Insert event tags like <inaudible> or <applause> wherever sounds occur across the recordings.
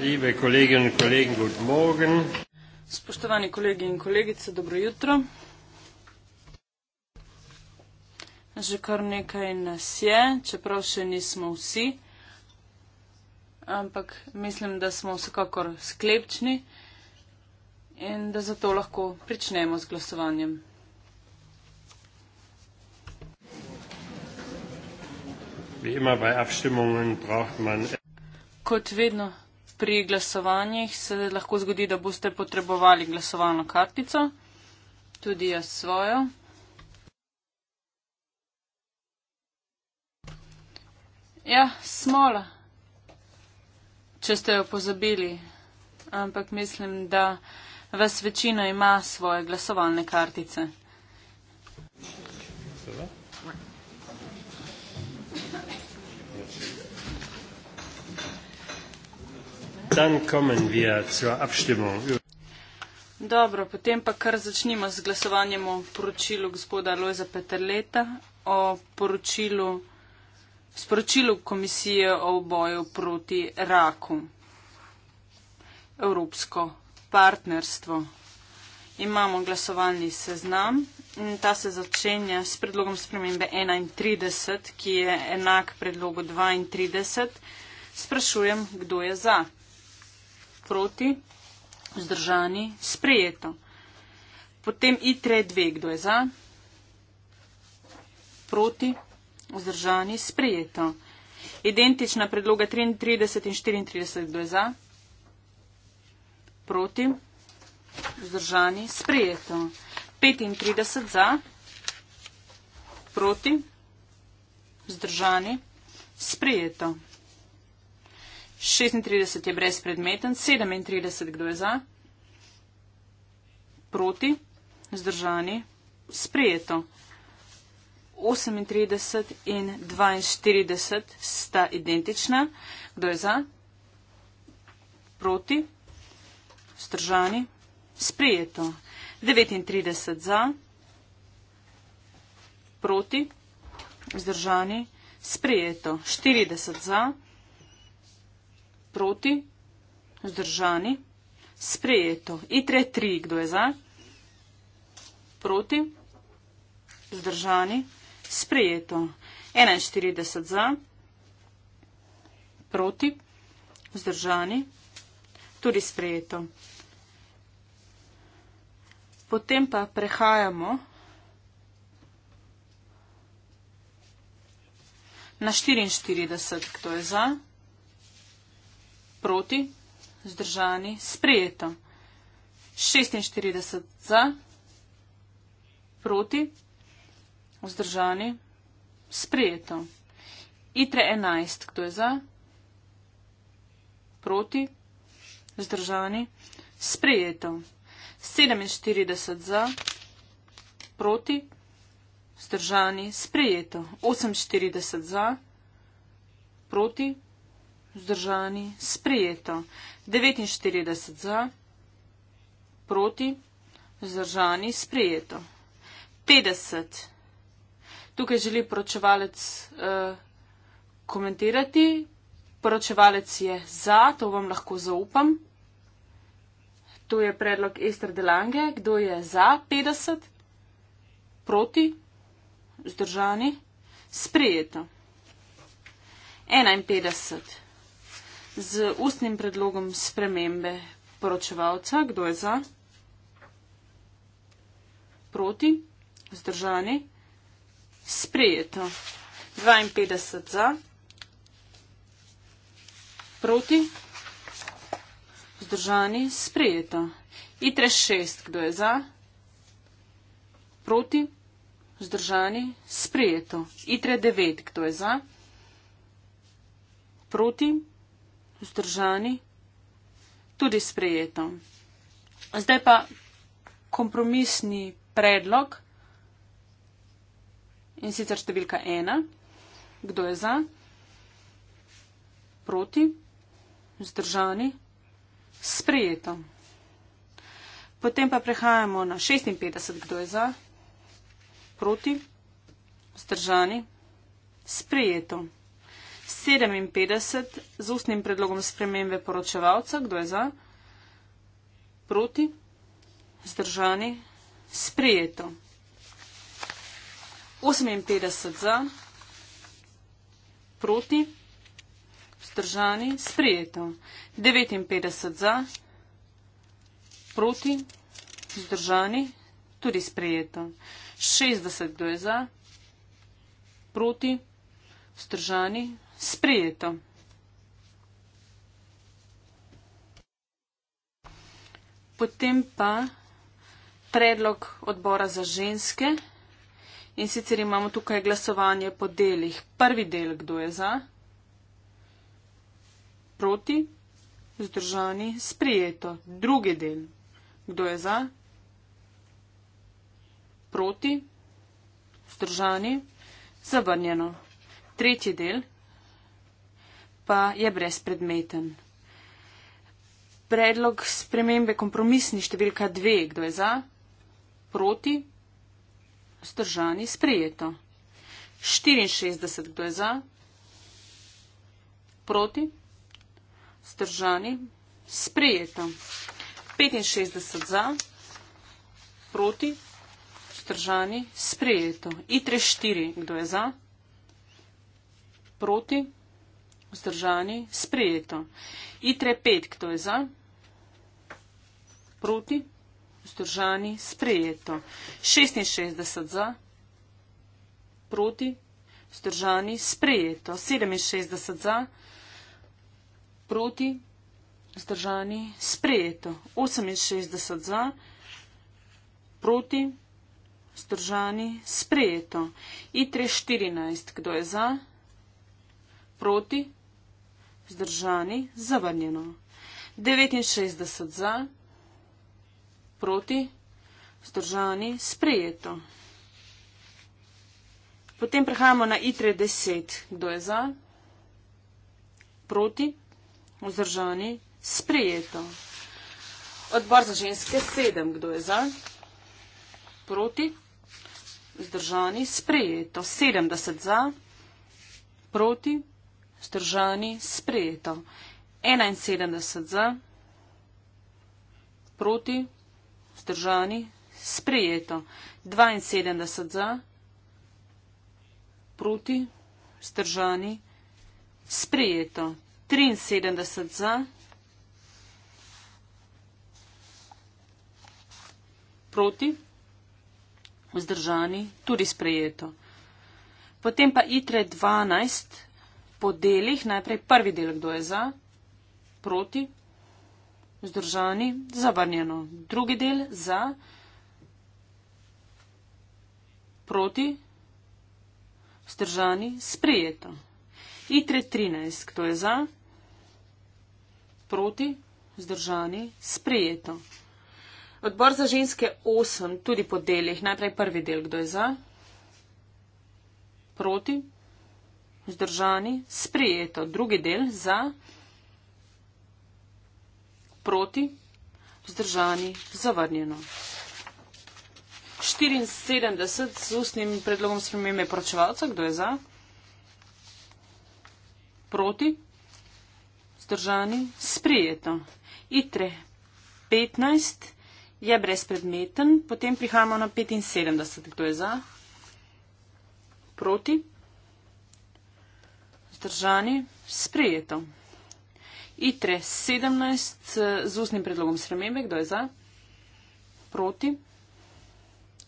Liebe Kolleginnen und Kollegen, guten Morgen. Spoštovani kolegi in kolegice, dobro jutro. Že kar nekaj nas je, čeprav še nismo vsi, ampak mislim, da smo vsekakor sklepčni in da zato lahko pričnemo z glasovanjem. Kot vedno pri glasovanjih se lahko zgodi, da boste potrebovali glasovalno kartico, tudi jaz svojo. Ja, smola. Če ste jo pozabili, ampak mislim, da vas večina ima svoje glasovalne kartice. Hvala. dann kommen wir zur Abstimmung. Dobro, potem pa kar začnimo z glasovanjem o poročilu gospoda Lojza Peterleta, o poročilu, sporočilu komisije o boju proti raku. Evropsko partnerstvo. Imamo glasovalni seznam in ta se začenja s predlogom spremembe 31, ki je enak predlogu 32. Sprašujem, kdo je za proti, vzdržani, sprejeto. Potem i3, dve, kdo je za, proti, vzdržani, sprejeto. Identična predloga 33 in 34, kdo je za, proti, vzdržani, sprejeto. 35 za, proti, vzdržani, sprejeto. 36 je brezpredmeten, 37 kdo je za, proti, zdržani, sprejeto. 38 in 42 sta identična, kdo je za, proti, zdržani, sprejeto. 39 za, proti, zdržani, sprejeto. 40 za, proti proti, vzdržani, sprejeto. I3 je 3, kdo je za, proti, vzdržani, sprejeto. 41 za, proti, vzdržani, tudi sprejeto. Potem pa prehajamo na 44, kdo je za proti, zdržani, sprejeto. 46 za, proti, vzdržani, sprejeto. ITRE 11, kdo je za, proti, vzdržani, sprejeto. 47 za, proti, vzdržani, sprejeto. 48 za, proti, vzdržani vzdržani, sprejeto. 49 za, proti, vzdržani, sprejeto. 50. Tukaj želi poročevalec uh, komentirati. Poročevalec je za, to vam lahko zaupam. Tu je predlog Ester Delange. Kdo je za 50? Proti, vzdržani, sprejeto. 51 z ustnim predlogom spremembe poročevalca. Kdo je za? Proti? Zdržani? Sprejeto. 52 za. Proti? Zdržani? Sprejeto. ITRE 6. Kdo je za? Proti? Zdržani? Sprejeto. ITRE 9. Kdo je za? Proti? Zdržani? vzdržani, tudi sprejeto. Zdaj pa kompromisni predlog in sicer številka ena. Kdo je za? Proti? Vzdržani? Sprejeto. Potem pa prehajamo na 56. Kdo je za? Proti? Vzdržani? Sprejeto. 57 z ustnim predlogom spremembe poročevalca, kdo je za, proti, zdržani, sprejeto. 58 za, proti, zdržani, sprejeto. 59 za, proti, zdržani, tudi sprejeto. 60 kdo je za, proti, zdržani, Sprejeto. Potem pa predlog odbora za ženske. In sicer imamo tukaj glasovanje po delih. Prvi del, kdo je za, proti, zdržani, sprijeto. Drugi del, kdo je za, proti, zdržani, zavrnjeno. Tretji del, pa je brezpredmeten. Predlog spremembe kompromisni številka dve, kdo je za, proti, vzdržani, sprejeto. 64, kdo je za, proti, vzdržani, sprejeto. 65 za, proti, vzdržani, sprejeto. I3 4, kdo je za, proti, vzdržani vzdržani, sprejeto. ITRE 5, kdo je za? Proti, vzdržani, sprejeto. 66 za, proti, vzdržani, sprejeto. 67 za, proti, vzdržani, sprejeto. 68 za, proti, vzdržani, sprejeto. ITRE 14, kdo je za? Proti, vzdržani, sprejeto vzdržani, zavrnjeno. 69 za, proti, vzdržani, sprejeto. Potem prehajamo na itre 10. Kdo je za? Proti, vzdržani, sprejeto. Odbor za ženske 7. Kdo je za? Proti, vzdržani, sprejeto. 70 za, proti, vzdržani vzdržani, sprejeto. 71 za, proti, vzdržani, sprejeto. 72 za, proti, vzdržani, sprejeto. 73 za, proti, vzdržani, tudi sprejeto. Potem pa ITRE 12, po delih. Najprej prvi del, kdo je za, proti, vzdržani, zavrnjeno. Drugi del za, proti, vzdržani, sprejeto. I313, kdo je za, proti, vzdržani, sprejeto. Odbor za ženske 8, tudi po delih. Najprej prvi del, kdo je za, proti, vzdržani, sprijeto, drugi del za, proti, vzdržani, zavrnjeno. 74 z ustnim predlogom spremembe poročevalca, kdo je za, proti, vzdržani, sprijeto. ITRE 15 je brezpredmeten, potem prihajamo na 75, kdo je za, proti, vzdržani, sprijeto vzdržani, sprejeto. ITRE 17 eh, z ustnim predlogom spremembe, kdo je za? Proti.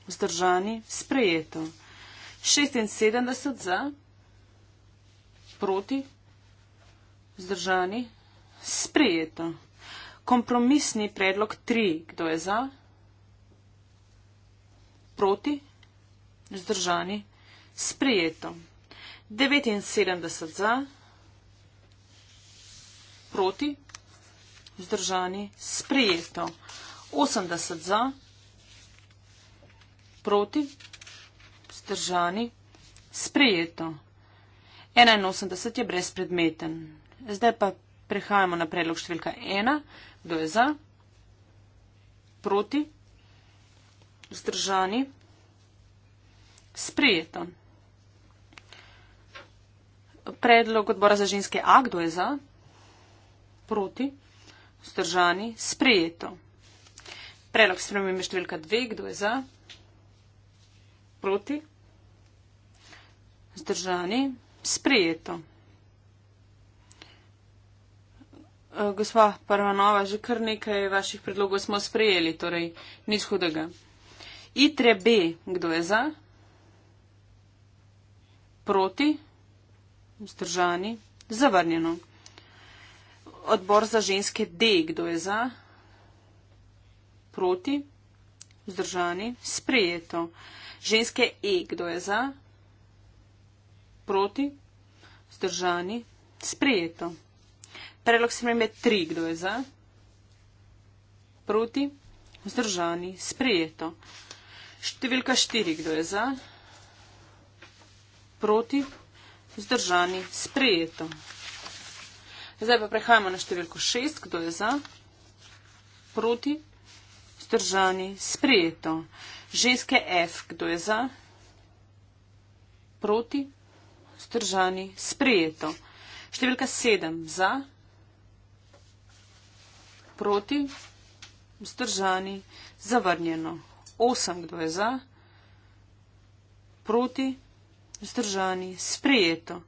Vzdržani, sprejeto. 76 za, proti, vzdržani, sprejeto. Kompromisni predlog 3, kdo je za, proti, vzdržani, sprejeto. 79 za, proti, vzdržani, sprejeto. 80 za, proti, vzdržani, sprejeto. 81 je brezpredmeten. Zdaj pa prehajamo na predlog številka 1. Kdo je za, proti, vzdržani, sprejeto. 81 predlog odbora za ženske A, kdo je za, proti, vzdržani, sprejeto. Predlog spremembe številka 2, kdo je za, proti, vzdržani, sprejeto. Eh, gospa Parvanova, že kar nekaj vaših predlogov smo sprejeli, torej nič hudega. Itre B, kdo je za? Proti, vzdržani. Zavrnjeno. Odbor za ženske D, kdo je za? Proti. Vzdržani. Sprejeto. Ženske E, kdo je za? Proti. Vzdržani. Sprejeto. Predlog spremembe 3, kdo je za? Proti. Vzdržani. Sprejeto. Številka 4, kdo je za? Proti vzdržani, sprejeto. Zdaj pa prehajamo na številko 6, kdo je za, proti, vzdržani, sprejeto. Ženske F, kdo je za, proti, vzdržani, sprejeto. Številka 7, za, proti, vzdržani, zavrnjeno. 8, kdo je za, proti, vzdržani vzdržani, sprejeto.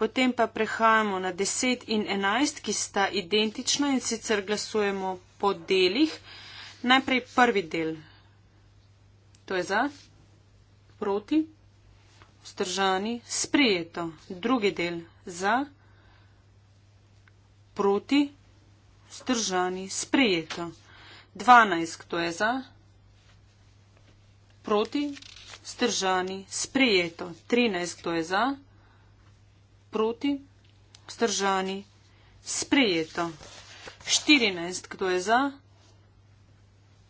Potem pa prehajamo na 10 in 11, ki sta identična in sicer glasujemo po delih. Najprej prvi del. To je za, proti, vzdržani, sprejeto. Drugi del za, proti, vzdržani, sprejeto. 12, kdo je za, proti, Stržani, sprejeto. 13, kdo je za? Proti. Stržani, sprejeto. 14, kdo je za?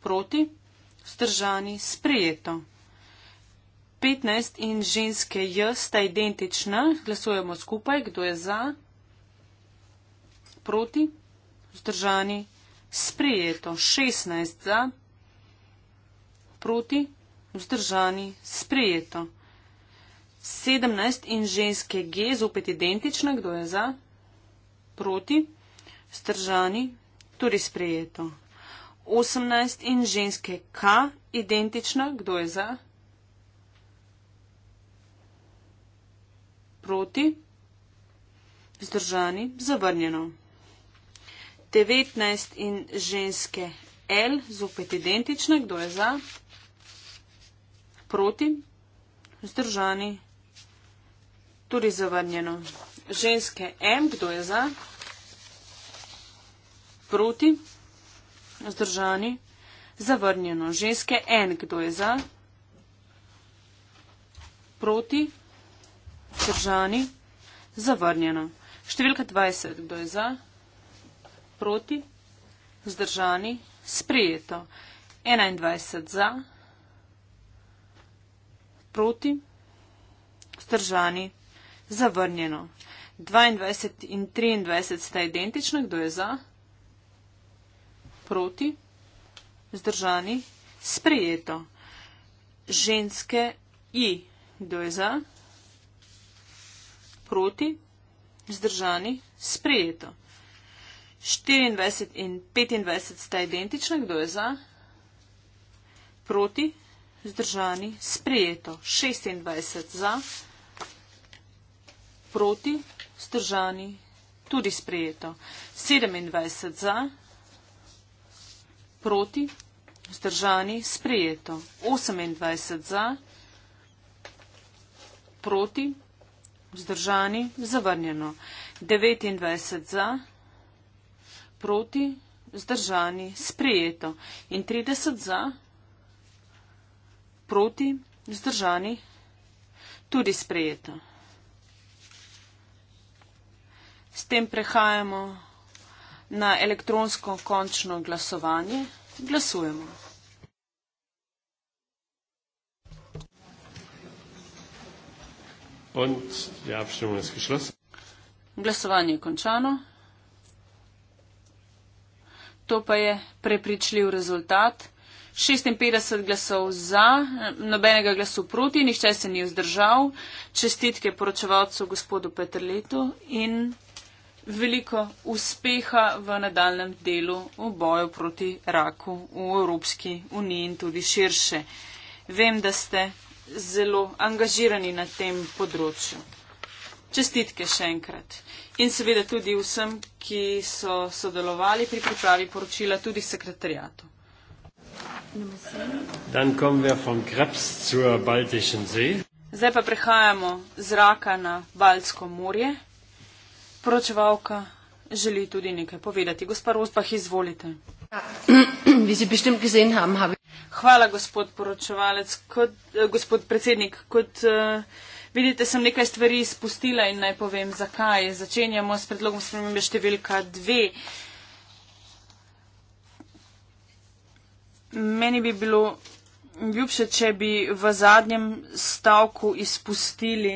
Proti. Stržani, sprejeto. 15 in ženske J sta identična. Glasujemo skupaj, kdo je za? Proti. Stržani, sprejeto. 16 za? Proti vzdržani, sprejeto. 17 in ženske G, zopet identična, kdo je za, proti, vzdržani, tudi sprejeto. 18 in ženske K, identična, kdo je za, proti, vzdržani, zavrnjeno. 19 in ženske L, zopet identična, kdo je za, proti, vzdržani, zavrnjeno proti, vzdržani, tudi zavrnjeno. Ženske M, kdo je za, proti, vzdržani, zavrnjeno. Ženske N, kdo je za, proti, vzdržani, zavrnjeno. Številka 20, kdo je za, proti, vzdržani, sprijeto. 21 za proti, stržani, zavrnjeno. 22 in 23 sta identična, kdo je za, proti, zdržani, sprejeto. Ženske i, kdo je za, proti, zdržani, sprejeto. 24 in 25 sta identična, kdo je za, proti, zdržani zdržani, sprejeto 26 za, proti, zdržani, tudi sprejeto 27 za, proti, zdržani, sprejeto 28 za, proti, zdržani, zavrnjeno 29 za, proti, zdržani, sprejeto in 30 za, proti, proti, vzdržani, tudi sprejeta. S tem prehajamo na elektronsko končno glasovanje. Glasujemo. Glasovanje je končano. To pa je prepričljiv rezultat. 56 glasov za, nobenega glasu proti, nihče se ni vzdržal. Čestitke poročevalcu gospodu Petrletu in veliko uspeha v nadaljem delu v boju proti raku v Evropski uniji in tudi širše. Vem, da ste zelo angažirani na tem področju. Čestitke še enkrat. In seveda tudi vsem, ki so sodelovali pri pripravi poročila, tudi sekretarijatu. Zdaj pa prehajamo z raka na Baltsko morje. Poročevalka želi tudi nekaj povedati. Gospa Rostbah, izvolite. Ja, <clears throat> Hvala, gospod poročevalec. Kot, eh, gospod predsednik, kot eh, vidite, sem nekaj stvari izpustila in naj povem, zakaj. Začenjamo s predlogom spremembe številka 2. Meni bi bilo ljubše, če bi v zadnjem stavku izpustili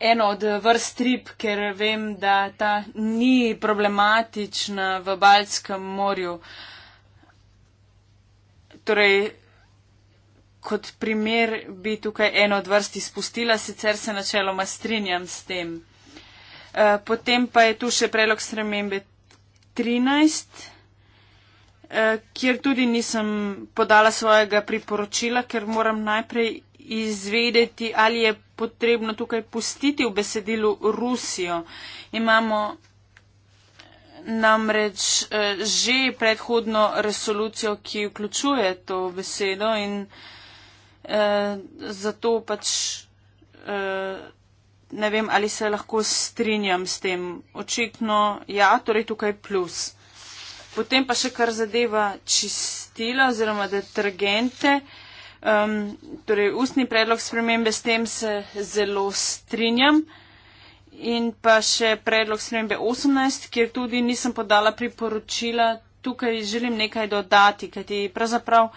eno od vrst rib, ker vem, da ta ni problematična v Baltskem morju. Torej, kot primer bi tukaj eno od vrst izpustila, sicer se načeloma strinjam s tem. Eh, potem pa je tu še prelog spremembe 13. Eh, kjer tudi nisem podala svojega priporočila, ker moram najprej izvedeti, ali je potrebno tukaj pustiti v besedilu Rusijo. Imamo eh, namreč eh, že predhodno resolucijo, ki vključuje to besedo in zato pač ne vem, ali se lahko strinjam s tem. Očitno, ja, torej tukaj plus. Potem pa še kar zadeva čistila oziroma detergente. Um, torej, ustni predlog spremembe, s tem se zelo strinjam. In pa še predlog spremembe 18, kjer tudi nisem podala priporočila. Tukaj želim nekaj dodati, kajti pravzaprav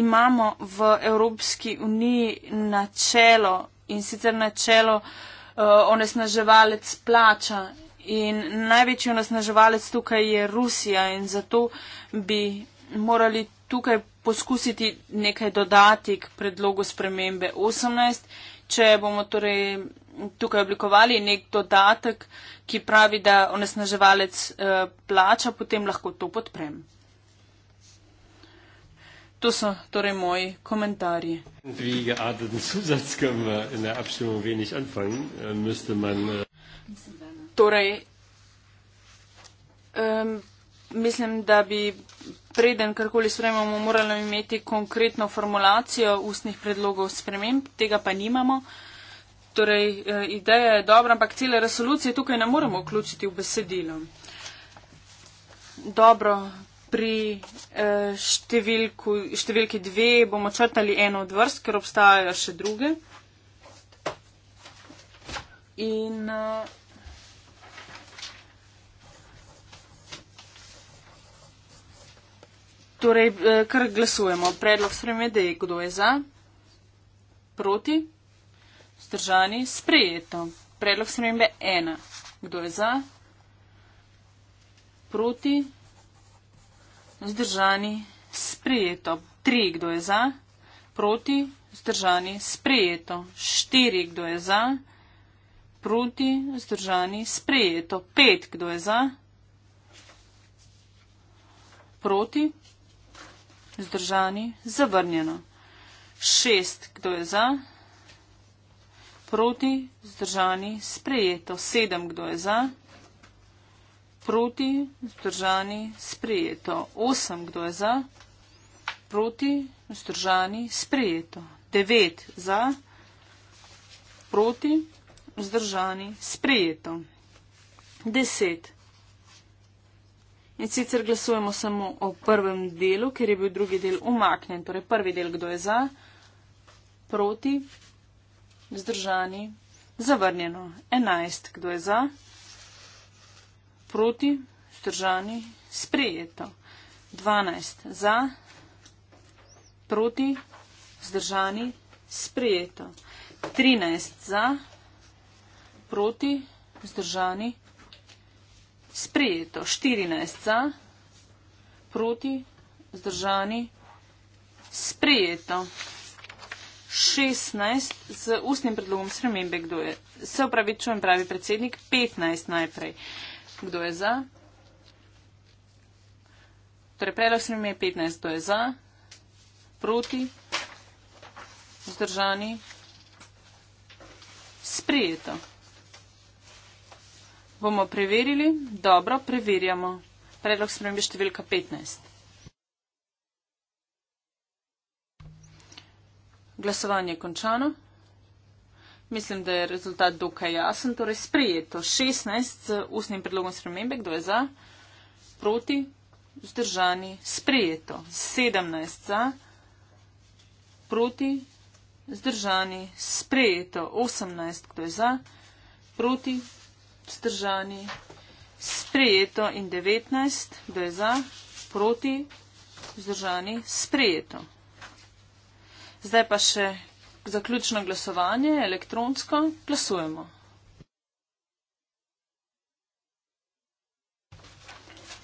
imamo v Evropski uniji načelo in sicer načelo uh, onesnaževalec plača In največji onesnaževalec tukaj je Rusija in zato bi morali tukaj poskusiti nekaj dodati k predlogu spremembe 18. Če bomo torej tukaj oblikovali nek dodatek, ki pravi, da onesnaževalec eh, plača, potem lahko to podprem. To so torej moji komentarji. Zusatz, wenig anfangen, äh, man, uh... Torej, um, mislim, da bi preden karkoli sprememo, morali imeti konkretno formulacijo ustnih predlogov sprememb, tega pa nimamo. Torej, eh, ideja je dobra, ampak cele resolucije tukaj ne moremo vključiti v besedilo. Dobro, pri eh, številku, številki dve bomo črtali eno od vrst, ker obstajajo še druge. In uh, Torej, eh, kar glasujemo. Predlog spremembe je, kdo je za, proti, vzdržani, sprejeto. Predlog spremembe ena. Kdo je za, proti, vzdržani, sprejeto. Tri. Kdo je za, proti, vzdržani, sprejeto. Štiri. Kdo je za, proti, vzdržani, sprejeto. Pet. Kdo je za, proti, vzdržani, sprejeto. Zdržani? Zavrnjeno. Šest. Kdo je za? Proti? Zdržani? Sprejeto. Sedem. Kdo je za? Proti? Zdržani? Sprejeto. Osem. Kdo je za? Proti? Zdržani? Sprejeto. Devet. Za? Proti? Zdržani? Sprejeto. Deset. In sicer glasujemo samo o prvem delu, ker je bil drugi del umaknen. Torej prvi del, kdo je za, proti, vzdržani, zavrnjeno. Enajst, kdo je za, proti, vzdržani, sprejeto. Dvanajst, za, proti, vzdržani, sprejeto. Trinajst, za, proti, vzdržani, sprejeto sprejeto 14 za, proti, zdržani, sprejeto 16 z ustnim predlogom spremembe, kdo je, se upravičujem pravi predsednik, 15 najprej, kdo je za. Torej, predlog spremembe je 15, kdo je za, proti, zdržani, sprejeto. Bomo preverili? Dobro, preverjamo. Predlog spremembe številka 15. Glasovanje je končano. Mislim, da je rezultat dokaj jasen. Torej, sprejeto 16 z ustnim predlogom spremembe. Kdo je za? Proti? Zdržani? Sprejeto. 17 za? Proti? Zdržani? Sprejeto. 18. Kdo je za? Proti? vzdržani. Sprejeto in 19, kdo je za, proti, vzdržani, sprejeto. Zdaj pa še zaključno glasovanje, elektronsko, glasujemo.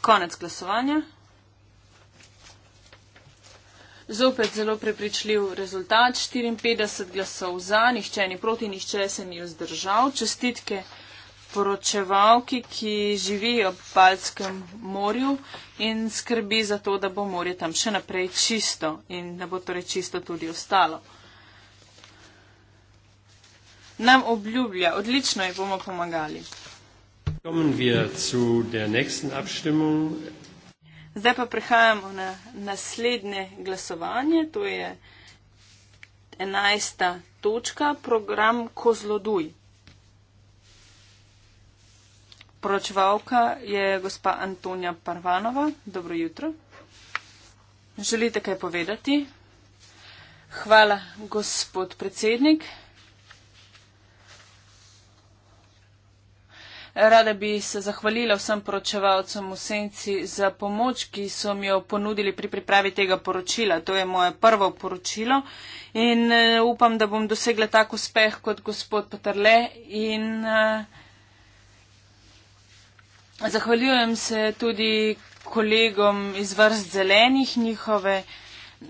Konec glasovanja. Zopet zelo prepričljiv rezultat, 54 glasov za, nihče ni proti, nihče se ni vzdržal. Čestitke poročevalki, ki živi ob Balskem morju in skrbi za to, da bo morje tam še naprej čisto in da bo torej čisto tudi ostalo. Nam obljublja, odlično ji bomo pomagali. Zdaj pa prehajamo na naslednje glasovanje, to je enajsta točka, program Kozloduj. Poročevalka je gospa Antonija Parvanova. Dobro jutro. Želite kaj povedati? Hvala, gospod predsednik. Rada bi se zahvalila vsem poročevalcem v senci za pomoč, ki so mi jo ponudili pri pripravi tega poročila. To je moje prvo poročilo in eh, upam, da bom dosegla tak uspeh kot gospod Petrle in uh, Zahvaljujem se tudi kolegom iz vrst zelenih, njihove eh,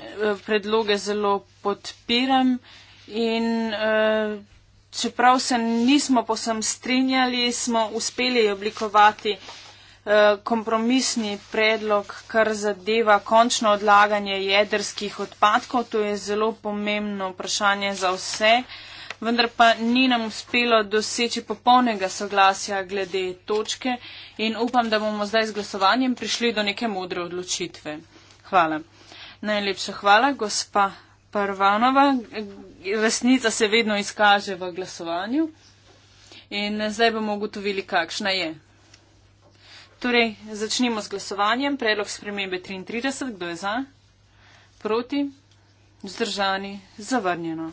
predloge zelo podpiram in eh, čeprav se nismo posem strinjali, smo uspeli oblikovati eh, kompromisni predlog, kar zadeva končno odlaganje jedrskih odpadkov. To je zelo pomembno vprašanje za vse vendar pa ni nam uspelo doseči popolnega soglasja glede točke in upam, da bomo zdaj z glasovanjem prišli do neke modre odločitve. Hvala. Najlepša hvala, gospa Parvanova. Resnica se vedno izkaže v glasovanju in zdaj bomo ugotovili, kakšna je. Torej, začnimo z glasovanjem. Predlog spremembe 33. Kdo je za? Proti? Zdržani? Zavrnjeno.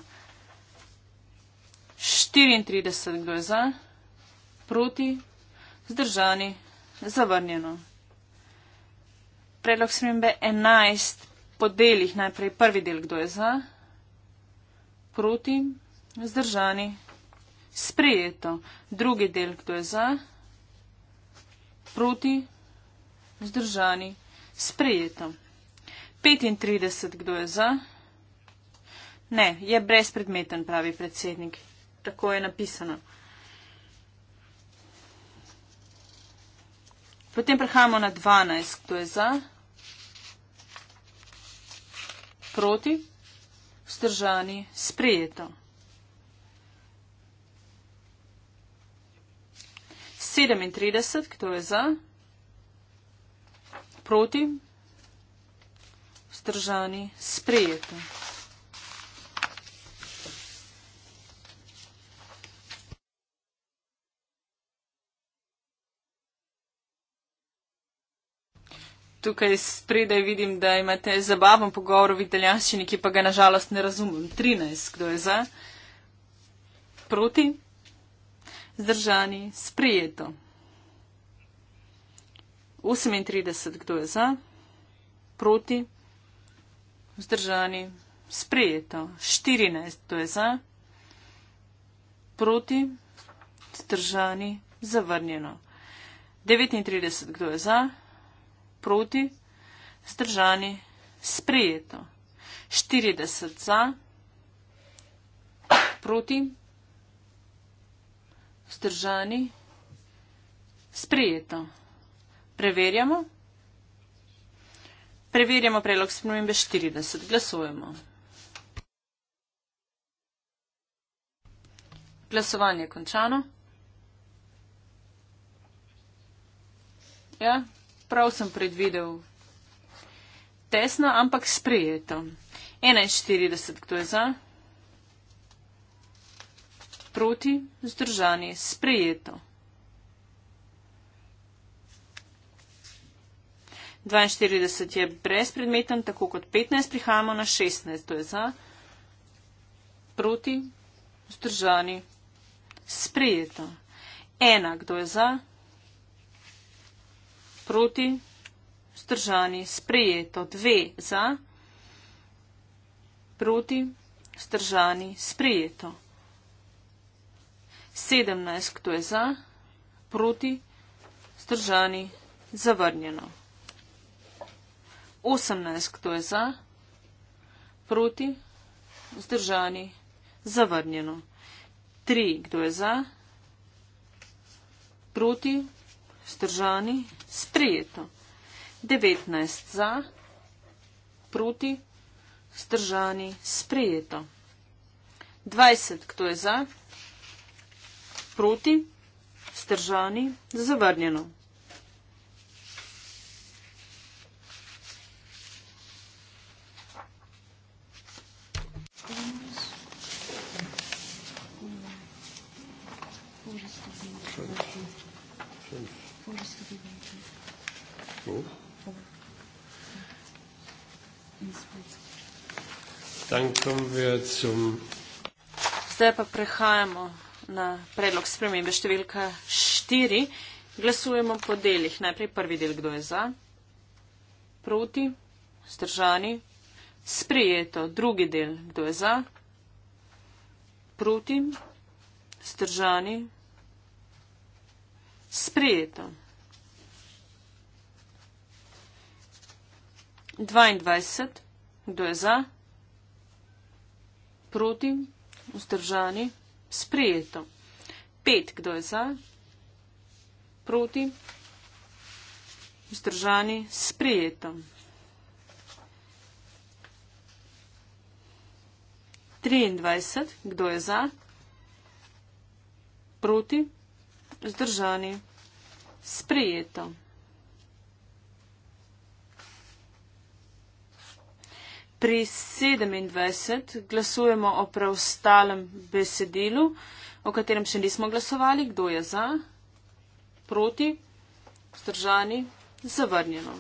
34 glasov proti, zdržani, zavrnjeno. Predlog smembe 11 podelih najprej prvi del, kdo je za, proti, zdržani, sprejeto. Drugi del, kdo je za, proti, zdržani, sprejeto. 35, kdo je za? Ne, je brezpredmeten, pravi predsednik tako je napisano. Potem prehajamo na 12, kdo je za, proti, vzdržani, sprijeto. 37, kdo je za, proti, vzdržani, sprijeto. tukaj spredaj vidim, da imate zabaven pogovor v italijanščini, ki pa ga nažalost ne razumem. 13, kdo je za? Proti? Zdržani? Sprijeto. 38, kdo je za? Proti? Zdržani? Sprijeto. 14, kdo je za? Proti? Zdržani? Zavrnjeno. 39, kdo je za? proti, zdržani, sprejeto. 40 za, proti, zdržani, sprejeto. Preverjamo. Preverjamo prelog spremembe 40. Glasujemo. Glasovanje je končano. Ja, prav sem predvidel. Tesno, ampak sprejeto. 41, kdo je za? Proti, zdržani, sprejeto. 42 je brezpredmeten, tako kot 15 prihajamo na 16, to je za. Proti, zdržani, sprejeto. Ena, kdo je za? proti, vzdržani, sprejeto, dve za, proti, vzdržani, sprejeto. 17, kdo je za, proti, vzdržani, zavrnjeno. 18, kdo je za, proti, vzdržani, zavrnjeno. 3, kdo je za, proti, vzdržani, zavrnjeno. Vzdržani? Sprejeto. 19 za, proti, vzdržani, sprejeto. 20, kdo je za, proti, vzdržani, zavrnjeno. Hm? Zdaj pa prehajamo na predlog spremembe številka 4. Glasujemo po delih. Najprej prvi del, kdo je za, proti, zdržani, sprijeto. Drugi del, kdo je za, proti, zdržani, sprijeto. 22. Kdo je za? Proti? Vzdržani? Sprejeto. 5. Kdo je za? Proti? Vzdržani? Sprejeto. 23. Kdo je za? Proti? Vzdržani? Sprejeto. Pri 27 glasujemo o preostalem besedilu, o katerem še nismo glasovali, kdo je za, proti, vzdržani, zavrnjeno.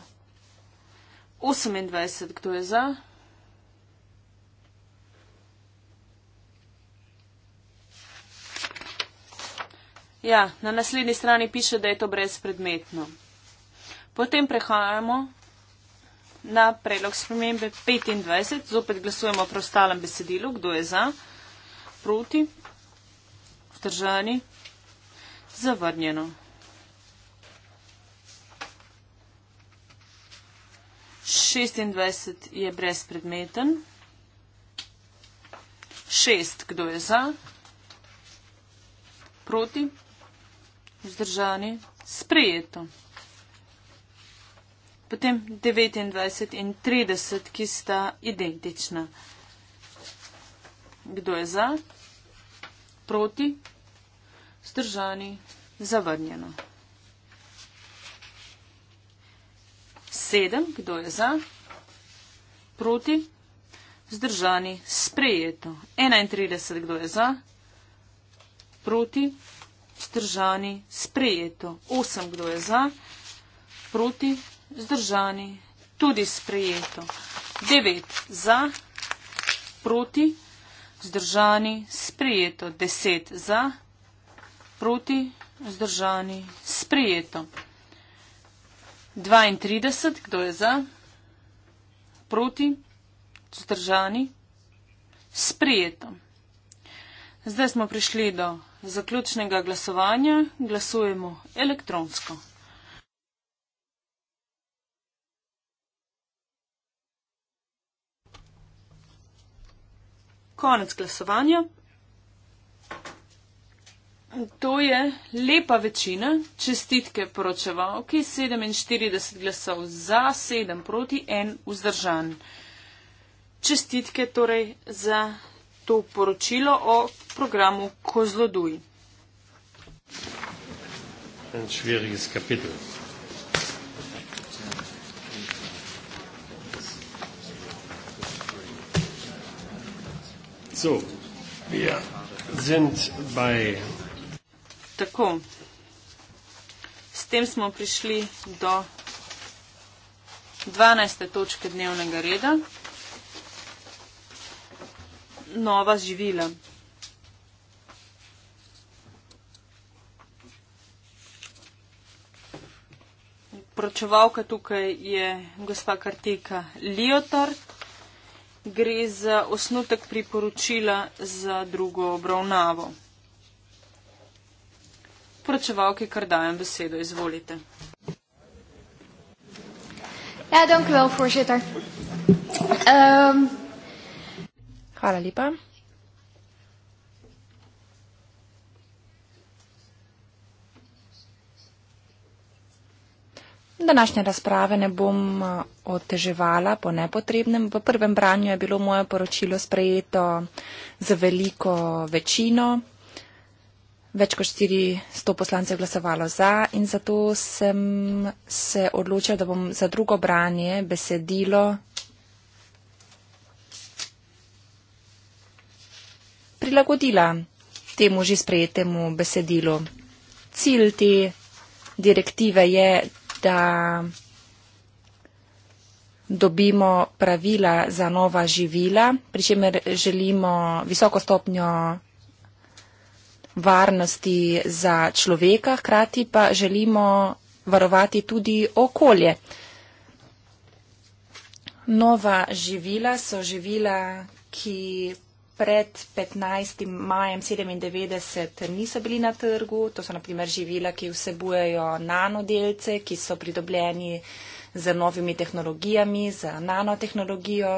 28, kdo je za? Ja, na naslednji strani piše, da je to brezpredmetno. Potem prehajamo na predlog spremembe 25. Zopet glasujemo o preostalem besedilu. Kdo je za? Proti? Vtržani? Zavrnjeno. Šestindvajset je brezpredmeten. Šest, kdo je za? Proti? Vzdržani? Sprejeto potem 29 in 30, ki sta identična. Kdo je za? Proti? Zdržani? Zavrnjeno. 7. Kdo je za? Proti? Zdržani? Sprejeto. 31. Kdo je za? Proti? Zdržani? Sprejeto. 8. Kdo je za? Proti? Zdržani, tudi sprejeto. 9 za, proti, zdržani, sprejeto. 10 za, proti, zdržani, sprejeto. 32, kdo je za, proti, zdržani, sprejeto. Zdaj smo prišli do zaključnega glasovanja. Glasujemo elektronsko. konec glasovanja. To je lepa večina. Čestitke poročevalki. 47 glasov za, 7 proti, 1 vzdržan. Čestitke torej za to poročilo o programu Kozloduj. Ein schwieriges Kapitel. So, wir sind bei. Tako. S tem smo prišli do 12. točke dnevnega reda. Nova živila. Pročevalka tukaj je gospa Kartika Liotard gre za osnutek priporočila za drugo obravnavo. Poročevalki, kar dajem besedo, izvolite. Ja, dankjewel, voorzitter. Um... Hvala lepa. Današnje razprave ne bom oteževala po nepotrebnem. V prvem branju je bilo moje poročilo sprejeto z veliko večino. Več kot 400 poslancev je glasovalo za in zato sem se odločila, da bom za drugo branje besedilo prilagodila temu že sprejetemu besedilu. Cilj te direktive je, da dobimo pravila za nova živila, pri čemer želimo visoko stopnjo varnosti za človeka, hkrati pa želimo varovati tudi okolje. Nova živila so živila, ki pred 15. majem 97 niso bili na trgu. To so naprimer živila, ki vsebujejo nanodelce, ki so pridobljeni z novimi tehnologijami, z nanotehnologijo.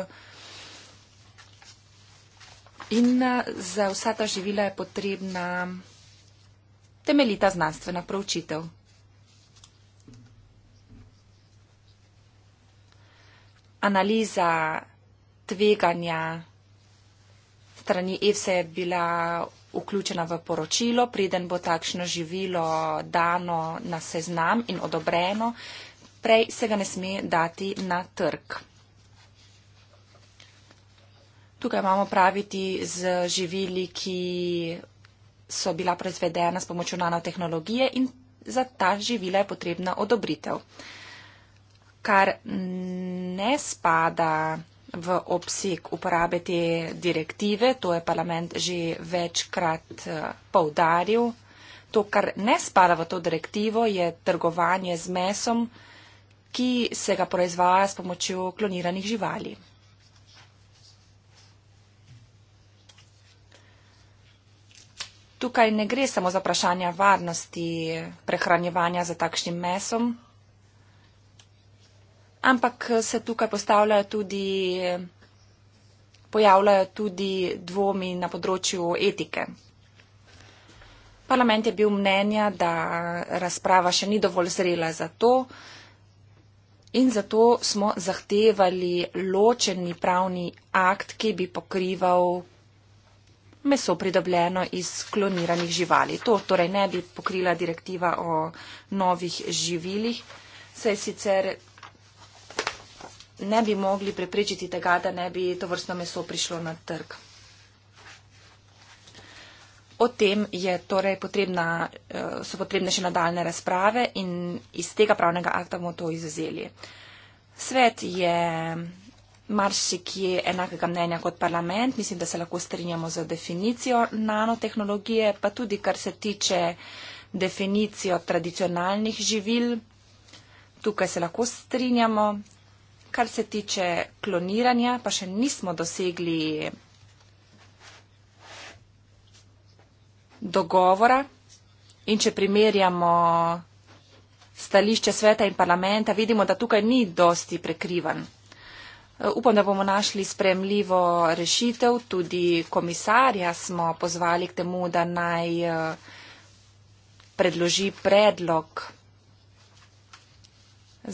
In eh, za vsa ta živila je potrebna temeljita znanstvena pravčitev. Analiza tveganja strani EFSA je bila vključena v poročilo, preden bo takšno živilo dano na seznam in odobreno, prej se ga ne sme dati na trg. Tukaj imamo praviti z živili, ki so bila proizvedena s pomočjo nanotehnologije in za ta živila je potrebna odobritev. Kar ne spada v obseg uporabe te direktive. To je parlament že večkrat eh, povdaril. To, kar ne spada v to direktivo, je trgovanje z mesom, ki se ga proizvaja s pomočjo kloniranih živali. Tukaj ne gre samo za vprašanje varnosti prehranjevanja za takšnim mesom ampak eh, se tukaj postavljajo tudi, eh, pojavljajo tudi dvomi na področju etike. Parlament je bil mnenja, da razprava še ni dovolj zrela za to in zato smo zahtevali ločeni pravni akt, ki bi pokrival meso pridobljeno iz kloniranih živali. To torej ne bi pokrila direktiva o novih živilih, saj sicer ne bi mogli preprečiti tega, da ne bi to vrstno meso prišlo na trg. O tem je torej potrebna, eh, so potrebne še nadaljne razprave in iz tega pravnega akta bomo to izuzeli. Svet je marsikje enakega mnenja kot parlament, mislim, da se lahko strinjamo za definicijo nanotehnologije, pa tudi kar se tiče definicijo tradicionalnih živil. Tukaj se lahko strinjamo. Kar se tiče kloniranja, pa še nismo dosegli dogovora. In če primerjamo stališče sveta in parlamenta, vidimo, da tukaj ni dosti prekrivan. E, upam, da bomo našli spremljivo rešitev. Tudi komisarja smo pozvali k temu, da naj e, predloži predlog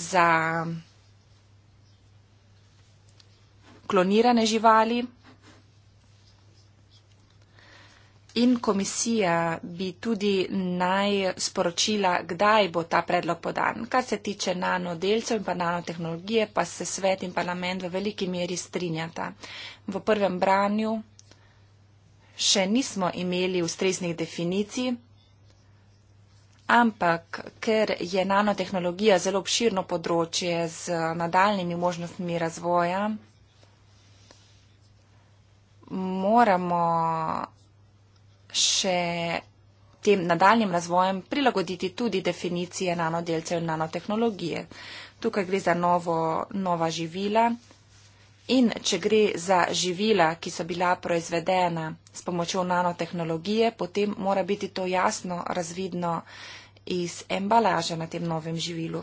za klonirane živali. In komisija bi tudi naj sporočila, kdaj bo ta predlog podan. Kar se tiče nanodelcev in pa nanotehnologije, pa se svet in parlament v veliki meri strinjata. V prvem branju še nismo imeli ustreznih definicij, ampak ker je nanotehnologija zelo obširno področje z nadaljnimi možnostmi razvoja, moramo še tem nadaljnjim razvojem prilagoditi tudi definicije nanodelcev in nanotehnologije. Tukaj gre za novo, nova živila in če gre za živila, ki so bila proizvedena s pomočjo nanotehnologije, potem mora biti to jasno razvidno iz embalaže na tem novem živilu.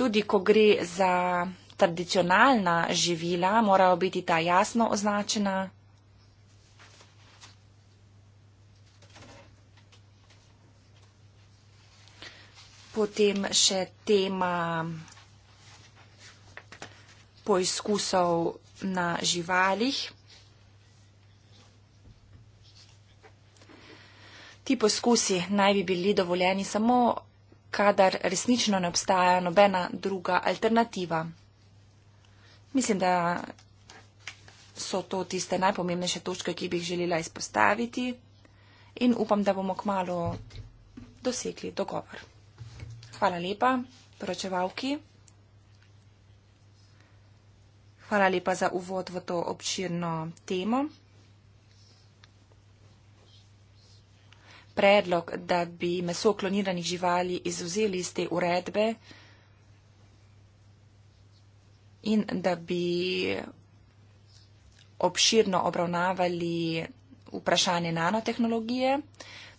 tudi ko gre za tradicionalna živila, morajo biti ta jasno označena. Potem še tema poizkusov na živalih. Ti poskusi naj bi bili dovoljeni samo kadar resnično ne obstaja nobena druga alternativa. Mislim, da so to tiste najpomembnejše točke, ki bi jih želela izpostaviti in upam, da bomo kmalo dosegli dogovor. Hvala lepa, poročevalki. Hvala lepa za uvod v to obširno temo. predlog, da bi meso kloniranih živali izuzeli iz te uredbe in da bi obširno obravnavali vprašanje nanotehnologije.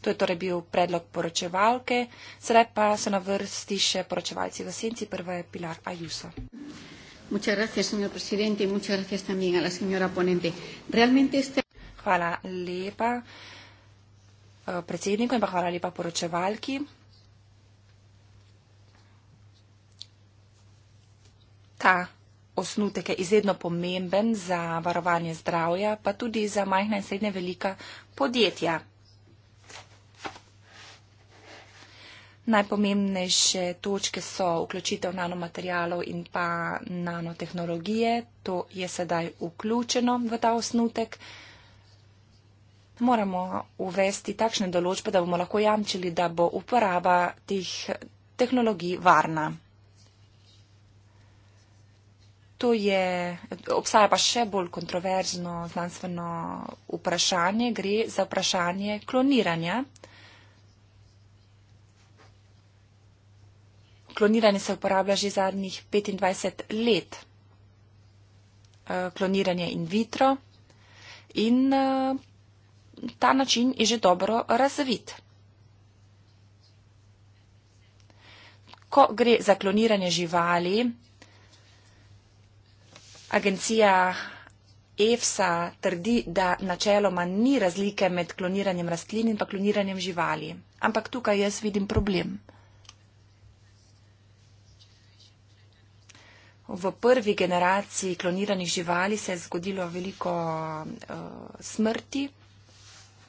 To je torej bil predlog poročevalke. Sedaj pa so na vrsti še poročevalci v senci. Prva je Pilar Ayuso. Hvala lepa. Eh, predsedniku in pa hvala lepa poročevalki. Ta osnutek je izredno pomemben za varovanje zdravja, pa tudi za majhna in srednje velika podjetja. Najpomembnejše točke so vključitev nanomaterjalov in pa nanotehnologije. To je sedaj vključeno v ta osnutek moramo uvesti takšne določbe, da bomo lahko jamčili, da bo uporaba teh tehnologij varna. To je, obstaja pa še bolj kontroverzno znanstveno vprašanje, gre za vprašanje kloniranja. Kloniranje se uporablja že zadnjih 25 let. Eh, kloniranje in vitro in eh, ta način je že dobro razvit. Ko gre za kloniranje živali, agencija EFSA trdi, da načeloma ni razlike med kloniranjem rastlin in pa kloniranjem živali. Ampak tukaj jaz vidim problem. V prvi generaciji kloniranih živali se je zgodilo veliko uh, smrti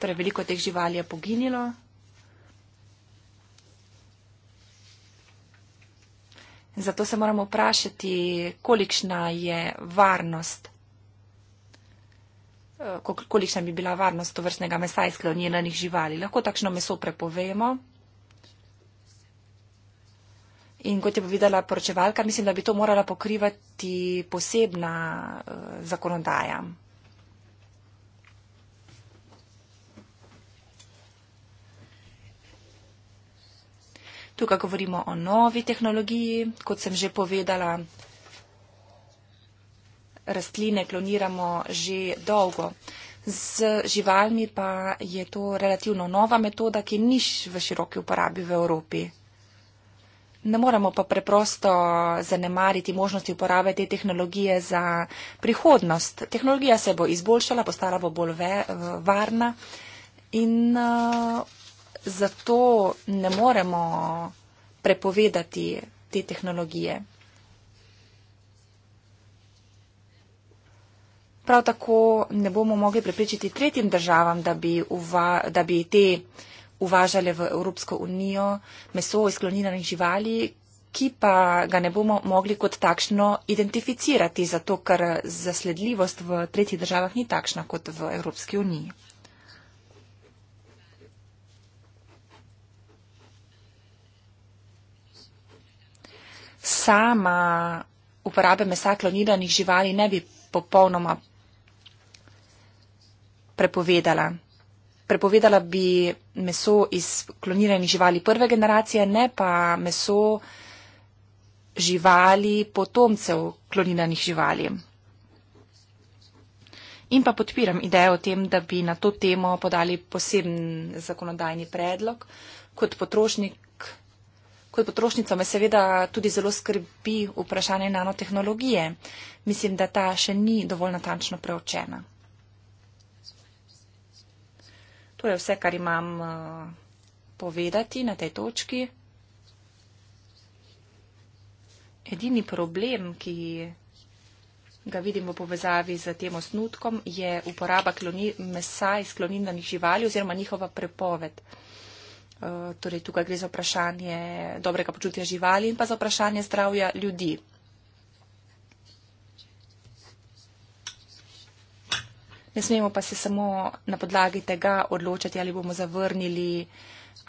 torej veliko teh živali je poginilo. Zato se moramo vprašati, kolikšna je varnost, eh, kolikšna bi bila varnost tovrstnega mesa iz klonjenih živali. Lahko takšno meso prepovemo. In kot je povedala poročevalka, mislim, da bi to morala pokrivati posebna eh, zakonodaja. Tukaj govorimo o novi tehnologiji, kot sem že povedala. Rastline kloniramo že dolgo. Z živalmi pa je to relativno nova metoda, ki niš v široki uporabi v Evropi. Ne moramo pa preprosto zanemariti možnosti uporabe te tehnologije za prihodnost. Tehnologija se bo izboljšala, postala bo bolj ve, varna in uh, zato ne moremo prepovedati te tehnologije. Prav tako ne bomo mogli preprečiti tretjim državam, da bi, uva, da bi te uvažale v Evropsko unijo meso iz kloniranih živali, ki pa ga ne bomo mogli kot takšno identificirati, zato ker zasledljivost v tretjih državah ni takšna kot v Evropski uniji. sama uporabe mesa kloniranih živali ne bi popolnoma prepovedala. Prepovedala bi meso iz kloniranih živali prve generacije, ne pa meso živali potomcev kloniranih živali. In pa podpiram idejo o tem, da bi na to temo podali poseben zakonodajni predlog. Kot potrošnik Kot potrošnico me seveda tudi zelo skrbi vprašanje nanotehnologije. Mislim, da ta še ni dovolj natančno preočena. To je vse, kar imam eh, povedati na tej točki. Edini problem, ki ga vidim v povezavi z tem osnutkom, je uporaba kloni, mesa iz kloniranih živali oziroma njihova prepoved. Eh, torej tukaj gre za vprašanje dobrega počutja živali in pa za vprašanje zdravja ljudi. Ne smemo pa se samo na podlagi tega odločiti, ali bomo zavrnili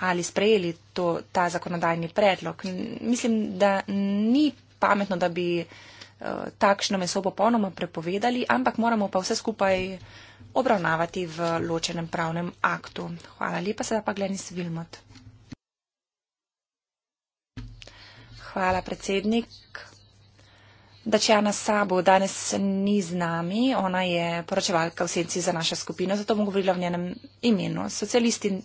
ali sprejeli to, ta zakonodajni predlog. Mislim, da ni pametno, da bi uh, takšno meso popolnoma prepovedali, ampak moramo pa vse skupaj uh, obravnavati v ločenem pravnem aktu. Hvala lepa, sedaj pa Glenis Vilmot. Hvala, predsednik. Dačjana Sabo danes ni z nami, ona je poročevalka v senci za našo skupino, zato bom govorila v njenem imenu. Socialisti eh,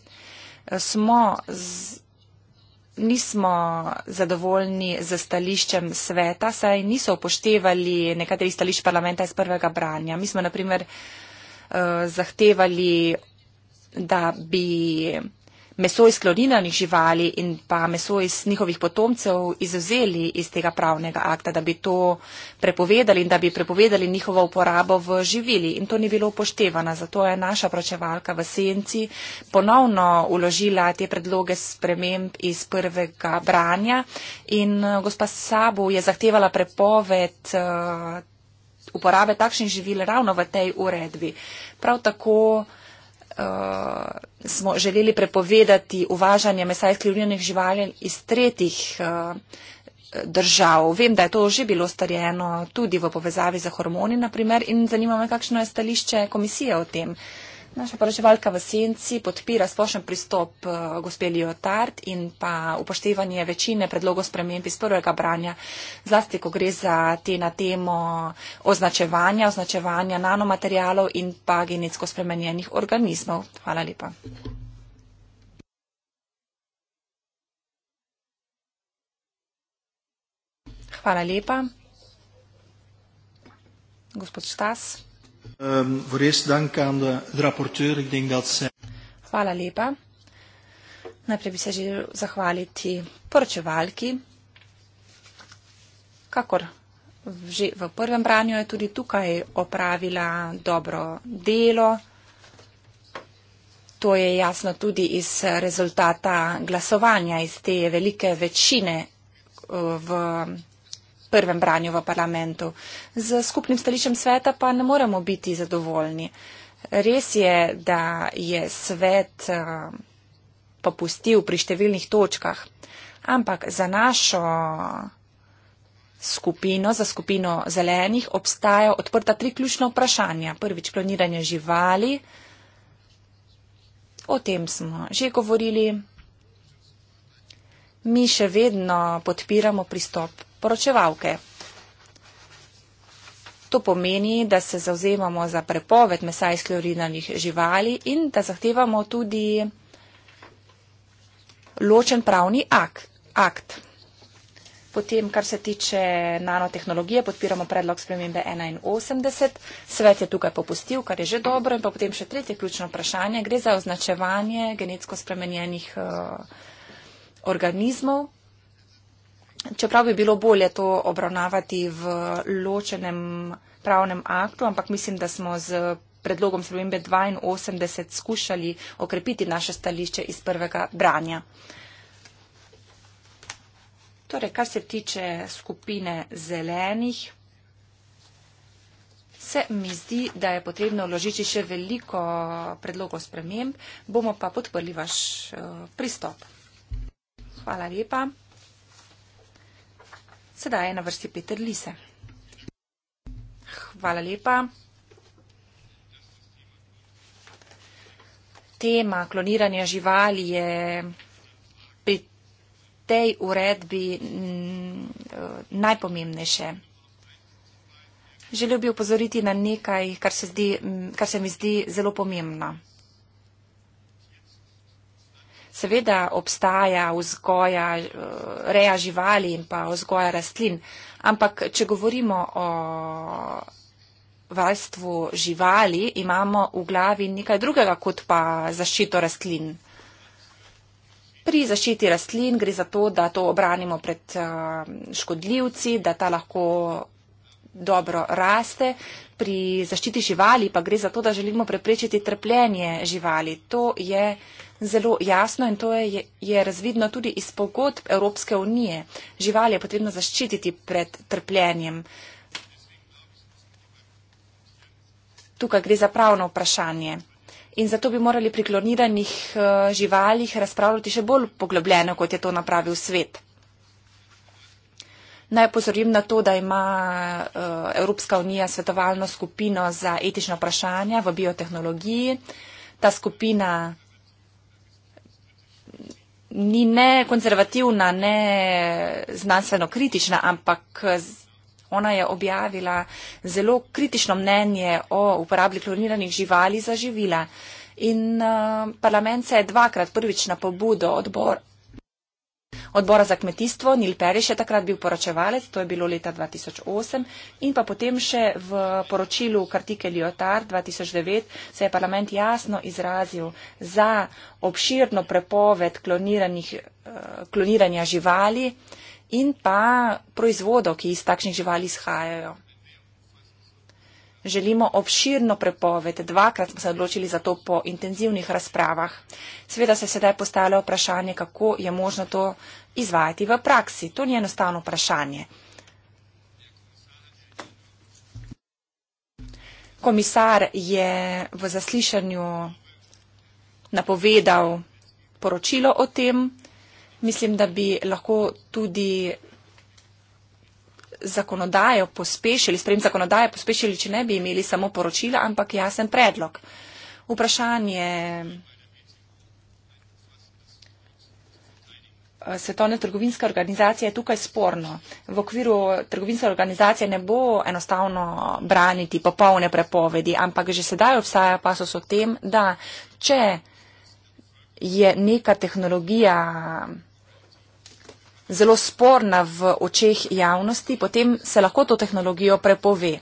smo, z, nismo zadovoljni z stališčem sveta, saj niso upoštevali nekaterih stališč parlamenta iz prvega branja. Mi smo, na primer, Eh, zahtevali, da bi meso iz kloriranih živali in pa meso iz njihovih potomcev izuzeli iz tega pravnega akta, da bi to prepovedali in da bi prepovedali njihovo uporabo v živili. In to ni bilo upoštevano. Zato je naša pročevalka v senci ponovno uložila te predloge sprememb iz prvega branja in eh, gospa Sabu je zahtevala prepoved. Uh, uporabe takšnih živil ravno v tej uredbi. Prav tako uh, smo želeli prepovedati uvažanje mesa iz klivljenih živali iz tretjih uh, držav. Vem, da je to že bilo starjeno tudi v povezavi z hormoni, naprimer, in zanima me, kakšno je stališče komisije o tem. Uh, Naša poročevalka v senci podpira splošen pristop eh, gospelijo Tart in pa upoštevanje večine predlogov sprememb iz prvega branja, zlasti ko gre za te na temo označevanja, označevanja nanomaterialov in pa genetsko spremenjenih organizmov. Hvala lepa. Hvala lepa. Gospod Štas. Um, voor eerst dank aan de rapporteur. Ik denk dat ze... Hvala lepa. Najprej bi se želel zahvaliti poročevalki. Kakor že v prvem branju je tudi tukaj opravila dobro delo. To je jasno tudi iz rezultata glasovanja, iz te velike večine eh, v prvem branju v parlamentu. Z skupnim stališčem sveta pa ne moremo biti zadovoljni. Res je, da je svet eh, popustil pri številnih točkah, ampak za našo skupino, za skupino zelenih, obstajajo odprta tri ključna vprašanja. Prvič, kloniranje živali. O tem smo že govorili. Mi še vedno podpiramo pristop poročevalke. To pomeni, da se zauzemamo za prepoved mesa iz kloriranih živali in da zahtevamo tudi ločen pravni akt. Potem, kar se tiče nanotehnologije, podpiramo predlog spremembe 81. Svet je tukaj popustil, kar je že dobro. In pa potem še tretje ključno vprašanje. Gre za označevanje genetsko spremenjenih uh, organizmov. Čeprav bi bilo bolje to obravnavati v ločenem pravnem aktu, ampak mislim, da smo z predlogom spremembe 82 skušali okrepiti naše stališče iz prvega branja. Torej, kar se tiče skupine zelenih, se mi zdi, da je potrebno vložiti še veliko predlogov sprememb, bomo pa podprli vaš eh, pristop. Hvala lepa. Sedaj je na vrsti Peter Lise. Hvala lepa. Tema kloniranja živali je pri tej uredbi mm, najpomembnejše. Želel bi upozoriti na nekaj, kar se, zdi, mm, kar se mi zdi zelo pomembno. Seveda obstaja vzgoja eh, reja živali in pa vzgoja rastlin, ampak če govorimo o varstvu živali, imamo v glavi nekaj drugega kot pa zaščito rastlin. Pri zaščiti rastlin gre za to, da to obranimo pred eh, škodljivci, da ta lahko dobro raste. Pri zaščiti živali pa gre za to, da želimo preprečiti trpljenje živali. To je uh, zelo jasno in to je, je razvidno tudi iz pogodb Evropske unije. Živali je potrebno zaščititi pred trpljenjem. Tukaj gre za pravno vprašanje. In zato bi morali pri kloniranih eh, živalih razpravljati še bolj poglobljeno, kot je to napravil svet. Naj pozorim na to, da ima eh, Evropska unija svetovalno skupino za etično vprašanje v biotehnologiji. Ta skupina ni ne konzervativna, ne znanstveno kritična, ampak ona je objavila zelo kritično mnenje o uporabi kloniranih živali za živila. In uh, parlament se je dvakrat prvič na pobudo odbor, Odbora za kmetijstvo, Nil Periš je takrat bil poročevalec, to je bilo leta 2008, in pa potem še v poročilu Kartike Liotard 2009 se je parlament jasno izrazil za obširno prepoved eh, kloniranja živali in pa proizvodov, ki iz takšnih živali izhajajo. Želimo obširno prepoved. Dvakrat smo se odločili za to po intenzivnih razpravah. Sveda se je sedaj postavlja vprašanje, kako je možno to izvajati v praksi. To ni enostavno vprašanje. Komisar je v zaslišanju napovedal poročilo o tem. Mislim, da bi lahko tudi zakonodajo pospešili, sprejem zakonodaje pospešili, če ne bi imeli samo poročila, ampak jasen predlog. Vprašanje eh, Svetovne trgovinske organizacije je tukaj sporno. V okviru trgovinske organizacije ne bo enostavno braniti popolne prepovedi, ampak že sedaj obstaja pasos o tem, da če je neka tehnologija zelo sporna v očeh javnosti, potem se lahko to tehnologijo prepove.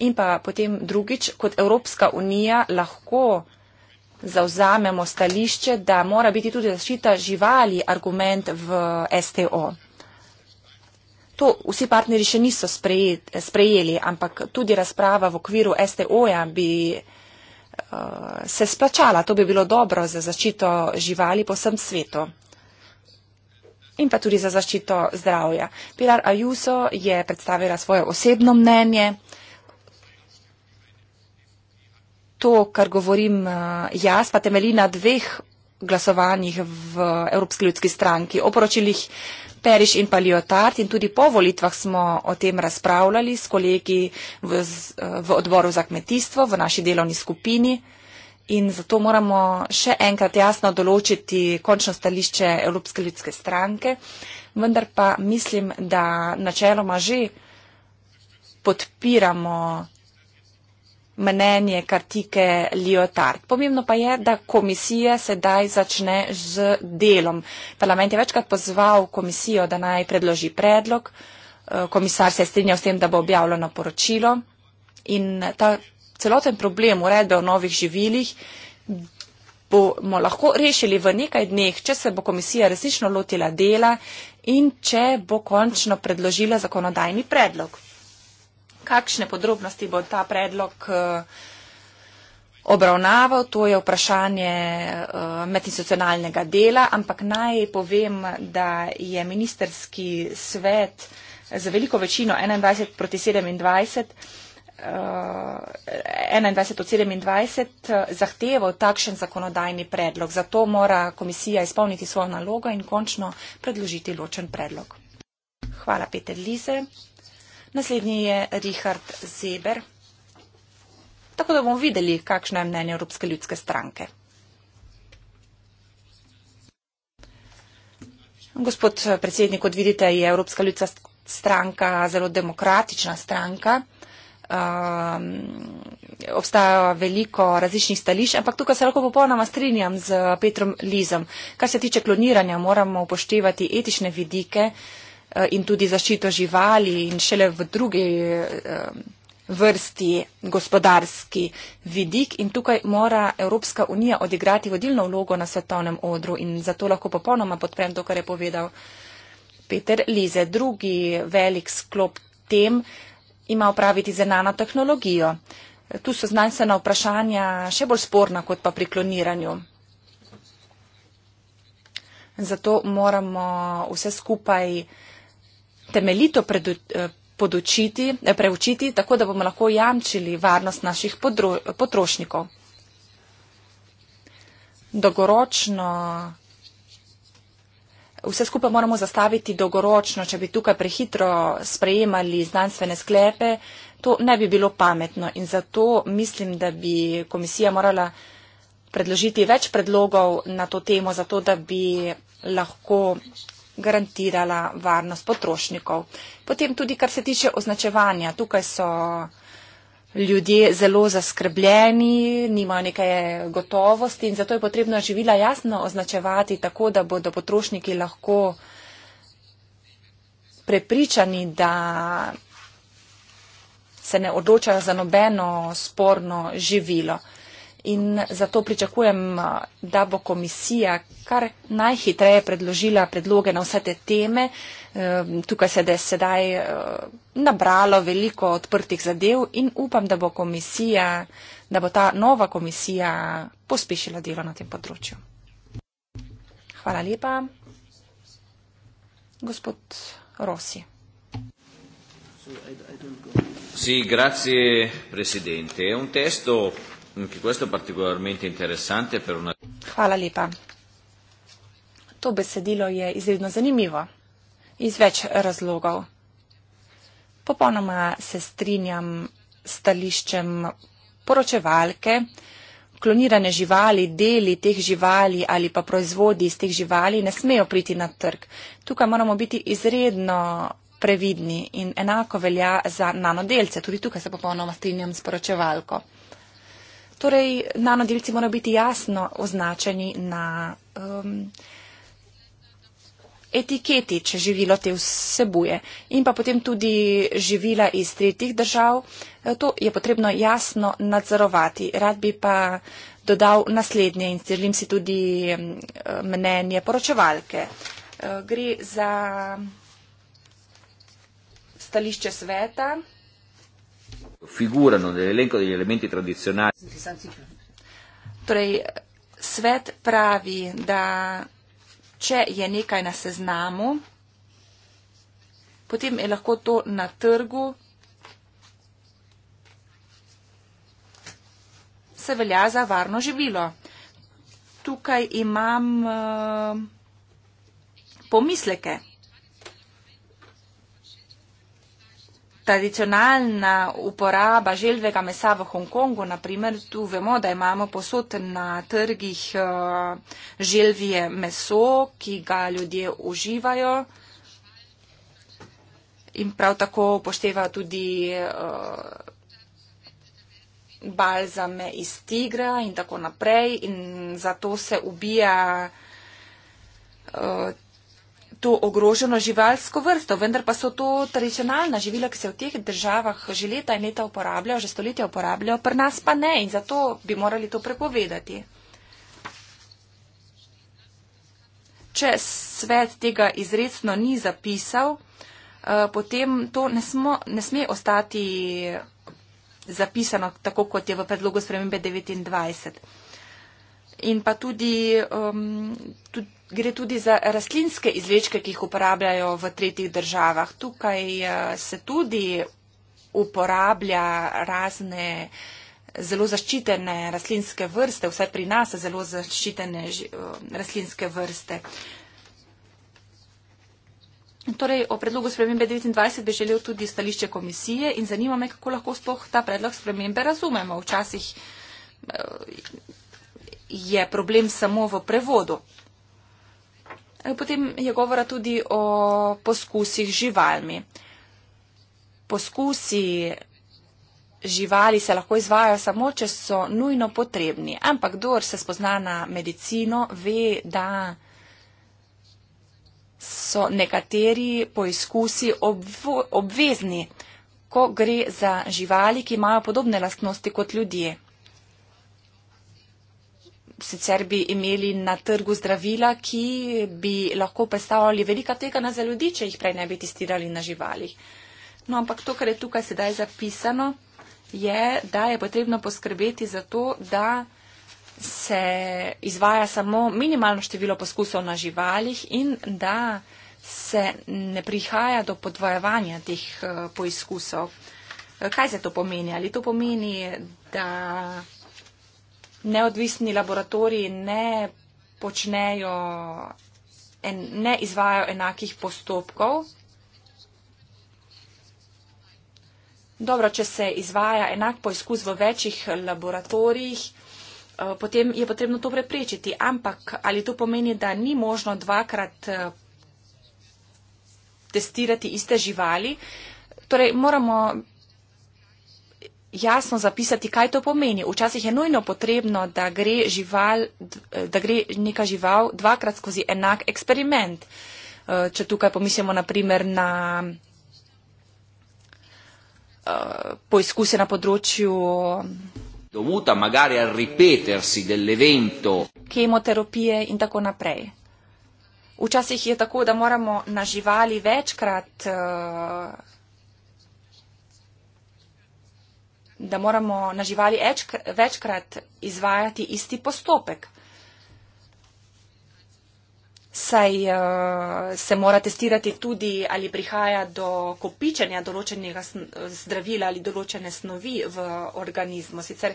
In pa potem drugič, kot Evropska unija lahko zauzamemo stališče, da mora biti tudi zaščita živali argument v STO. To vsi partnerji še niso sprejeli, ampak tudi razprava v okviru STO-ja bi uh, se splačala. To bi bilo dobro za zaščito živali po vsem svetu in pa tudi za zaščito zdravja. Pilar Ayuso je predstavila svoje osebno mnenje. To, kar govorim eh, jaz, pa temelji na dveh glasovanjih v Evropski ljudski stranki. O poročilih Periš in pa Liotard in tudi po volitvah smo o tem razpravljali s kolegi v, eh, v odboru za kmetijstvo v naši delovni skupini in zato moramo še enkrat jasno določiti končno stališče Evropske ljudske stranke, vendar pa mislim, da načeloma že podpiramo mnenje kartike Lyotard. Pomembno pa je, da komisija sedaj začne z delom. Parlament je večkrat pozval komisijo, da naj predloži predlog. Eh, komisar se je strinjal s tem, da bo objavljeno poročilo in ta celoten problem uredbe o novih živilih bomo lahko rešili v nekaj dneh, če se bo komisija resnično lotila dela in če bo končno predložila zakonodajni predlog. Kakšne podrobnosti bo ta predlog eh, obravnaval, to je vprašanje eh, medinstitucionalnega dela, ampak naj povem, da je ministerski svet za veliko večino 21 proti 27 2021 eh, eh, zahteval takšen zakonodajni predlog. Zato mora komisija izpolniti svojo nalogo in končno predložiti ločen predlog. Hvala, Peter Lize. Naslednji je Richard Zeber. Tako da bomo videli, kakšno je mnenje Evropske ljudske stranke. Gospod predsednik, odvidite, je Evropska ljudska stranka zelo demokratična stranka um, obstaja veliko različnih stališč, ampak tukaj se lahko popolnoma strinjam z Petrom Lizom. Kar se tiče kloniranja, moramo upoštevati etične vidike eh, in tudi zaščito živali in šele v drugi eh, vrsti gospodarski vidik in tukaj mora Evropska unija odigrati vodilno vlogo na svetovnem odru in zato lahko popolnoma podprem to, kar je povedal Peter Lize. Drugi velik sklop tem uh, ima opraviti z enano tehnologijo. Tu so znanstvena vprašanja še bolj sporna kot pa pri kloniranju. Zato moramo vse skupaj temeljito eh, podučiti, eh, preučiti, tako da bomo lahko jamčili varnost naših potrošnikov. Dogoročno vse skupaj moramo zastaviti dolgoročno, če bi tukaj prehitro sprejemali znanstvene sklepe, to ne bi bilo pametno in zato mislim, da bi komisija morala predložiti več predlogov na to temo, zato da bi lahko garantirala varnost potrošnikov. Potem tudi, kar se tiče označevanja, tukaj so ljudje zelo zaskrbljeni, nimajo neke gotovosti in zato je potrebno živila jasno označevati tako, da bodo potrošniki lahko prepričani, da se ne odločajo za nobeno sporno živilo in zato pričakujem, da bo komisija kar najhitreje predložila predloge na vse te teme. Tukaj se je sedaj e, nabralo veliko odprtih zadev in upam, da bo, komisija, da bo ta nova komisija pospešila delo na tem področju. Hvala lepa. Gospod Rosi. Sì, grazie Presidente. È un testo Anche questo è particolarmente interessante per una. Hvala lepa. To besedilo je izredno zanimivo iz več razlogov. Popolnoma se strinjam s stališčem poročevalke, klonirane živali, deli teh živali ali pa proizvodi iz teh živali ne smejo priti na trg. Tukaj moramo biti izredno previdni in enako velja za nanodelce. Tudi tukaj se popolnoma strinjam s poročevalko. Torej, nanodelci morajo biti jasno označeni na um, etiketi, če živilo te vsebuje. In pa potem tudi živila iz tretjih držav. E, to je potrebno jasno nadzorovati. Rad bi pa dodal naslednje in želim si tudi um, mnenje poročevalke. E, gre za stališče sveta figurano nell'elenco degli elementi tradizionali. Torej, svet pravi, da če je nekaj na seznamu, potem je lahko to na trgu. Se velja za varno živilo. Tukaj imam uh, pomisleke. tradicionalna uporaba želvega mesa v Hongkongu, naprimer, tu vemo, da imamo posod na trgih eh, želvije meso, ki ga ljudje uživajo in prav tako upošteva tudi eh, balzame iz tigra in tako naprej in zato se ubija eh, to ogroženo živalsko vrsto, vendar pa so to tradicionalna živila, ki se v teh državah že leta in leta uporabljajo, že stoletja uporabljajo, pri nas pa ne in zato bi morali to prepovedati. Če svet tega izredno ni zapisal, eh, potem to ne, smo, ne sme ostati zapisano tako, kot je v predlogu spremembe 29. In pa tudi, um, tudi gre tudi za rastlinske izvečke, ki jih uporabljajo v tretjih državah. Tukaj eh, se tudi uporablja razne zelo zaščitene rastlinske vrste, vsaj pri nas zelo zaščitene eh, rastlinske vrste. Torej, o predlogu spremembe 29 bi želel tudi stališče komisije in zanima me, kako lahko spoh ta predlog spremembe razumemo. Včasih eh, je problem samo v prevodu. Potem je govora tudi o poskusih živalmi. Poskusi živali se lahko izvajajo samo, če so nujno potrebni. Ampak dor se spozna na medicino, ve, da so nekateri poizkusi obvezni, ko gre za živali, ki imajo podobne lastnosti kot ljudje sicer bi imeli na trgu zdravila, ki bi lahko predstavljali velika tega na za ljudi, če jih prej ne bi testirali na živalih. No, ampak to, kar je tukaj sedaj zapisano, je, da je potrebno poskrbeti za to, da se izvaja samo minimalno število poskusov na živalih in da se ne prihaja do podvojevanja teh eh, poizkusov. Eh, kaj se to pomeni? Ali to pomeni, da neodvisni laboratoriji ne počnejo, en, ne izvajo enakih postopkov. Dobro, če se izvaja enak poizkus v večjih laboratorijih, eh, potem je potrebno to preprečiti. Ampak ali to pomeni, da ni možno dvakrat eh, testirati iste živali? Torej, moramo jasno zapisati, kaj to pomeni. Včasih je nujno potrebno, da gre, žival, da gre neka žival dvakrat skozi enak eksperiment. Eh, če tukaj pomislimo naprimer na eh, poizkuse na področju kemoterapije in tako naprej. Včasih je tako, da moramo na živali večkrat uh, da moramo na živali večkrat izvajati isti postopek. Saj eh, se mora testirati tudi, ali prihaja do kopičenja določenega zdravila ali določene snovi v organizmu. Sicer,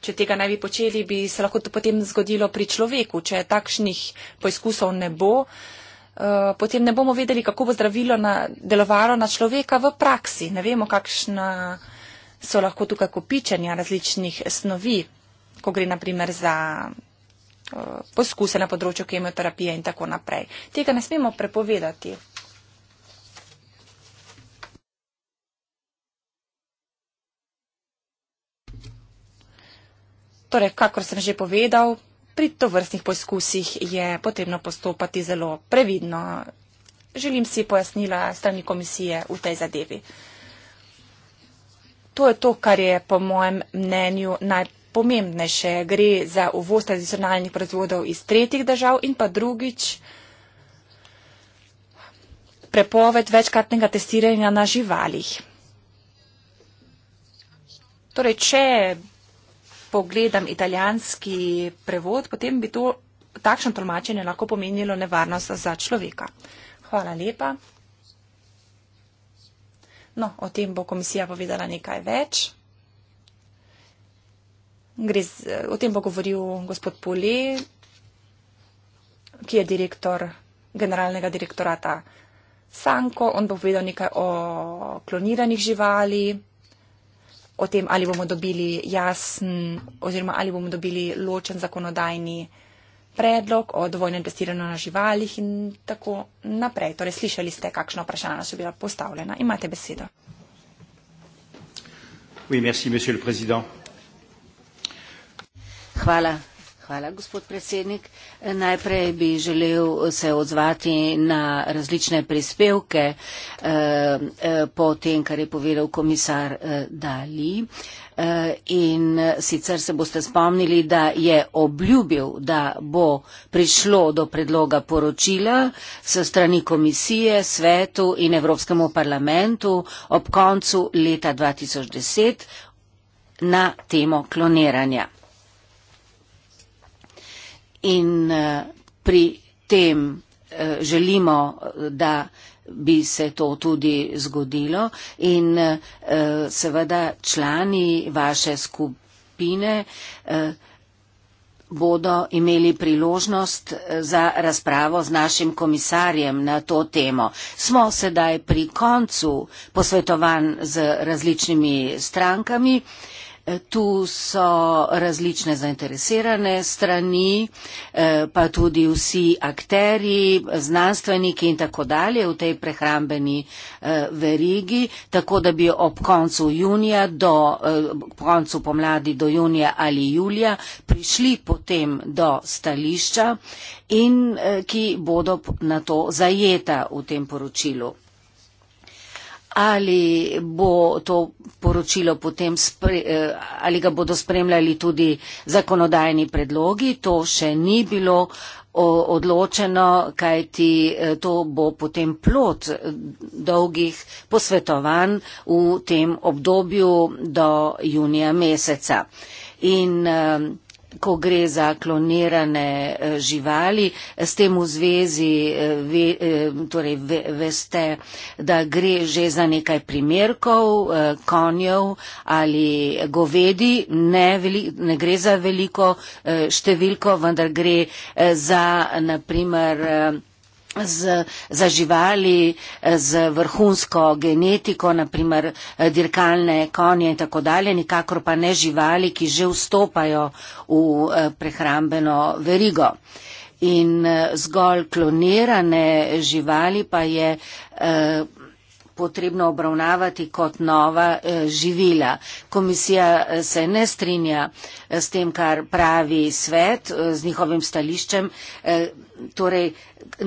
če tega ne bi počeli, bi se lahko to potem zgodilo pri človeku. Če takšnih poizkusov ne bo, eh, potem ne bomo vedeli, kako bo zdravilo na, delovalo na človeka v praksi. Ne vemo, kakšna so lahko tukaj kopičenja različnih snovi, ko gre naprimer za eh, poskuse na področju kemoterapije in tako naprej. Tega ne smemo prepovedati. Torej, kakor sem že povedal, pri tovrstnih poskusih je potrebno postopati zelo previdno. Želim si pojasnila strani komisije v tej zadevi to je to, kar je po mojem mnenju najpomembnejše. Gre za uvoz tradicionalnih proizvodov iz tretjih držav in pa drugič prepoved večkratnega testiranja na živalih. Torej, če pogledam italijanski prevod, potem bi to takšno tolmačenje lahko pomenilo nevarnost za človeka. Hvala lepa. No, o tem bo komisija povedala nekaj več. Gre z, o tem bo govoril gospod Poli, ki je direktor generalnega direktorata Sanko. On bo povedal nekaj o kloniranih živali, o tem, ali bomo dobili jasen oziroma ali bomo dobili ločen zakonodajni predlog o dvojnem testiranju na živalih in tako naprej. Torej, slišali ste, kakšna vprašanja so bila postavljena. Imate besedo. Oui, merci, Hvala, Hvala, gospod predsednik. Najprej bi želel se odzvati na različne prispevke eh, eh, po tem, kar je povedal komisar eh, Dali. In sicer se boste spomnili, da je obljubil, da bo prišlo do predloga poročila s strani komisije, svetu in Evropskemu parlamentu ob koncu leta 2010 na temo kloniranja in eh, pri tem eh, želimo, eh, da bi se to tudi zgodilo in seveda člani vaše skupine bodo imeli priložnost za razpravo z našim komisarjem na to temo. Smo sedaj pri koncu posvetovanj z različnimi strankami tu so različne zainteresirane strani, eh, pa tudi vsi akteri, znanstveniki in tako dalje v tej prehrambeni eh, verigi, tako da bi ob koncu junija do, eh, koncu pomladi do junija ali julija prišli potem do stališča in ki bodo na to zajeta v tem poročilu ali bo to poročilo potem, spre, eh, ali ga bodo spremljali tudi zakonodajni predlogi, to še ni bilo odločeno, kajti eh, to bo potem plot eh, dolgih posvetovanj v tem obdobju do junija meseca. In, ko gre za klonirane eh, živali. S tem v zvezi eh, ve, eh, torej ve, veste, da gre že za nekaj primerkov konjev ali govedi. Ne, veli, ne gre za veliko številko, vendar gre za, naprimer, Z, za živali z vrhunsko genetiko, naprimer eh, dirkalne konje in tako dalje, nikakor pa ne živali, ki že vstopajo v eh, prehrambeno verigo. In eh, zgolj klonirane živali pa je potrebno obravnavati kot nova živila. Komisija se ne strinja s tem, kar pravi svet, z njihovim stališčem torej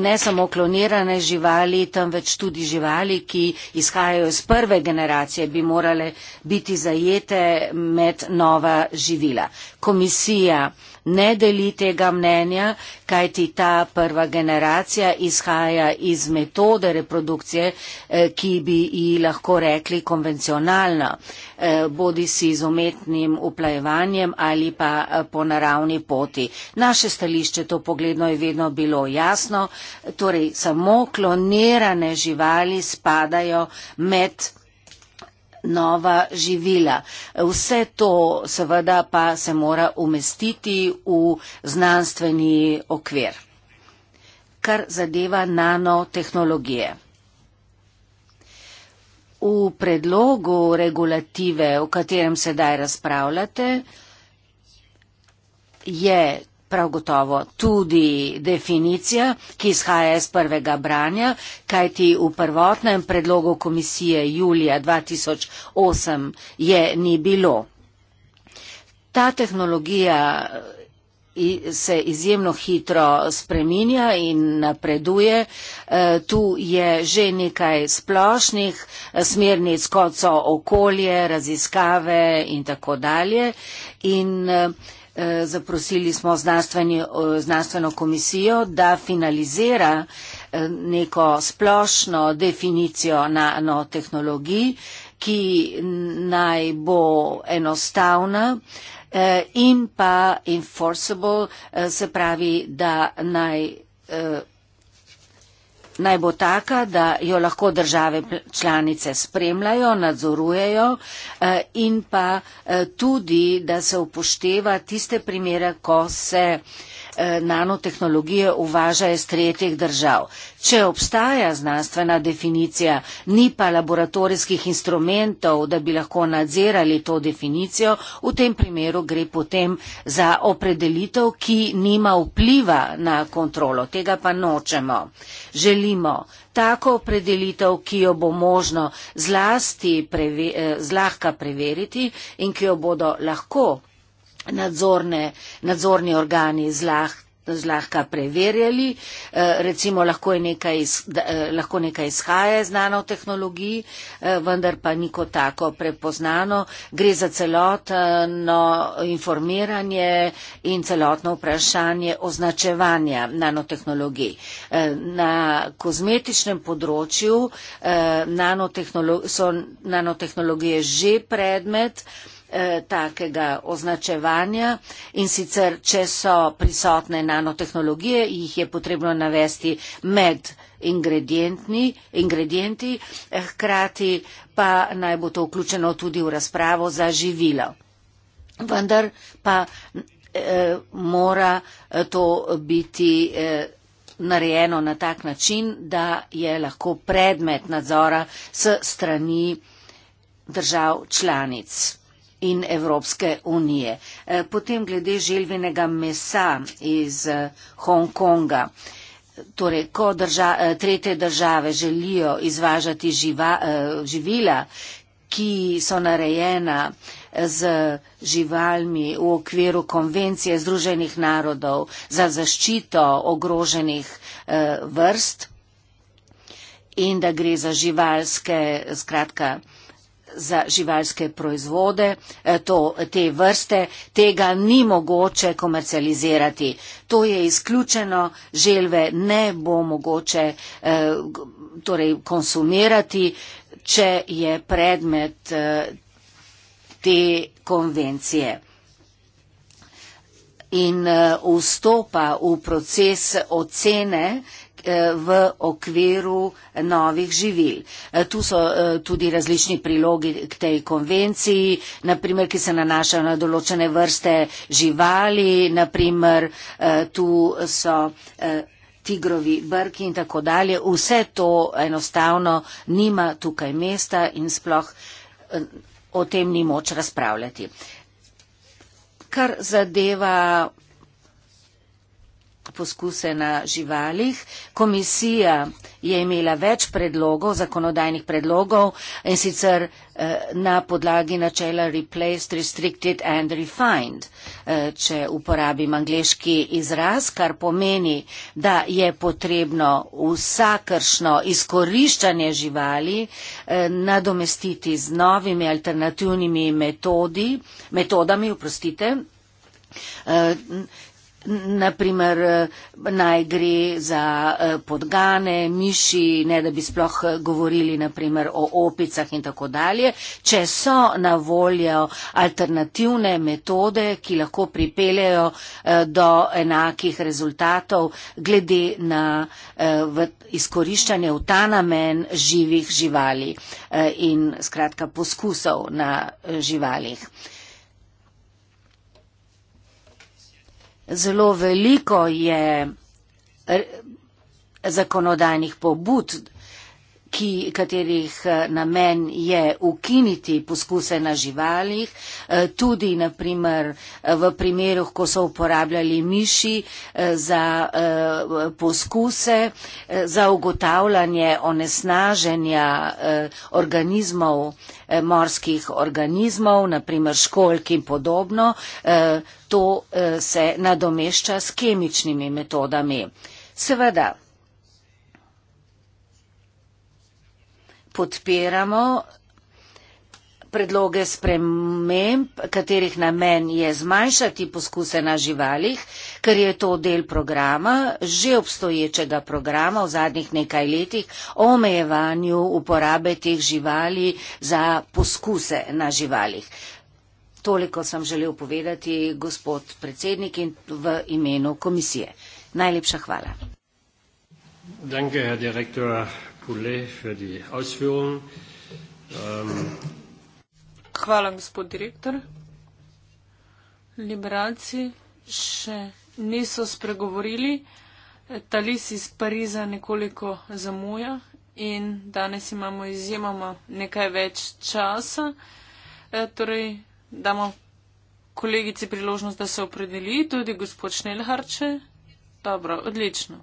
ne samo klonirane živali, temveč tudi živali, ki izhajajo iz prve generacije, bi morale biti zajete med nova živila. Komisija ne deli tega mnenja, kajti ta prva generacija izhaja iz metode reprodukcije, eh, ki bi ji lahko rekli konvencionalna, eh, bodi si z umetnim uplajevanjem ali pa eh, po naravni poti. Naše stališče to pogledno je vedno bilo jasno, torej samo klonirane živali spadajo med nova živila. Vse to seveda pa se mora umestiti v znanstveni okvir, kar zadeva nanotehnologije. V predlogu regulative, o katerem sedaj razpravljate, je prav gotovo tudi definicija, ki izhaja iz prvega branja, kajti v prvotnem predlogu komisije julija 2008 je ni bilo. Ta tehnologija se izjemno hitro spreminja in napreduje. E, tu je že nekaj splošnih e, smernic, kot so okolje, raziskave in tako dalje. E, Eh, zaprosili smo znanstveno komisijo, da finalizira eh, neko splošno definicijo nanotehnologij, ki naj bo enostavna eh, in pa enforceable, se pravi, da naj naj bo taka, da jo lahko države članice spremljajo, nadzorujejo eh, in pa eh, tudi, da se upošteva tiste primere, ko se eh, Eh, nanotehnologije uvaža iz tretjih držav. Če obstaja znanstvena definicija, ni pa laboratorijskih instrumentov, da bi lahko nadzirali to definicijo, v tem primeru gre potem za opredelitev, ki nima vpliva na kontrolo. Tega pa nočemo. Želimo tako opredelitev, ki jo bo možno zlasti preve, eh, zlahka preveriti in ki jo bodo lahko nadzorne, nadzorni organi zlah, zlahka preverjali. Eh, recimo lahko, nekaj, iz, eh, lahko nekaj izhaja iz nanotehnologij, eh, vendar pa ni kot tako prepoznano. Gre za celotno informiranje in celotno vprašanje označevanja nanotehnologij. Na kozmetičnem področju nanotehnolo so nanotehnologije že predmet Eh, takega označevanja in sicer, če so prisotne nanotehnologije, jih je potrebno navesti med ingredienti, eh, hkrati pa naj bo to vključeno tudi v razpravo za živilo. Vendar pa eh, mora eh, to biti eh, narejeno na tak način, da je lahko predmet nadzora s strani držav članic in Evropske unije. Eh, potem glede želvenega mesa iz eh, Hongkonga. Torej, ko drža, eh, tretje države želijo izvažati živa, živila, ki so narejena z živalmi v okviru konvencije Združenih narodov za zaščito ogroženih vrst in da gre za živalske, skratka, za živalske proizvode, eh, to, te vrste, tega ni mogoče komercializirati. To je izključeno, želve ne bo mogoče eh, torej, konsumirati, če je predmet eh, te konvencije. In vstopa v proces ocene, v okviru novih živil. E, tu so e, tudi različni prilogi k tej konvenciji, naprimer, ki se nanašajo na določene vrste živali, naprimer, e, tu so tigrovi brki in tako dalje. Vse to enostavno nima tukaj mesta in sploh o tem ni moč razpravljati. Kar zadeva poskuse na živalih. Komisija je imela več predlogov, zakonodajnih predlogov in sicer eh, na podlagi načela replaced, restricted and refined, eh, če uporabim angliški izraz, kar pomeni, da je potrebno vsakršno izkoriščanje živali eh, nadomestiti z novimi alternativnimi metodi, metodami, oprostite, naprimer eh, naj gre za eh, podgane, miši, ne da bi sploh eh, govorili naprimer o opicah in tako dalje, če so na voljo alternativne metode, ki lahko pripeljajo do enakih rezultatov glede na izkoriščanje v ta namen živih živali in skratka poskusov na živalih. zelo veliko je zakonodajnih pobud, ki, katerih eh, namen je ukiniti poskuse na živalih, eh, tudi naprimer eh, v primeru, ko so uporabljali miši za poskuse, za ugotavljanje onesnaženja organizmov, morskih organizmov, naprimer školjk in podobno, to se nadomešča s kemičnimi metodami. Seveda, podpiramo predloge sprememb, katerih namen je zmanjšati poskuse na živalih, ker je to del programa, že obstoječega programa v zadnjih nekaj letih o omejevanju uporabe teh živali za poskuse na živalih. Toliko sem želel povedati, gospod predsednik, in v imenu komisije. Najlepša hvala. Danke, herr Direktor. Kule für die Ausführung. Ähm Hvala, gospod direktor. Liberalci še niso spregovorili. Talis iz Pariza nekoliko zamuja in danes imamo izjemoma nekaj več časa. E, torej, damo kolegici priložnost, da se opredeli, tudi gospod Šnelharče. Dobro, odlično.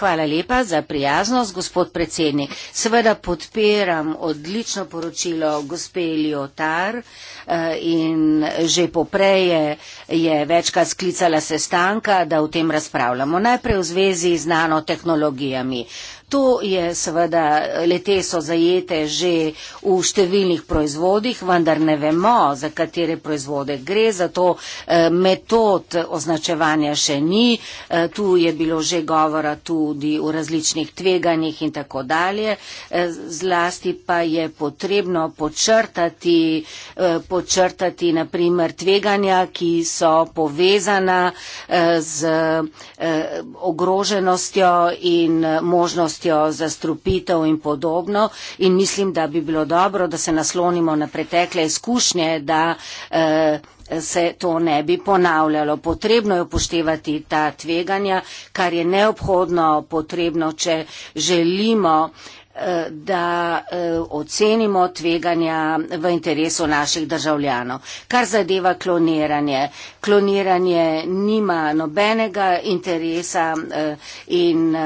Hvala lepa za prijaznost, gospod predsednik. Seveda podpiram odlično poročilo gospe Liotar eh, in že popreje je večkrat sklicala sestanka, da o tem razpravljamo. Najprej v zvezi z nanotehnologijami. To je seveda, lete so zajete že v številnih proizvodih, vendar ne vemo, za katere proizvode gre, zato eh, metod označevanja še ni. Eh, tu je bilo že govora tudi o različnih tveganjih in tako dalje. Eh, zlasti pa je potrebno počrtati, počrtati naprimer tveganja, ki so povezana z ogroženostjo in možnostjo dejavnostjo, zastrupitev in podobno. In mislim, da bi bilo dobro, da se naslonimo na pretekle izkušnje, da eh, se to ne bi ponavljalo. Potrebno je upoštevati ta tveganja, kar je neobhodno potrebno, če želimo eh, da eh, ocenimo tveganja v interesu naših državljanov. Kar zadeva kloniranje. Kloniranje nima nobenega interesa eh, in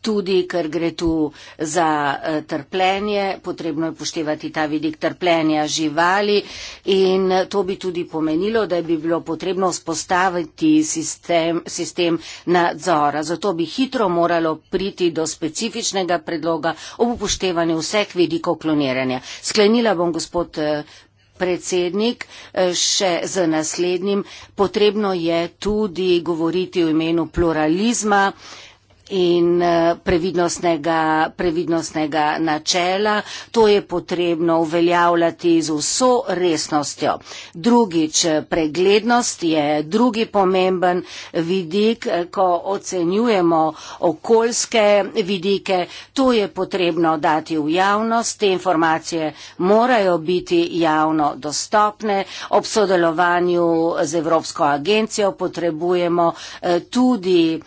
tudi, ker gre tu za eh, trpljenje, potrebno je poštevati ta vidik trpljenja živali in to bi tudi pomenilo, da bi bilo potrebno vzpostaviti sistem, sistem nadzora. Zato bi hitro moralo priti do specifičnega predloga ob upoštevanju vseh vidikov kloniranja. Sklenila bom gospod eh, predsednik eh, še z naslednjim. Potrebno je tudi govoriti v imenu pluralizma in eh, previdnostnega, previdnostnega načela. To je potrebno uveljavljati z vso resnostjo. Drugič, preglednost je drugi pomemben vidik, eh, ko ocenjujemo okoljske vidike. To je potrebno dati v javnost. Te informacije morajo biti javno dostopne. Ob sodelovanju z Evropsko agencijo potrebujemo eh, tudi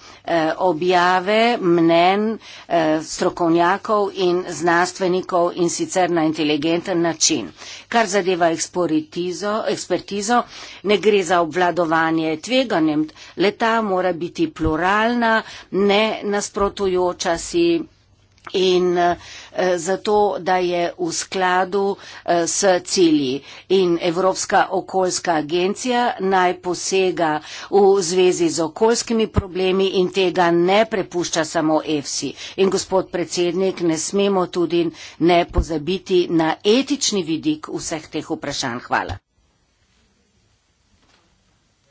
objave razprave, mnen eh, strokovnjakov in znanstvenikov in sicer na inteligenten način. Kar zadeva ekspertizo, ne gre za obvladovanje tveganjem, le ta mora biti pluralna, ne nasprotujoča si in eh, Eh, zato da je v skladu eh, s cilji. In Evropska okoljska agencija naj posega v zvezi z okoljskimi problemi in tega ne prepušča samo EFSI. In gospod predsednik, ne smemo tudi ne pozabiti na etični vidik vseh teh vprašanj. Hvala.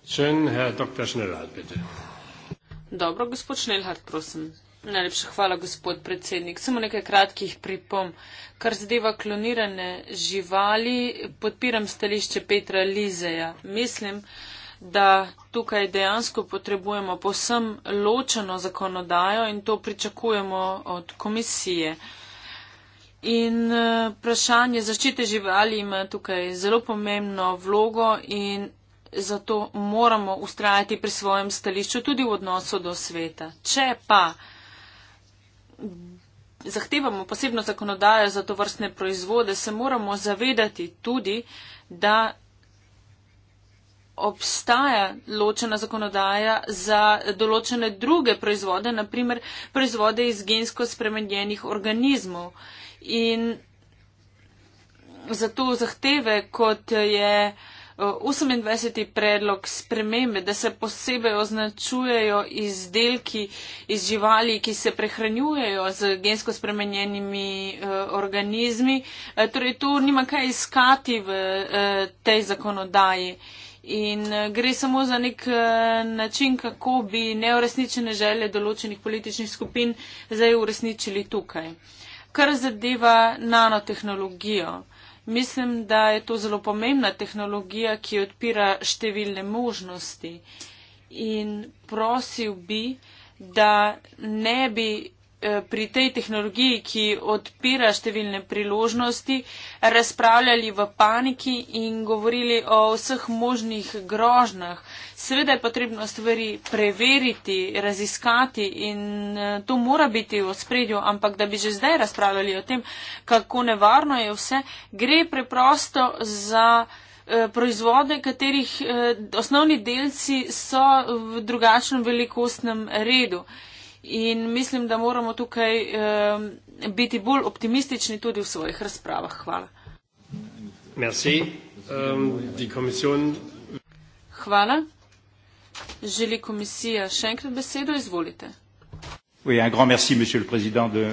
Schön, Herr Dr. Schnellhardt, bitte. Dobro, gospod Schnellhardt, prosim. Najlepša hvala, gospod predsednik. Samo nekaj kratkih pripom. Kar zadeva klonirane živali, podpiram stališče Petra Lizeja. Mislim, da tukaj dejansko potrebujemo posem ločeno zakonodajo in to pričakujemo od komisije. In eh, vprašanje zaščite živali ima tukaj zelo pomembno vlogo in zato moramo ustrajati pri svojem stališču tudi v odnosu do sveta. Če pa zahtevamo posebno zakonodajo za to vrstne proizvode, se moramo zavedati tudi, da obstaja ločena zakonodaja za določene druge proizvode, naprimer proizvode iz gensko spremenjenih organizmov. In zato zahteve, kot je uh, 28. predlog spremembe, da se posebej označujejo izdelki iz živali, ki se prehranjujejo z gensko spremenjenimi eh, organizmi. Eh, torej, tu nima kaj iskati v eh, tej zakonodaji. In gre samo za nek način, kako bi neuresničene želje določenih političnih skupin zdaj uresničili tukaj. Kar zadeva nanotehnologijo. Mislim, da je to zelo pomembna tehnologija, ki odpira številne možnosti. In prosil bi, da ne bi Eh, pri tej tehnologiji, ki odpira številne priložnosti, razpravljali v paniki in govorili o vseh možnih grožnah. Seveda je potrebno stvari preveriti, raziskati in eh, to mora biti v spredju, ampak da bi že zdaj razpravljali o tem, kako nevarno je vse, gre preprosto za eh, proizvode, katerih osnovni delci so v drugačnem velikostnem redu in mislim, da moramo tukaj um, biti bolj optimistični tudi v svojih razpravah. Hvala. Merci. Um, die Kommission... Hvala. Želi komisija še enkrat besedo? Izvolite. Oui, un grand merci, monsieur le président de...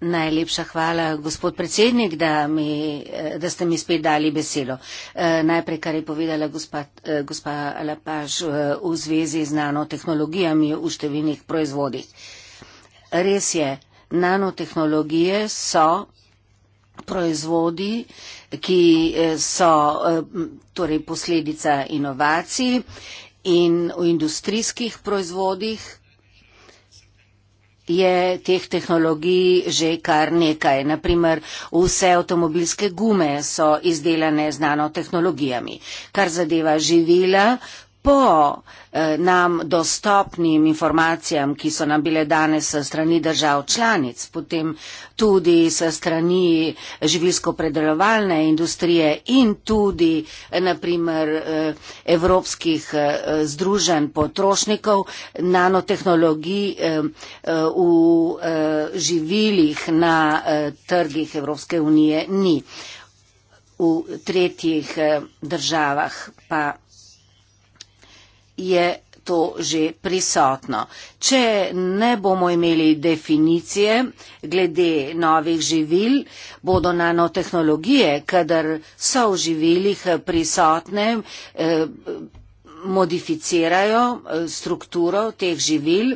Najlepša hvala, gospod predsednik, da, mi, da ste mi spet dali besedo. Eh, najprej, kar je povedala gospa, eh, gospa Lapaž eh, v zvezi z nanotehnologijami v številnih proizvodih. Res je, nanotehnologije so proizvodi, ki so torej posledica inovacij in v industrijskih proizvodih je teh tehnologij že kar nekaj. Naprimer, vse avtomobilske gume so izdelane z nanotehnologijami. Kar zadeva živila, po eh, nam dostopnim informacijam, ki so nam bile danes strani držav članic, potem tudi strani živilsko-predelovalne industrije in tudi eh, naprimer eh, evropskih eh, združen potrošnikov, nanotehnologij eh, eh, v eh, živilih na eh, trgih Evropske unije ni. V tretjih eh, državah pa je to že prisotno. Če ne bomo imeli definicije glede novih živil, bodo nanotehnologije, kadar so v živilih prisotne, eh, modificirajo eh, strukturo teh živil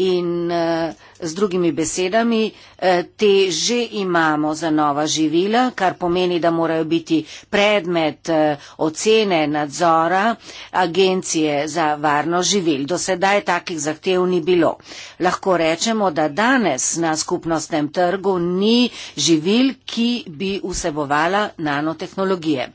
in eh, z drugimi besedami, eh, te že imamo za nova živila, kar pomeni, da morajo biti predmet eh, ocene nadzora Agencije za varno živil. Do sedaj takih zahtev ni bilo. Lahko rečemo, da danes na skupnostnem trgu ni živil, ki bi vsebovala nanotehnologije.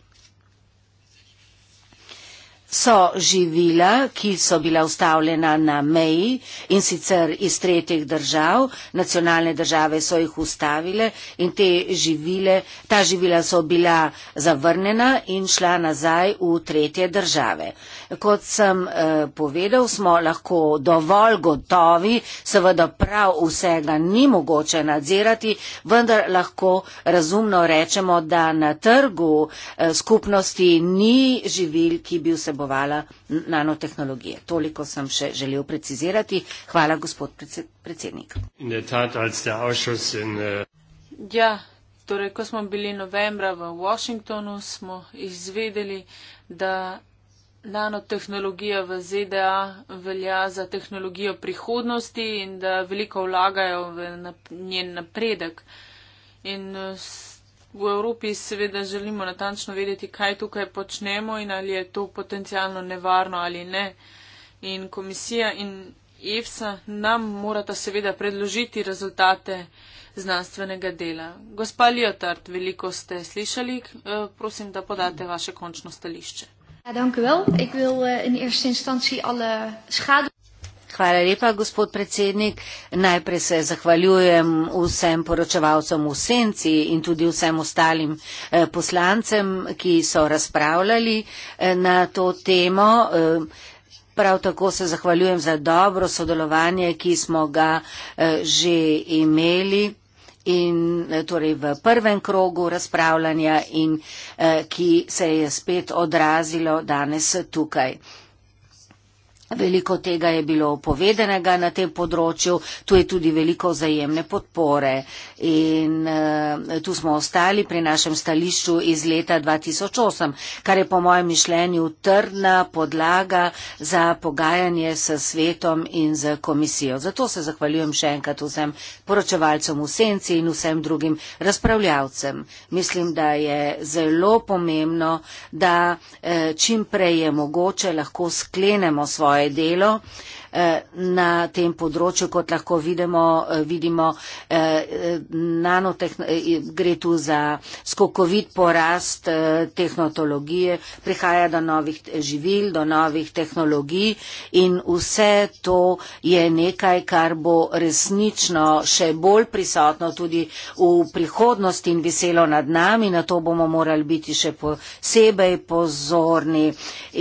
So živila, ki so bila ustavljena na meji in sicer iz tretjih držav, nacionalne države so jih ustavile in živile, ta živila so bila zavrnjena in šla nazaj v tretje države. Kot sem eh, povedal, smo lahko dovolj gotovi, seveda prav vsega ni mogoče nadzirati, vendar lahko razumno rečemo, da na trgu eh, skupnosti ni živil, ki bi vseboj potrebovala nanotehnologije. Toliko sem še želel precizirati. Hvala, gospod predsednik. Äh, ja, torej, ko smo bili novembra v Washingtonu, smo izvedeli, da nanotehnologija v ZDA velja za tehnologijo prihodnosti in da veliko vlagajo v njen napredek. In v Evropi seveda želimo natančno vedeti, kaj tukaj počnemo in ali je to potencijalno nevarno ali ne. In komisija in EFSA nam morata seveda predložiti rezultate znanstvenega dela. Gospa Liotard, veliko ste slišali, eh, prosim, da podate vaše končno stališče. Ja, dank u wel. Ik wil uh, in eerste instantie alle schade. Hvala lepa, gospod predsednik. Najprej se zahvaljujem vsem poročevalcem v Senci in tudi vsem ostalim eh, poslancem, ki so razpravljali eh, na to temo. Eh, prav tako se zahvaljujem za dobro sodelovanje, ki smo ga že imeli in torej v prvem krogu razpravljanja in eh, ki se je spet odrazilo danes tukaj. Eh, Veliko tega je bilo povedanega na tem področju, tu je tudi veliko vzajemne podpore in uh, tu smo ostali pri našem stališču iz leta 2008, kar je po mojem mišljenju trdna podlaga za pogajanje s svetom in z komisijo. Zato se zahvaljujem še enkrat vsem poročevalcem v senci in vsem drugim razpravljavcem. Mislim, da je zelo pomembno, da uh, čim prej je mogoče lahko sklenemo svoje svoje delo. Eh, na tem področju, kot lahko vidimo, eh, vidimo eh, gre tu za skokovit porast tehnologije, prihaja do novih živil, do novih tehnologij in vse to je nekaj, kar bo resnično še bolj prisotno tudi v prihodnosti in veselo nad nami, na to bomo morali biti še posebej pozorni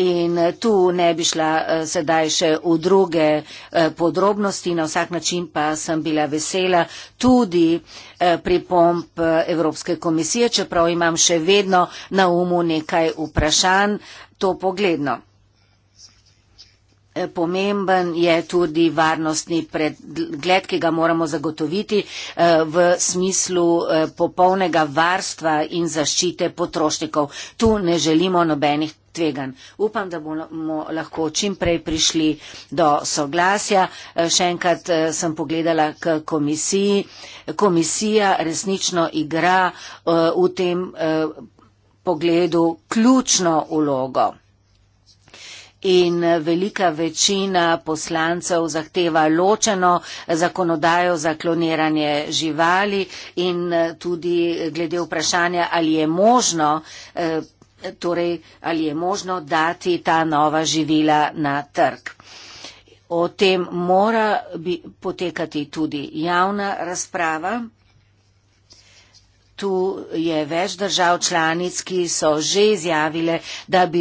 in tu ne bi šla sedaj še v druge druge eh, podrobnosti. Na vsak način pa sem bila vesela tudi eh, pripomp eh, Evropske komisije, čeprav imam še vedno na umu nekaj vprašanj to pogledno. Pomemben je tudi varnostni pregled, ki ga moramo zagotoviti v smislu popolnega varstva in zaščite potrošnikov. Tu ne želimo nobenih tvegan. Upam, da bomo lahko čimprej prišli do soglasja. Eh, še enkrat eh, sem pogledala k komisiji. Komisija resnično igra eh, v tem pogledu ključno ulogo. In velika večina poslancev zahteva ločeno zakonodajo za kloniranje živali in tudi glede vprašanja, ali je možno torej ali je možno dati ta nova živila na trg. O tem mora potekati tudi javna razprava. Tu je več držav članic, ki so že izjavile, da bi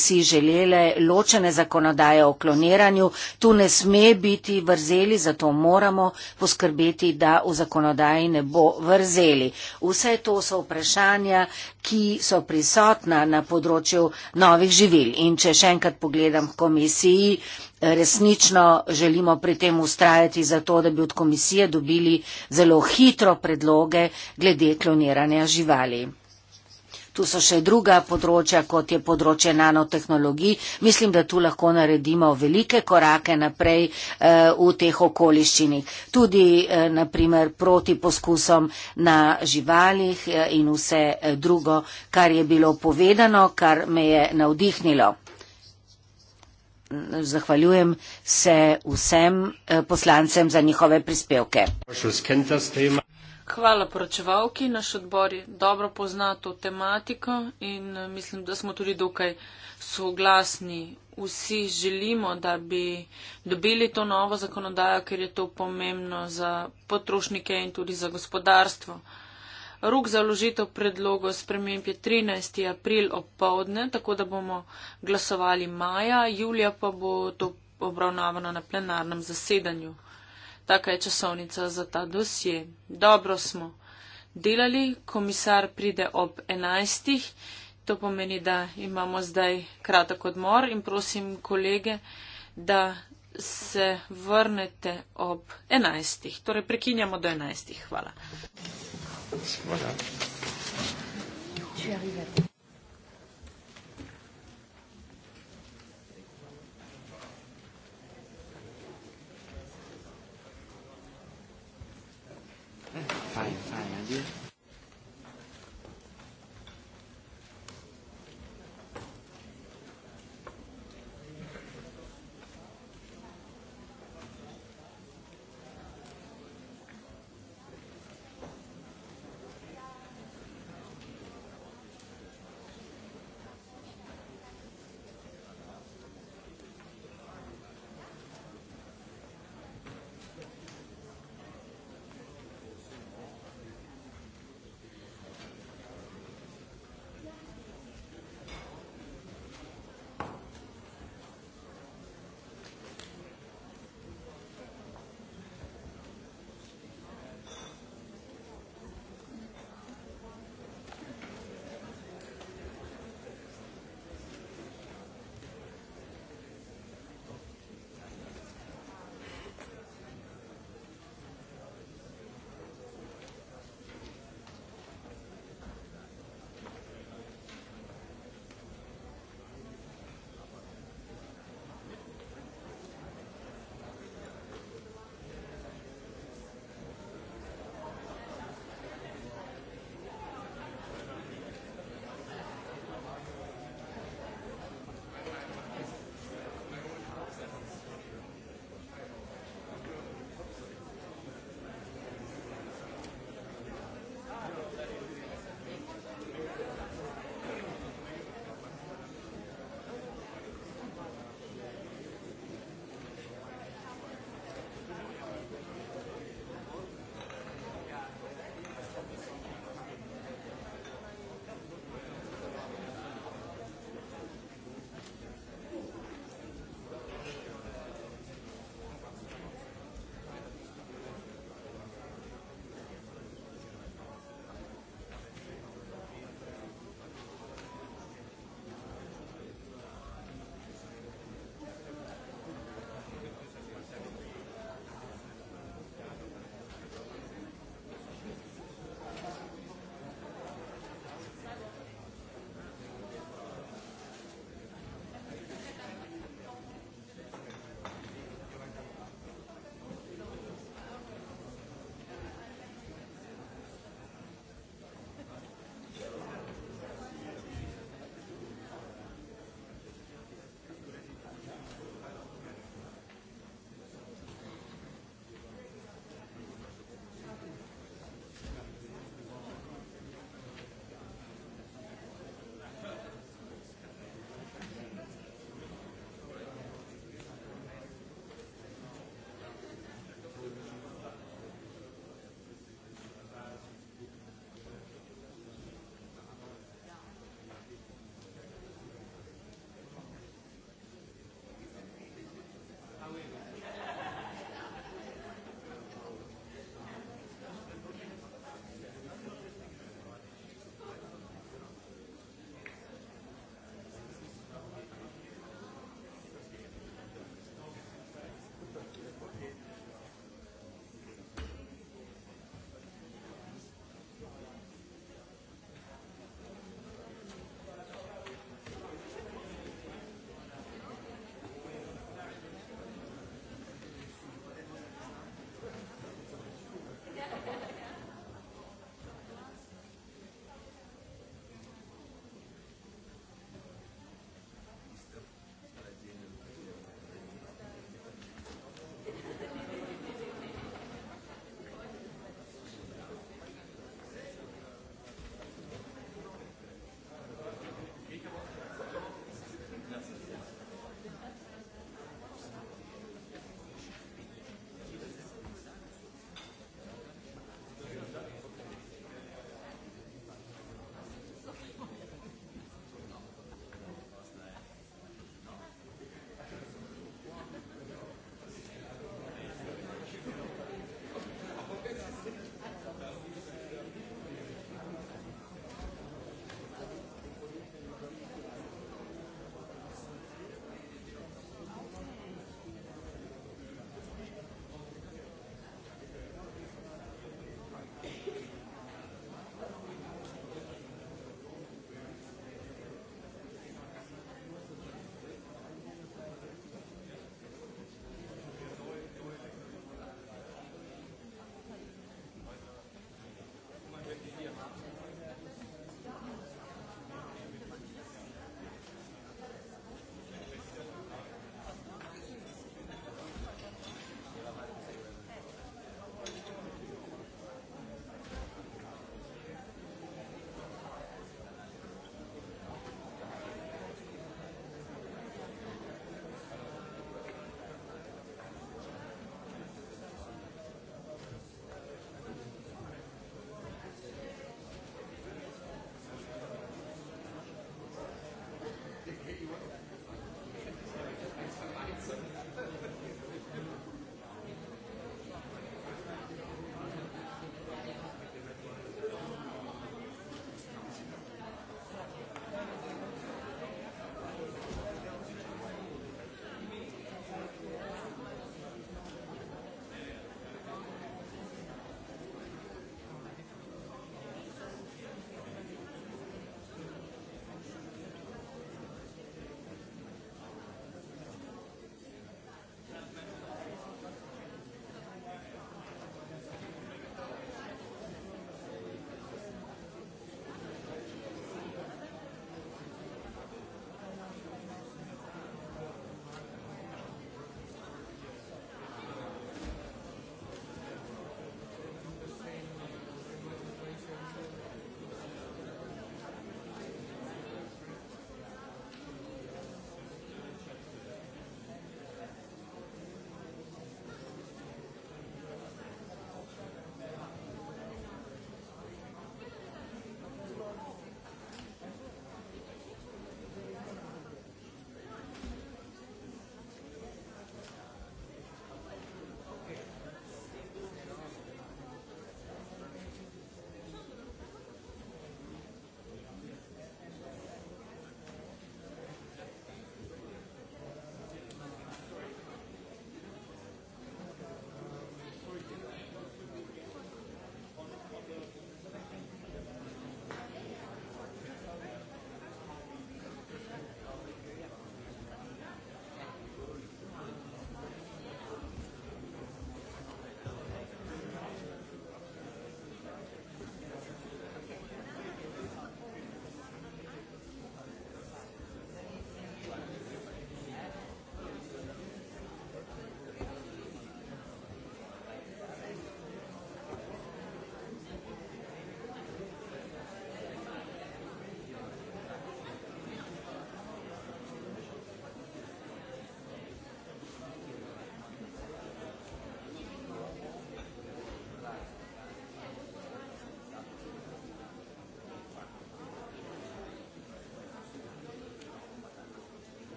si želele ločene zakonodaje o kloniranju. Tu ne sme biti vrzeli, zato moramo poskrbeti, da v zakonodaji ne bo vrzeli. Vse to so vprašanja, ki so prisotna na področju novih živil. In če še enkrat pogledam komisiji, resnično želimo pri tem ustrajati za to, da bi od komisije dobili zelo hitro predloge glede kloniranja živali. Tu so še druga področja, kot je področje nanotehnologij. Mislim, da tu lahko naredimo velike korake naprej eh, v teh okoliščinih. Tudi, eh, naprimer, proti poskusom na živalih eh, in vse eh, drugo, kar je bilo povedano, kar me je navdihnilo zahvaljujem se vsem eh, poslancem za njihove prispevke. Hvala poročevalki. Naš odbor dobro pozna to tematiko in eh, mislim, da smo tudi dokaj soglasni. Vsi želimo, da bi dobili to novo zakonodajo, ker je to pomembno za potrošnike in tudi za gospodarstvo. Rok za vložitev predlogov sprememb je 13. april opovdne, tako da bomo glasovali maja, julija pa bo to obravnavano na plenarnem zasedanju. Taka je časovnica za ta dosje. Dobro smo delali, komisar pride ob 11. To pomeni, da imamo zdaj kratek odmor in prosim kolege, da se vrnete ob 11. Torej prekinjamo do 11. Hvala. Voilà. Fine, fine, I do.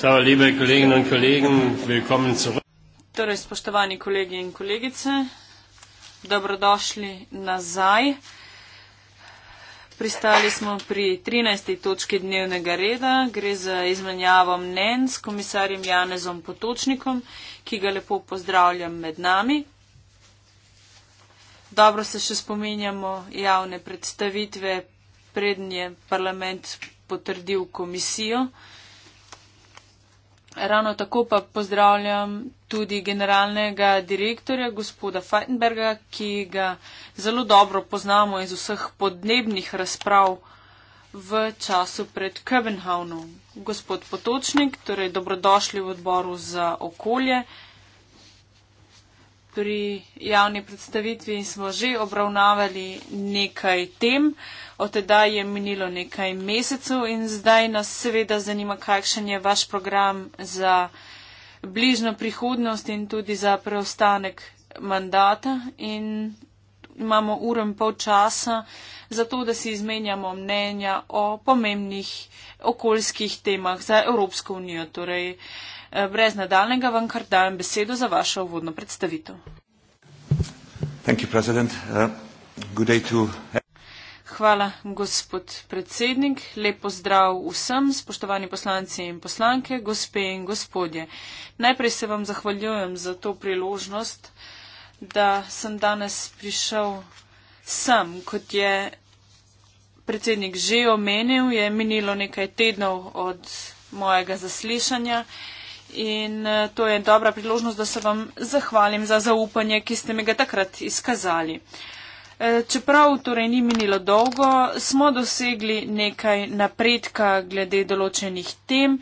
So, liebe Kolleginnen und Kollegen, willkommen zurück. Torej, spoštovani kolegi in kolegice, dobrodošli nazaj. Pristali smo pri 13. točki dnevnega reda. Gre za izmenjavo mnen s komisarjem Janezom Potočnikom, ki ga lepo pozdravljam med nami. Dobro se še spominjamo javne predstavitve, prednje parlament potrdil komisijo. Ravno tako pa pozdravljam tudi generalnega direktorja, gospoda Feitenberga, ki ga zelo dobro poznamo iz vseh podnebnih razprav v času pred Kevenhavnom. Gospod Potočnik, torej dobrodošli v odboru za okolje pri javni predstavitvi in smo že obravnavali nekaj tem. Od teda je minilo nekaj mesecev in zdaj nas seveda zanima, kakšen je vaš program za bližno prihodnost in tudi za preostanek mandata. In imamo uro in pol časa za to, da si izmenjamo mnenja o pomembnih okoljskih temah za Evropsko unijo. Torej, uh, Eh, brez nadaljnega vam kar dajem besedo za vašo uvodno predstavitev. Eh, Hvala, gospod predsednik. Lep pozdrav vsem, spoštovani poslanci in poslanke, gospe in gospodje. Najprej se vam zahvaljujem za to priložnost, da sem danes prišel sem. Kot je predsednik že omenil, je minilo nekaj tednov od mojega zaslišanja in eh, to je dobra priložnost, da se vam zahvalim za zaupanje, ki ste mi ga takrat izkazali. Eh, čeprav torej ni minilo dolgo, smo dosegli nekaj napredka glede določenih tem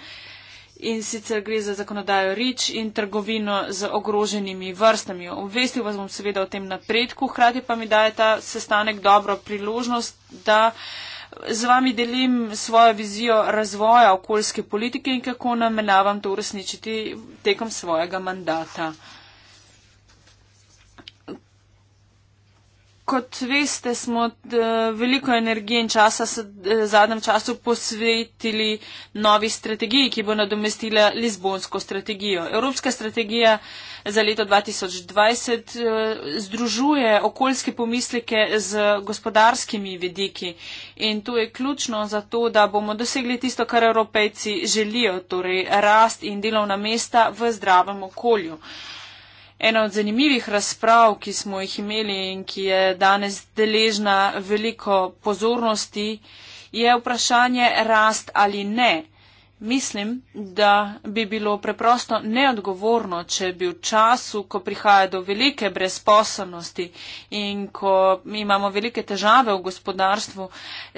in sicer gre za zakonodajo REACH in trgovino z ogroženimi vrstami. Obvestil vas bom seveda o tem napredku, hkrati pa mi daje ta sestanek dobro priložnost, da uh, z vami delim svojo vizijo razvoja okoljske politike in kako namenavam to uresničiti tekom svojega mandata. kot veste, smo eh, veliko energije in časa eh, v zadnjem času posvetili novi strategiji, ki bo nadomestila Lizbonsko strategijo. Evropska strategija za leto 2020 eh, združuje okoljske pomislike z gospodarskimi vidiki in to je ključno za to, da bomo dosegli tisto, kar evropejci želijo, torej rast in delovna mesta v zdravem okolju. Ena od zanimivih razprav, ki smo jih imeli in ki je danes deležna veliko pozornosti, je vprašanje rast ali ne. Mislim, da bi bilo preprosto neodgovorno, če bi v času, ko prihaja do velike brezposobnosti in ko imamo velike težave v gospodarstvu,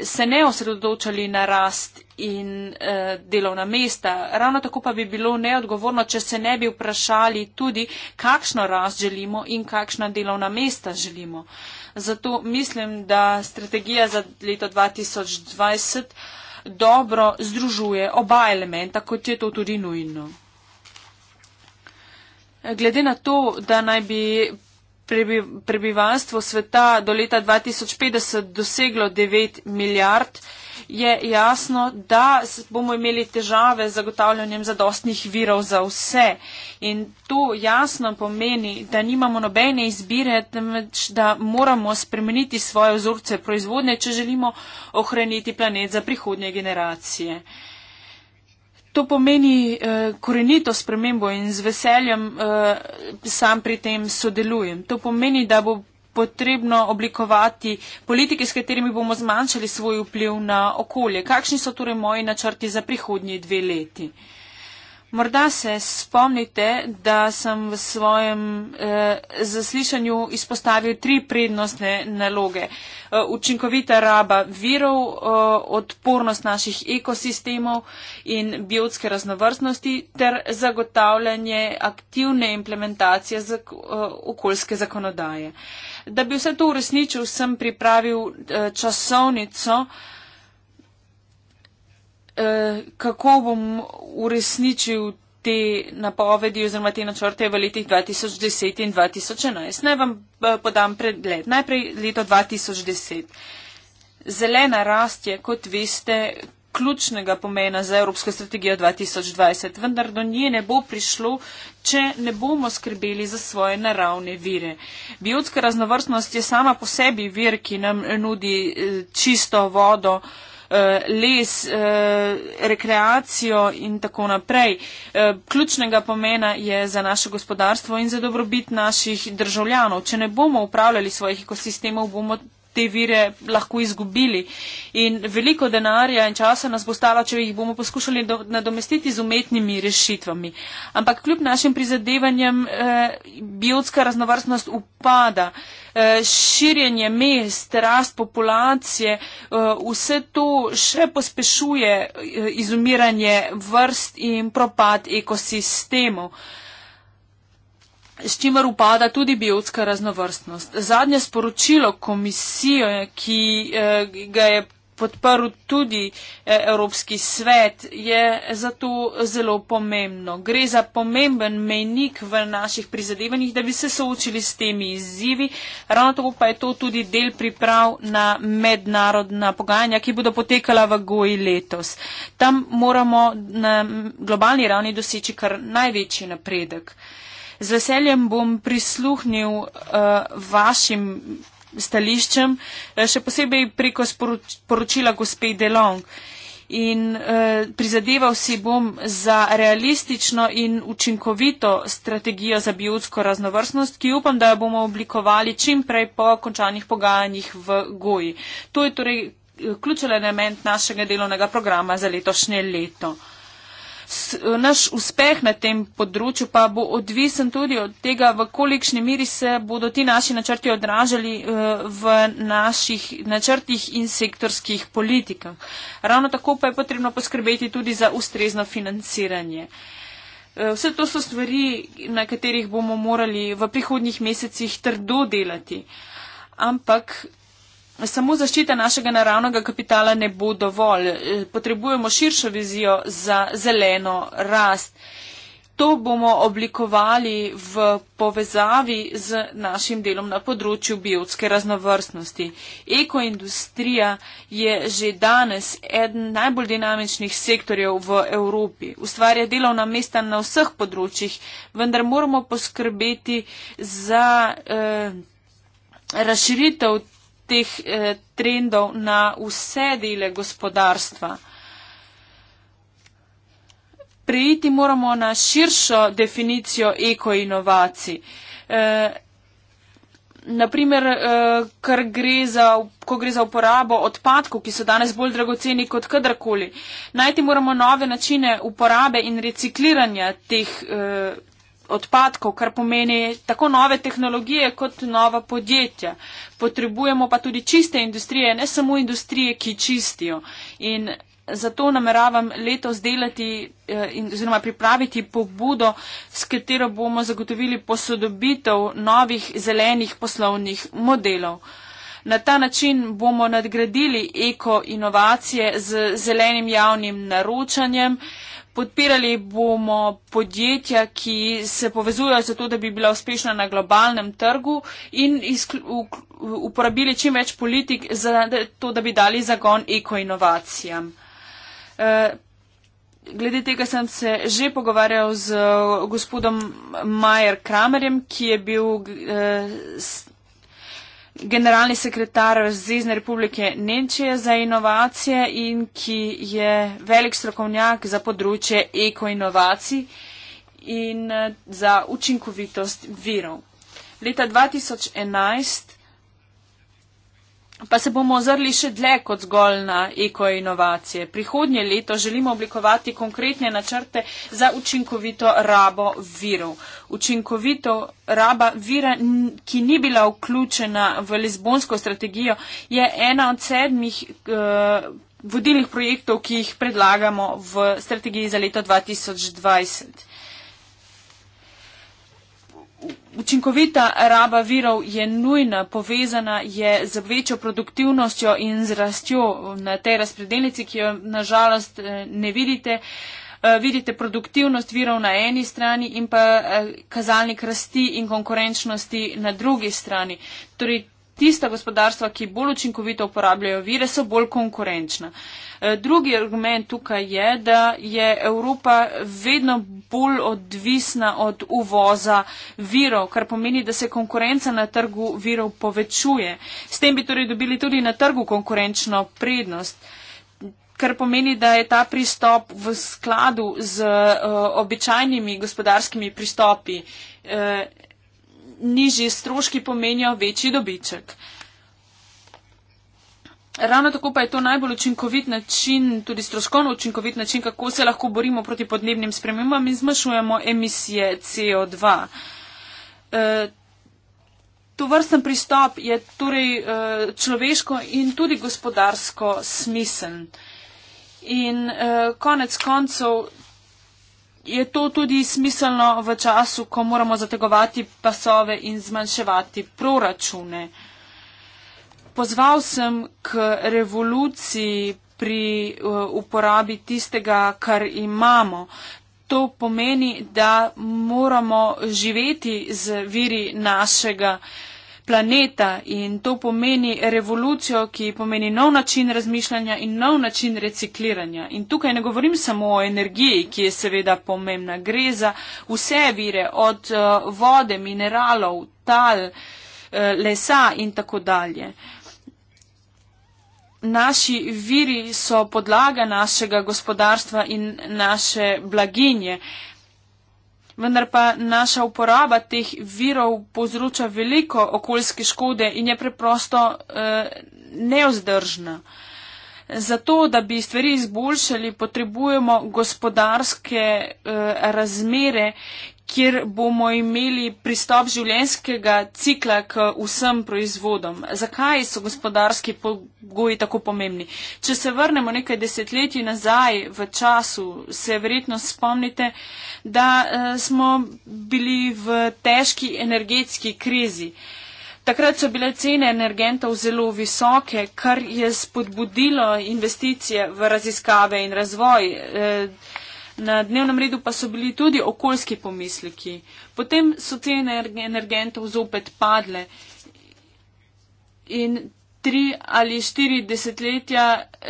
se ne osredotočali na rast in e, delovna mesta. Ravno tako pa bi bilo neodgovorno, če se ne bi vprašali tudi, kakšno rast želimo in kakšna delovna mesta želimo. Zato mislim, da strategija za leto 2020 dobro združuje oba elementa, kot je to tudi nujno. Glede na to, da naj bi prebivalstvo sveta do leta 2050 doseglo 9 milijard, je jasno, da bomo imeli težave z zagotavljanjem zadostnih virov za vse. In to jasno pomeni, da nimamo nobene izbire, temveč da moramo spremeniti svoje vzorce proizvodnje, če želimo ohraniti planet za prihodnje generacije. To pomeni eh, korenito spremembo in z veseljem eh, sam pri tem sodelujem. To pomeni, da bo potrebno oblikovati politike, s katerimi bomo zmanjšali svoj vpliv na okolje. Kakšni so torej moji načrti za prihodnje dve leti? Morda se spomnite, da sem v svojem eh, zaslišanju izpostavil tri prednostne naloge. Eh, učinkovita raba virov, eh, odpornost naših ekosistemov in biotske raznovrstnosti ter zagotavljanje aktivne implementacije zak, eh, okoljske zakonodaje. Eh, da bi vse to uresničil, sem pripravil eh, časovnico, eh, kako bom uresničil te napovedi oziroma te načrte v letih 2010 in 2011. Naj vam eh, podam pregled. Najprej leto 2010. Zelena rast je, kot veste, ključnega pomena za Evropsko strategijo 2020, vendar do nje ne bo prišlo, če ne bomo skrbeli za svoje naravne vire. Biotska raznovrstnost je sama po sebi vir, ki nam nudi eh, čisto vodo, eh, les, eh, rekreacijo in tako naprej. Ključnega pomena je za naše gospodarstvo in za dobrobit naših državljanov. Če ne bomo upravljali svojih ekosistemov, bomo te vire lahko izgubili. In veliko denarja in časa nas bo stalo, če jih bomo poskušali do, nadomestiti z umetnimi rešitvami. Ampak kljub našim prizadevanjem eh, biotska raznovrstnost upada. Eh, širjenje mest, rast populacije, eh, vse to še pospešuje eh, izumiranje vrst in propad ekosistemov s čimer upada tudi biotska raznovrstnost. Zadnje sporočilo komisije, ki eh, ga je podprl tudi eh, Evropski svet, je zato zelo pomembno. Gre za pomemben menik v naših prizadevanjih, da bi se soočili s temi izzivi. Ravno tako pa je to tudi del priprav na mednarodna pogajanja, ki bodo potekala v goji letos. Tam moramo na globalni ravni doseči kar največji napredek z veseljem bom prisluhnil uh, vašim stališčem, eh, še posebej preko sporoč poročila gospe Delong. In eh, prizadeval si bom za realistično in učinkovito strategijo za biotsko raznovrstnost, ki upam, da jo bomo oblikovali čim prej po končanih pogajanjih v goji. To je torej eh, ključen element našega delovnega programa za letošnje leto. Eh, naš uspeh na tem področju pa bo odvisen tudi od tega, v kolikšni miri se bodo ti naši načrti odražali eh, v naših načrtih in sektorskih politikah. Ravno tako pa je potrebno poskrbeti tudi za ustrezno financiranje. Eh, vse to so stvari, na katerih bomo morali v prihodnjih mesecih trdo delati. Ampak Samo zaščita našega naravnega kapitala ne bo dovolj. E, potrebujemo širšo vizijo za zeleno rast. To bomo oblikovali v povezavi z našim delom na področju biotske raznovrstnosti. Ekoindustrija je že danes eden najbolj dinamičnih sektorjev v Evropi. Ustvarja delovna mesta na vseh področjih, vendar moramo poskrbeti za eh, razširitev teh eh, trendov na vse dele gospodarstva. Prejiti moramo na širšo definicijo ekoinovacij. E, eh, naprimer, e, eh, gre za, ko gre za uporabo odpadkov, ki so danes bolj dragoceni kot kadarkoli, najti moramo nove načine uporabe in recikliranja teh e, odpadkov, kar pomeni tako nove tehnologije kot nova podjetja. Potrebujemo pa tudi čiste industrije, ne samo industrije, ki čistijo. In zato nameravam letos delati eh, in oziroma pripraviti pobudo, s katero bomo zagotovili posodobitev novih zelenih poslovnih modelov. Na ta način bomo nadgradili eko inovacije z zelenim javnim naročanjem, eh, Podpirali bomo podjetja, ki se povezujejo zato, da bi bila uspešna na globalnem trgu in uporabili čim več politik za to, da bi dali zagon ekoinovacijam. Eh, glede tega sem se že pogovarjal z gospodom Majer Kramerjem, ki je bil eh, generalni sekretar Zvezdne republike Nemčije za inovacije in ki je velik strokovnjak za področje ekoinovacij in eh, za učinkovitost virov. Leta 2011 Pa se bomo ozrli še dlje kot zgolj na ekoinovacije. Prihodnje leto želimo oblikovati konkretne načrte za učinkovito rabo virov. Učinkovito raba vira, ki ni bila vključena v Lizbonsko strategijo, je ena od sedmih. Uh, vodilnih projektov, ki jih predlagamo v strategiji za leto 2020. Učinkovita raba virov je nujna, povezana je z večjo produktivnostjo in z rastjo na tej razpredelnici, ki jo nažalost eh, ne vidite. Eh, vidite produktivnost virov na eni strani in pa eh, kazalnik rasti in konkurenčnosti na drugi strani. Torej, tista gospodarstva, ki bolj učinkovito uporabljajo vire, so bolj konkurenčna. Eh, drugi argument tukaj je, da je Evropa vedno bolj odvisna od uvoza virov, kar pomeni, da se konkurenca na trgu virov povečuje. S tem bi torej dobili tudi na trgu konkurenčno prednost kar pomeni, da je ta pristop v skladu z uh, običajnimi gospodarskimi pristopi. Uh, nižji stroški pomenijo večji dobiček. Ravno tako pa je to najbolj učinkovit način, tudi stroškovno učinkovit način, kako se lahko borimo proti podnebnim spremembam in zmanjšujemo emisije CO2. E, to vrsten pristop je torej e, človeško in tudi gospodarsko smisen. In e, konec koncev, je to tudi smiselno v času, ko moramo zategovati pasove in zmanjševati proračune. Pozval sem k revoluciji pri eh, uporabi tistega, kar imamo. To pomeni, da moramo živeti z viri našega planeta in to pomeni revolucijo, ki pomeni nov način razmišljanja in nov način recikliranja. In tukaj ne govorim samo o energiji, ki je seveda pomembna, gre za vse vire od eh, vode, mineralov, tal, eh, lesa in tako dalje. Naši viri so podlaga našega gospodarstva in naše blaginje vendar pa naša uporaba teh virov povzroča veliko okoljske škode in je preprosto uh, eh, neozdržna. Zato, da bi stvari izboljšali, potrebujemo gospodarske uh, razmere, kjer bomo imeli pristop življenskega cikla k vsem proizvodom. Zakaj so gospodarski pogoji tako pomembni? Če se vrnemo nekaj desetletji nazaj v času, se verjetno spomnite, da eh, smo bili v težki energetski krizi. Takrat so bile cene energentov zelo visoke, kar je spodbudilo investicije v raziskave in razvoj. Eh, Na dnevnem redu pa so bili tudi okoljski pomisliki. Potem so cene energentov zopet padle in tri ali štiri desetletja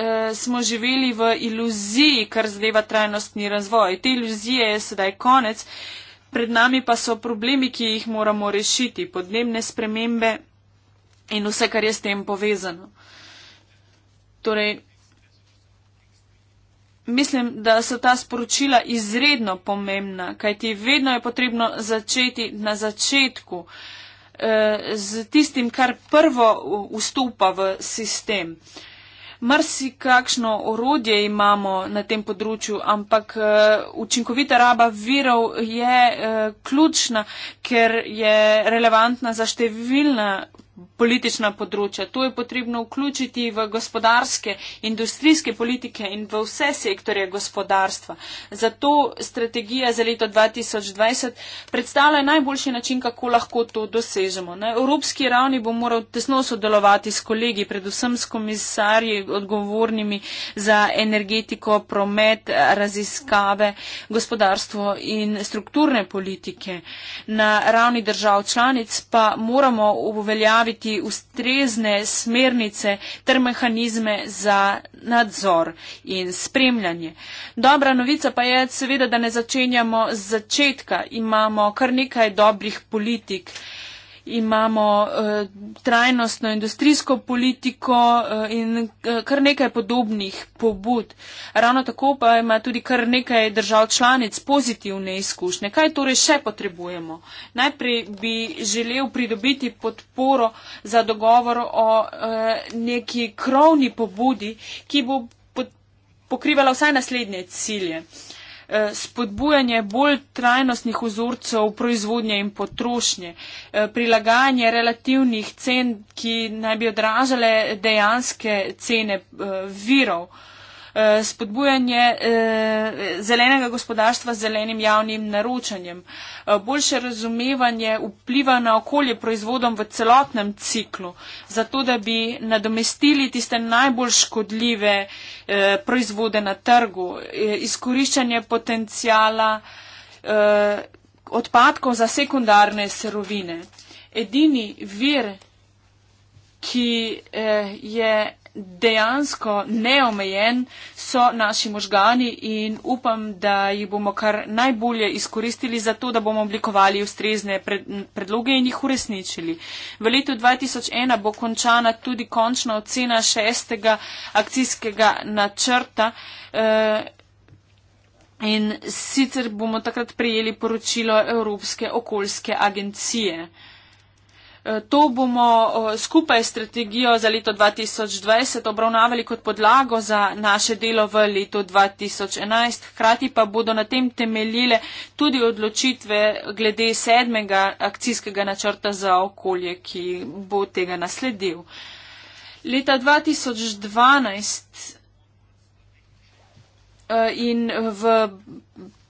eh, smo živeli v iluziji, kar zadeva trajnostni razvoj. Te iluzije je sedaj konec, pred nami pa so problemi, ki jih moramo rešiti, podnebne spremembe in vse, kar je s tem povezano. Torej, Mislim, da so ta sporočila izredno pomembna, kajti vedno je potrebno začeti na začetku eh, z tistim, kar prvo vstopa v sistem. Mrsi kakšno orodje imamo na tem področju, ampak eh, učinkovita raba virov je eh, ključna, ker je relevantna za številna politična področja. To je potrebno vključiti v gospodarske, industrijske politike in v vse sektorje gospodarstva. Zato strategija za leto 2020 predstavlja najboljši način, kako lahko to dosežemo. Na evropski ravni bo moral tesno sodelovati s kolegi, predvsem s komisarji, odgovornimi za energetiko, promet, raziskave, gospodarstvo in strukturne politike. Na ravni držav članic pa moramo uveljaviti postaviti ustrezne smernice ter mehanizme za nadzor in spremljanje. Dobra novica pa je seveda, da ne začenjamo z začetka, imamo kar nekaj dobrih politik imamo uh, trajnostno industrijsko politiko uh, in eh, kar nekaj podobnih pobud. Ravno tako pa ima tudi kar nekaj držav članic pozitivne izkušnje. Kaj torej še potrebujemo? Najprej bi želel pridobiti podporo za dogovor o uh, neki krovni pobudi, ki bo pokrivala vsaj naslednje cilje. Uh, Eh, spodbujanje bolj trajnostnih ozorcev proizvodnje in potrošnje, eh, prilagajanje relativnih cen, ki naj bi odražale dejanske cene eh, virov. Eh, spodbujanje eh, zelenega gospodarstva z zelenim javnim naročanjem, eh, boljše razumevanje vpliva na okolje proizvodom v celotnem ciklu, zato da bi nadomestili tiste najbolj škodljive proizvode na trgu, izkoriščanje potencijala odpadkov za sekundarne serovine. Edini vir, ki je dejansko neomejen, so naši možgani in upam, da jih bomo kar najbolje izkoristili za to, da bomo oblikovali ustrezne predloge in jih uresničili. V letu 2001 bo končana tudi končna ocena šestega akcijskega načrta. Eh, in sicer bomo takrat prijeli poročilo Evropske okoljske agencije. Eh, to bomo eh, skupaj strategijo za leto 2020 obravnavali kot podlago za naše delo v letu 2011. Hkrati pa bodo na tem temeljile tudi odločitve glede sedmega akcijskega načrta za okolje, ki bo tega nasledil. Leta 2012 eh, in v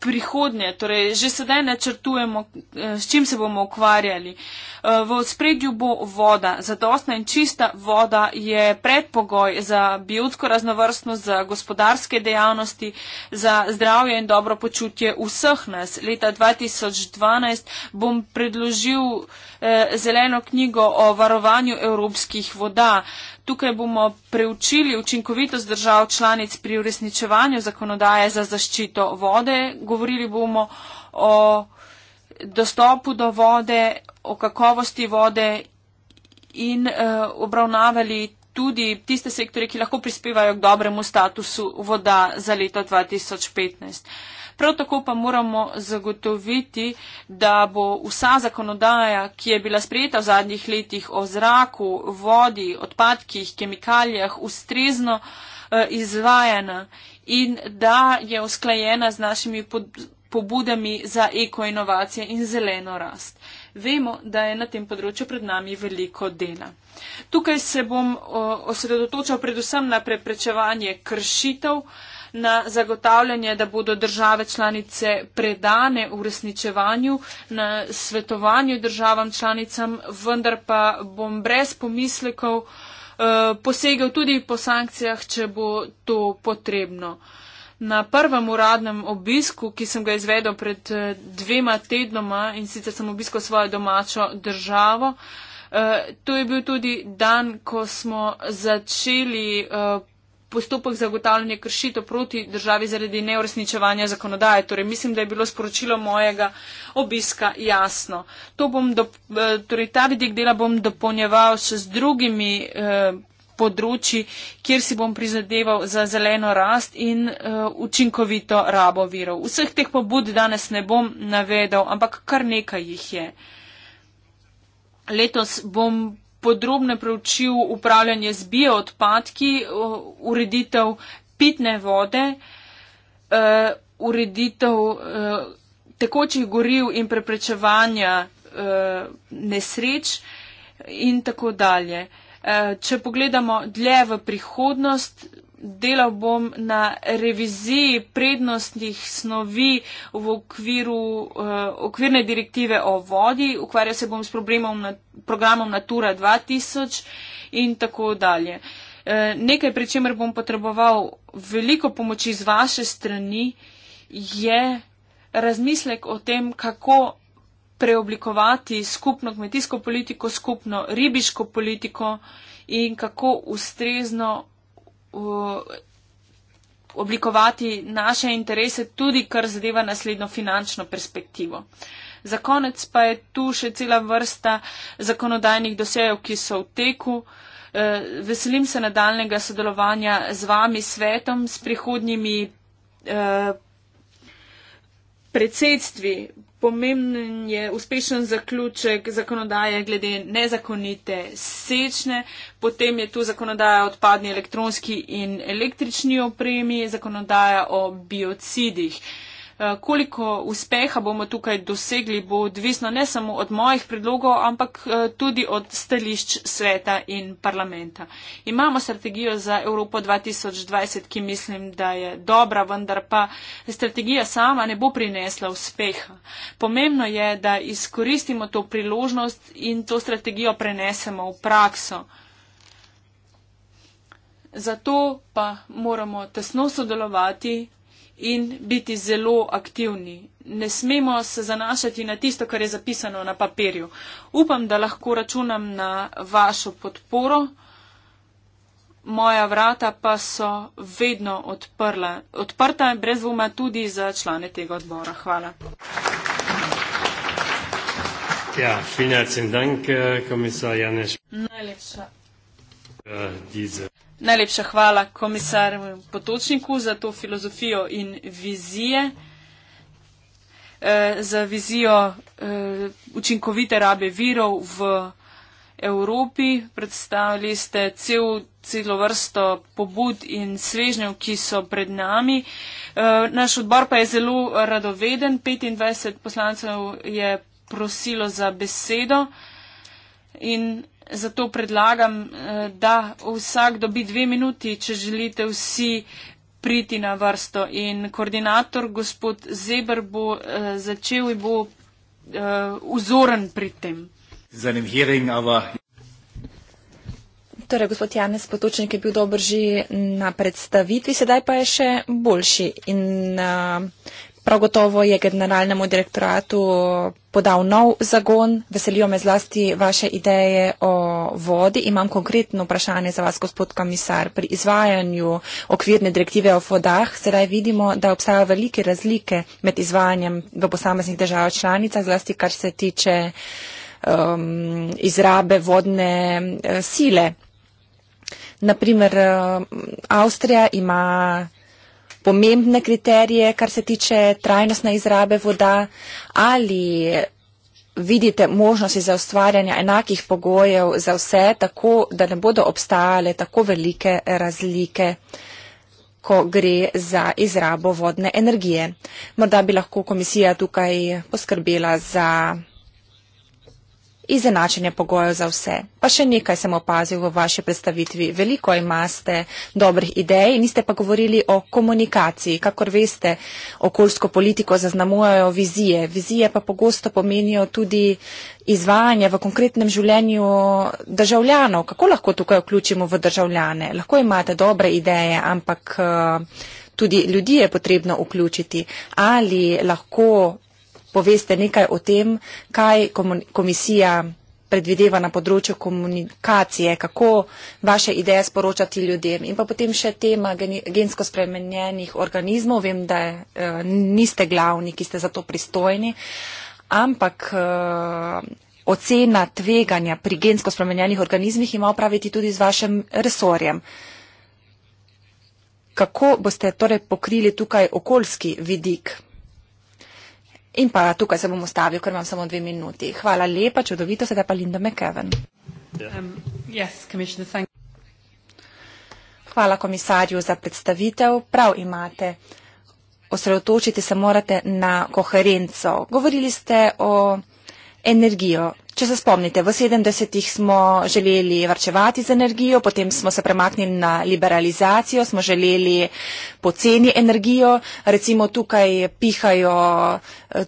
prihodnje, torej že sedaj načrtujemo, eh, s čim se bomo ukvarjali. Eh, v spredju bo voda. Zadostna in čista voda je predpogoj za biotsko raznovrstnost, za gospodarske dejavnosti, za zdravje in dobro počutje vseh nas. Leta 2012 bom predložil eh, zeleno knjigo o varovanju evropskih voda. Tukaj bomo preučili učinkovitost držav članic pri uresničevanju zakonodaje za zaščito vode. Govorili bomo o dostopu do vode, o kakovosti vode in uh, obravnavali tudi tiste sektore, ki lahko prispevajo k dobremu statusu voda za leto 2015. Prav tako pa moramo zagotoviti, da bo vsa zakonodaja, ki je bila sprejeta v zadnjih letih o zraku, vodi, odpadkih, kemikalijah, ustrezno eh, izvajana in da je usklajena z našimi pobudami za ekoinovacije in zeleno rast. Vemo, da je na tem področju pred nami veliko dela. Tukaj se bom eh, osredotočal predvsem na preprečevanje kršitev, na zagotavljanje, da bodo države članice predane v resničevanju, na svetovanju državam članicam, vendar pa bom brez pomislekov eh, posegel tudi po sankcijah, če bo to potrebno. Na prvem uradnem obisku, ki sem ga izvedel pred eh, dvema tednoma in sicer sem obiskal svojo domačo državo, eh, to je bil tudi dan, ko smo začeli postopek zagotavljanja kršitev proti državi zaradi neuresničevanja zakonodaje. Torej, mislim, da je bilo sporočilo mojega obiska jasno. Dop, eh, torej, ta vidik dela bom dopolnjeval še z drugimi eh, področji, kjer si bom prizadeval za zeleno rast in uh, učinkovito rabo virov. Vseh teh pobud danes ne bom navedal, ampak kar nekaj jih je. Letos bom podrobno preučil upravljanje z bioodpadki, ureditev pitne vode, e, ureditev e, tekočih goril in preprečevanja e, nesreč in tako dalje. Če pogledamo dlje v prihodnost, delal bom na reviziji prednostnih snovi v okviru uh, okvirne direktive o vodi, ukvarjal se bom s na, programom Natura 2000 in tako dalje. Uh, nekaj, pri čemer bom potreboval veliko pomoči z vaše strani, je razmislek o tem, kako preoblikovati skupno kmetijsko politiko, skupno ribiško politiko in kako ustrezno oblikovati naše interese, tudi kar zadeva naslednjo finančno perspektivo. Za konec pa je tu še cela vrsta zakonodajnih dosejev, ki so v teku. E, veselim se nadaljnega sodelovanja z vami, svetom, s prihodnjimi e, predsedstvi Pomemben je uspešen zaključek zakonodaje glede nezakonite sečne, potem je tu zakonodaja o odpadni elektronski in električni opremi, zakonodaja o biocidih. Eh, koliko uspeha bomo tukaj dosegli, bo odvisno ne samo od mojih predlogov, ampak eh, tudi od stališč sveta in parlamenta. Imamo strategijo za Evropo 2020, ki mislim, da je dobra, vendar pa strategija sama ne bo prinesla uspeha. Pomembno je, da izkoristimo to priložnost in to strategijo prenesemo v prakso. Zato pa moramo tesno sodelovati in biti zelo aktivni. Ne smemo se zanašati na tisto, kar je zapisano na papirju. Upam, da lahko računam na vašo podporo. Moja vrata pa so vedno odprla, odprta in brez dvoma tudi za člane tega odbora. Hvala. Ja, finjacen dank, äh, komisar Janeš. Najlepša. Uh, Najlepša hvala, komisar Potočniku, za to filozofijo in vizije, eh, za vizijo eh, učinkovite rabe virov v Evropi. Predstavili ste cel, celo vrsto pobud in svežnjev, ki so pred nami. Eh, naš odbor pa je zelo radoveden. 25 poslancev je prosilo za besedo. In Zato predlagam, eh, da vsak dobi dve minuti, če želite vsi priti na vrsto. In koordinator gospod Zeber bo eh, začel in bo eh, vzoren pri tem. Torej, gospod Janez Potočnik je bil dober že na predstavitvi, sedaj pa je še boljši. In uh, Prav gotovo je generalnemu direktoratu podal nov zagon. Veselijo me zlasti vaše ideje o vodi. Imam konkretno vprašanje za vas, gospod komisar. Pri izvajanju okvirne direktive o vodah sedaj vidimo, da obstajajo velike razlike med izvajanjem v posameznih državah članicah, zlasti kar se tiče um, izrabe vodne eh, sile. Naprimer, eh, Avstrija ima pomembne kriterije, kar se tiče trajnostne izrabe voda, ali vidite možnosti za ustvarjanje enakih pogojev za vse, tako da ne bodo obstajale tako velike razlike, ko gre za izrabo vodne energije. Morda bi lahko komisija tukaj poskrbela za izenačenje pogojev za vse. Pa še nekaj sem opazil v vaši predstavitvi. Veliko imate dobrih idej, niste pa govorili o komunikaciji. Kakor veste, okoljsko politiko zaznamujejo vizije. Vizije pa pogosto pomenijo tudi izvajanje v konkretnem življenju državljanov. Kako lahko tukaj vključimo v državljane? Lahko imate dobre ideje, ampak. Eh, tudi ljudi je potrebno vključiti. Ali lahko poveste nekaj o tem, kaj komisija predvideva na področju komunikacije, kako vaše ideje sporočati ljudem. In pa potem še tema gensko spremenjenih organizmov. Vem, da eh, niste glavni, ki ste za to pristojni, ampak eh, ocena tveganja pri gensko spremenjenih organizmih ima opraviti tudi z vašim resorjem. Kako boste torej pokrili tukaj okoljski vidik In pa tukaj se bom ustavil, ker imam samo dve minuti. Hvala lepa, čudovito, sedaj pa Linda McKeven. Um, Hvala komisarju za predstavitev. Prav imate. Osredotočiti se morate na koherenco. Govorili ste o energijo, Če se spomnite, v 70-ih smo želeli varčevati z energijo, potem smo se premaknili na liberalizacijo, smo želeli poceni energijo, recimo tukaj pihajo eh,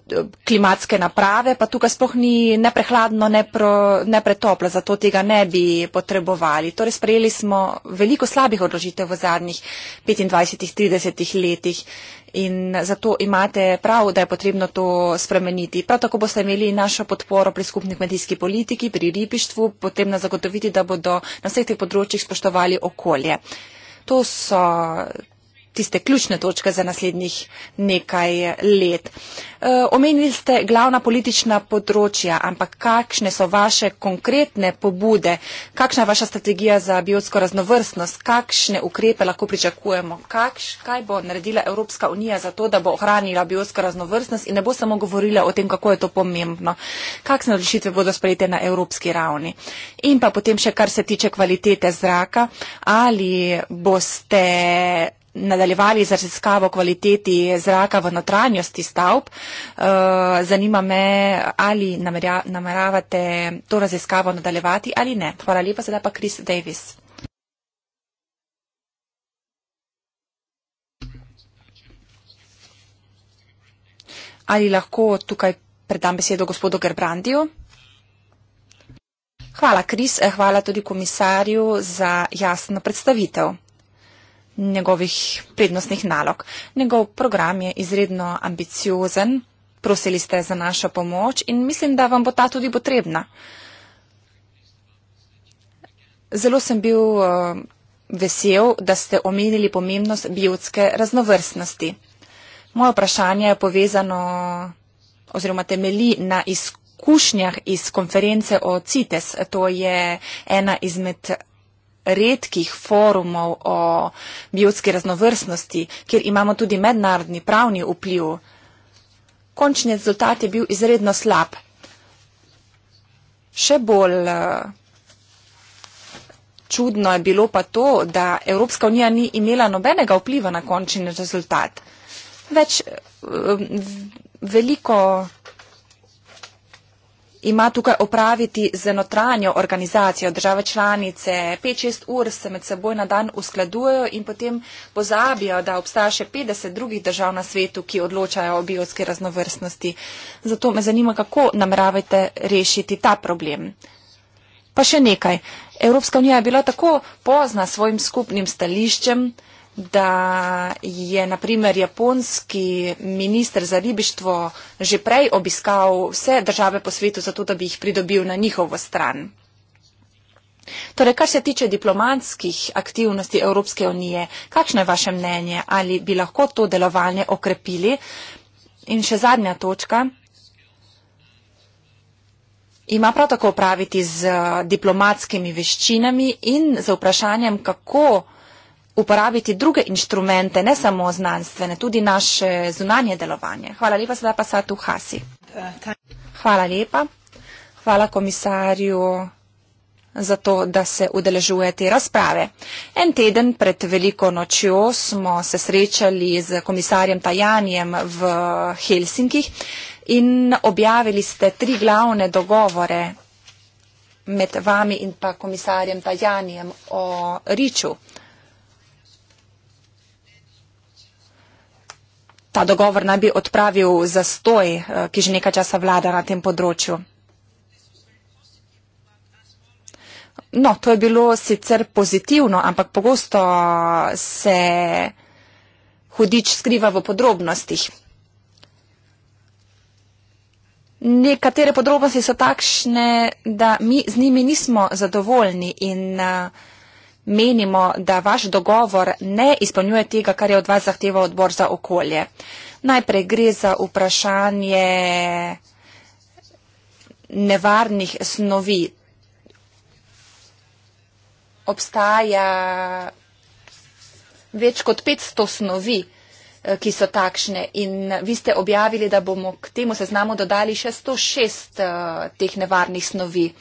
klimatske naprave, pa tukaj sploh ni neprehladno, nepretoplo, ne zato tega ne bi potrebovali. Torej sprejeli smo veliko slabih odložitev v zadnjih 25-30 letih in zato imate prav, da je potrebno to spremeniti. Prav tako boste imeli našo podporo pri skupni kmetijski politiki, pri ribištvu, potem na zagotoviti, da bodo na vseh teh področjih spoštovali okolje. To so tiste ključne točke za naslednjih nekaj let. E, omenili ste glavna politična področja, ampak kakšne so vaše konkretne pobude, kakšna je vaša strategija za biotsko raznovrstnost, kakšne ukrepe lahko pričakujemo, Kakš, kaj bo naredila Evropska unija za to, da bo ohranila biotsko raznovrstnost in ne bo samo govorila o tem, kako je to pomembno, kakšne odločitve bodo sprejete na evropski ravni. In pa potem še, kar se tiče kvalitete zraka, ali boste nadaljevali z raziskavo kvaliteti zraka v notranjosti stavb. Eh, zanima me, ali nameravate to raziskavo nadaljevati ali ne. Hvala lepa, sedaj pa Chris Davis. Ali lahko tukaj predam besedo gospodu Gerbrandiju? Hvala, Kris. Eh, hvala tudi komisarju za jasno predstavitev njegovih prednostnih nalog. Njegov program je izredno ambiciozen, prosili ste za našo pomoč in mislim, da vam bo ta tudi potrebna. Zelo sem bil eh, vesel, da ste omenili pomembnost biotske raznovrstnosti. Moje vprašanje je povezano oziroma temeli na izkušnjah iz konference o CITES. To je ena izmed redkih forumov o biotski raznovrstnosti, kjer imamo tudi mednarodni pravni vpliv. Končni rezultat je bil izredno slab. Še bolj eh, čudno je bilo pa to, da Evropska unija ni imela nobenega vpliva na končni rezultat. Več, eh, veliko ima tukaj opraviti z notranjo organizacijo države članice. 5-6 ur se med seboj na dan uskladujejo in potem pozabijo, da obstaja še 50 drugih držav na svetu, ki odločajo o biotski raznovrstnosti. Zato me zanima, kako nameravate rešiti ta problem. Pa še nekaj. Evropska unija je bila tako pozna s svojim skupnim stališčem, da je na primer japonski minister za ribištvo že prej obiskal vse države po svetu, zato da bi jih pridobil na njihovo stran. Torej, kar se tiče diplomatskih aktivnosti Evropske unije, kakšno je vaše mnenje? Ali bi lahko to delovanje okrepili? In še zadnja točka ima prav tako upraviti z diplomatskimi veščinami in z vprašanjem, kako uporabiti druge inštrumente, ne samo znanstvene, tudi naše zunanje delovanje. Hvala lepa, sedaj pa sad v Hasi. Hvala lepa. Hvala komisarju za to, da se udeležuje te razprave. En teden pred veliko nočjo smo se srečali z komisarjem Tajanjem v Helsinkih in objavili ste tri glavne dogovore med vami in pa komisarjem Tajanjem o Riču. ta dogovor naj bi odpravil zastoj, eh, ki že nekaj časa vlada na tem področju. No, to je bilo sicer pozitivno, ampak pogosto se hudič skriva v podrobnostih. Nekatere podrobnosti so takšne, da mi z njimi nismo zadovoljni in uh, menimo, da vaš dogovor ne izpolnjuje tega, kar je od vas zahteval odbor za okolje. Najprej gre za vprašanje nevarnih snovi. Obstaja več kot 500 snovi, eh, ki so takšne in vi ste objavili, da bomo k temu seznamu dodali še 106 eh, teh nevarnih snovi.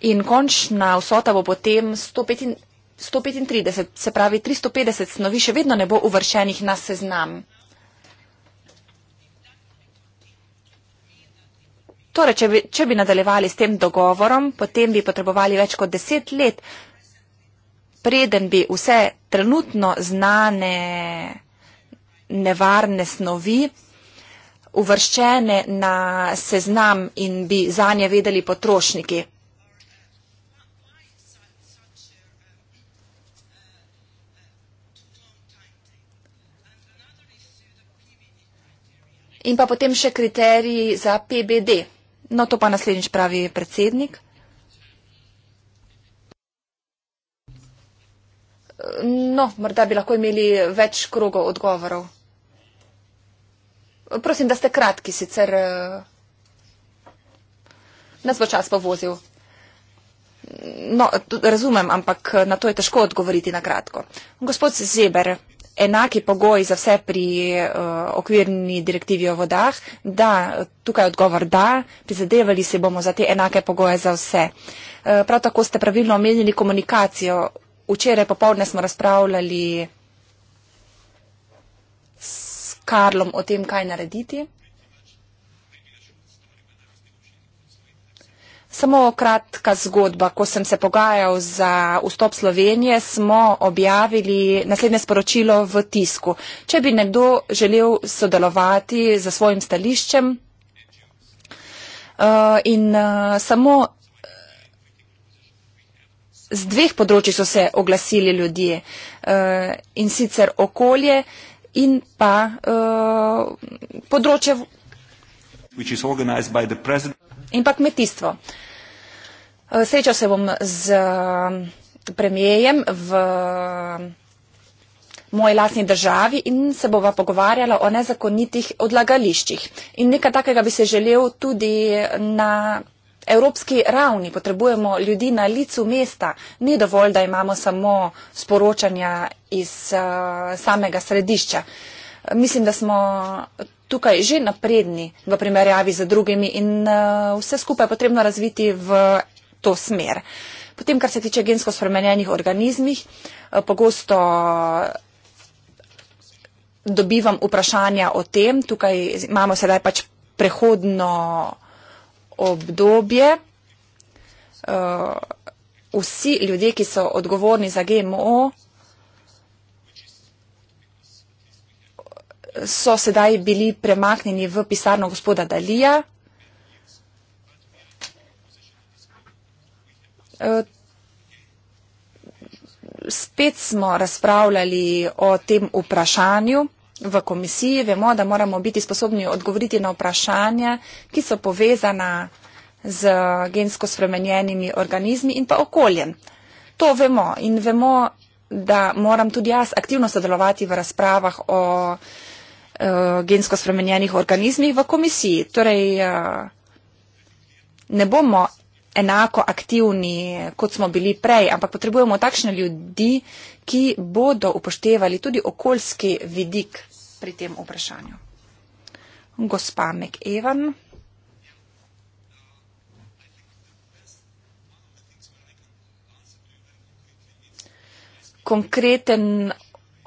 In končna vsota bo potem 105, 135, se pravi 350 snovi še vedno ne bo uvršenih na seznam. Torej, če bi, če bi nadaljevali s tem dogovorom, potem bi potrebovali več kot deset let, preden bi vse trenutno znane nevarne snovi uvrščene na seznam in bi za nje vedeli potrošniki. In pa potem še kriteriji za PBD. No, to pa naslednjič pravi predsednik. No, morda bi lahko imeli več krogov odgovorov. Prosim, da ste kratki, sicer eh, nas bo čas povozil. No, razumem, ampak eh, na to je težko odgovoriti na kratko. Gospod Zeber, enaki pogoji za vse pri uh, okvirni direktivi o vodah? Da, tukaj je odgovor da, prizadevali se bomo za te enake pogoje za vse. Uh, prav tako ste pravilno omenili komunikacijo. Včeraj popovdne smo razpravljali s Karlom o tem, kaj narediti. Samo kratka zgodba. Ko sem se pogajal za vstop Slovenije, smo objavili naslednje sporočilo v tisku. Če bi nekdo želel sodelovati za svojim stališčem eh, in eh, samo z dveh področji so se oglasili ljudje eh, in sicer okolje in pa področje. In pa kmetijstvo. Eh, srečal se bom z eh, premijejem v eh, moji lasni državi in se bova pogovarjala o nezakonitih odlagališčih. In nekaj takega bi se želel tudi na evropski ravni. Potrebujemo ljudi na licu mesta. Ni dovolj, da imamo samo sporočanja iz uh, samega središča. Uh, mislim, da smo tukaj že napredni v primerjavi z drugimi in eh, vse skupaj je potrebno razviti v to smer. Potem, kar se tiče gensko spremenjenih organizmih, eh, pogosto dobivam vprašanja o tem. Tukaj imamo sedaj pač prehodno obdobje. Eh, vsi ljudje, ki so odgovorni za GMO, so sedaj bili premaknjeni v pisarno gospoda Dalija. E, spet smo razpravljali o tem vprašanju v komisiji. Vemo, da moramo biti sposobni odgovoriti na vprašanja, ki so povezana z gensko spremenjenimi organizmi in pa okoljem. To vemo in vemo, da moram tudi jaz aktivno sodelovati v razpravah o uh, gensko spremenjenih organizmih v komisiji. Torej, uh, ne bomo enako aktivni, kot smo bili prej, ampak potrebujemo takšne ljudi, ki bodo upoštevali tudi okoljski vidik pri tem vprašanju. Gospa McEwan. Konkreten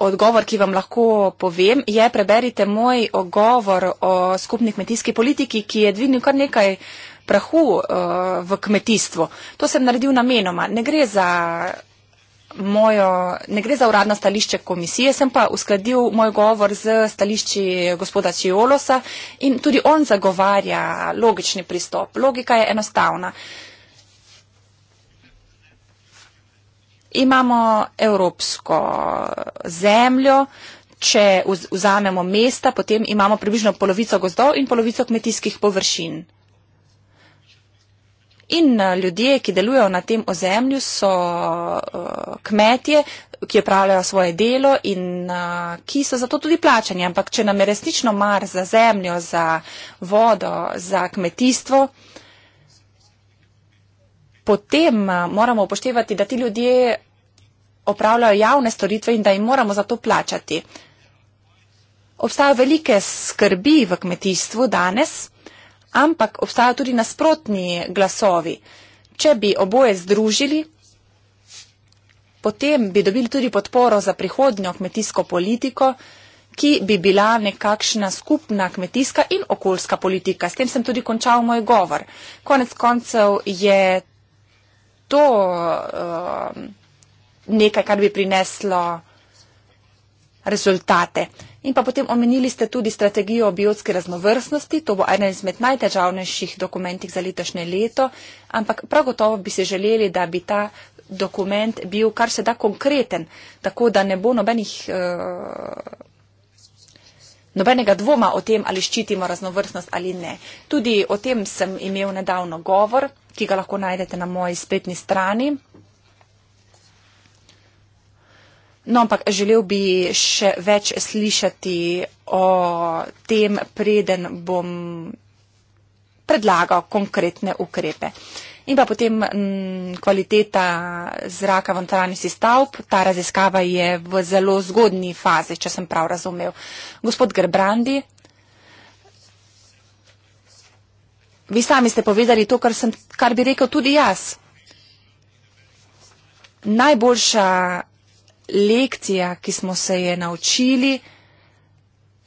odgovor, ki vam lahko povem, je preberite moj ogovor o skupni kmetijski politiki, ki je dvignil kar nekaj prahu uh, v kmetijstvu. To sem naredil namenoma. Ne gre za. Mojo, ne gre za uradno stališče komisije, sem pa uskladil moj govor z stališči gospoda Čiolosa in tudi on zagovarja logični pristop. Logika je enostavna. Uh, imamo evropsko zemljo, če vzamemo mesta, potem imamo približno polovico gozdov in polovico kmetijskih površin. In eh, ljudje, ki delujejo na tem ozemlju, so eh, kmetje, ki opravljajo svoje delo in eh, ki so zato tudi plačani. Ampak, če nam je resnično mar za zemljo, za vodo, za kmetijstvo, potem eh, moramo upoštevati, da ti ljudje opravljajo javne storitve in da jim moramo za to plačati. Obstajajo velike skrbi v kmetijstvu danes, ampak obstajajo tudi nasprotni glasovi. Če bi oboje združili, potem bi dobili tudi podporo za prihodnjo kmetijsko politiko, ki bi bila nekakšna skupna kmetijska in okoljska politika. S tem sem tudi končal moj govor. Konec koncev je to uh, nekaj, kar bi prineslo rezultate. In pa potem omenili ste tudi strategijo o biotski raznovrstnosti, to bo eden izmed najtežavnejših dokumentih za letošnje leto, ampak prav gotovo bi se želeli, da bi ta dokument bil kar se da konkreten, tako da ne bo nobenih. Uh, nobenega dvoma o tem, ali ščitimo raznovrstnost ali ne. Tudi o tem sem imel nedavno govor, ki ga lahko najdete na moji spletni strani. No, ampak želel bi še več slišati o tem, preden bom predlagal konkretne ukrepe. Uh, in pa potem m, mm, kvaliteta zraka v notranjosti stavb. Ta raziskava je v zelo zgodni fazi, če sem prav razumel. Gospod Gerbrandi, vi sami ste povedali to, kar, sem, kar bi rekel tudi jaz. Najboljša lekcija, ki smo se je naučili,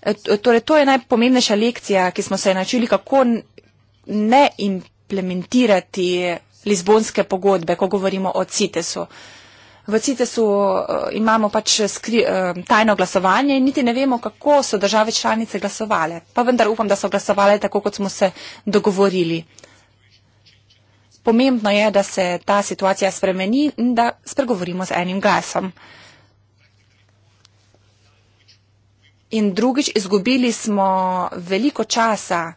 eh, torej to je najpomembnejša lekcija, ki smo se je naučili, kako ne in implementirati Lizbonske pogodbe, ko govorimo o CITES-u. V CITES-u uh, imamo pač skri, uh, tajno glasovanje in niti ne vemo, kako so države članice glasovale. Pa vendar upam, da so glasovale tako, kot smo se dogovorili. Pomembno je, da se ta situacija spremeni in da spregovorimo z enim glasom. In drugič, izgubili smo veliko časa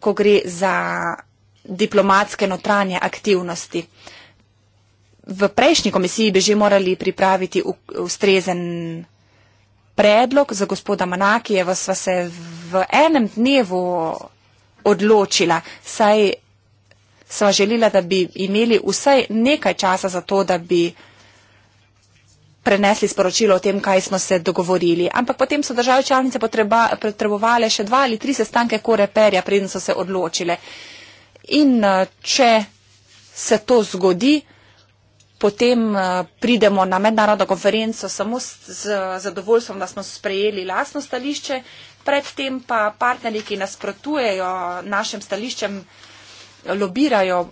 ko gre za diplomatske notranje aktivnosti. V prejšnji komisiji bi že morali pripraviti ustrezen predlog za gospoda Manakijeva, sva se v enem dnevu odločila, saj sva želila, da bi imeli vsaj nekaj časa za to, da bi prenesli sporočilo o tem, kaj smo se dogovorili. Ampak potem so države članice potrebovale še dva ali tri sestanke koreperja, preden so se odločile. In eh, če se to zgodi, potem eh, pridemo na mednarodno konferenco samo z zadovoljstvom, da smo sprejeli lasno stališče, predtem pa partnerji, ki nasprotujejo našem stališčem, lobirajo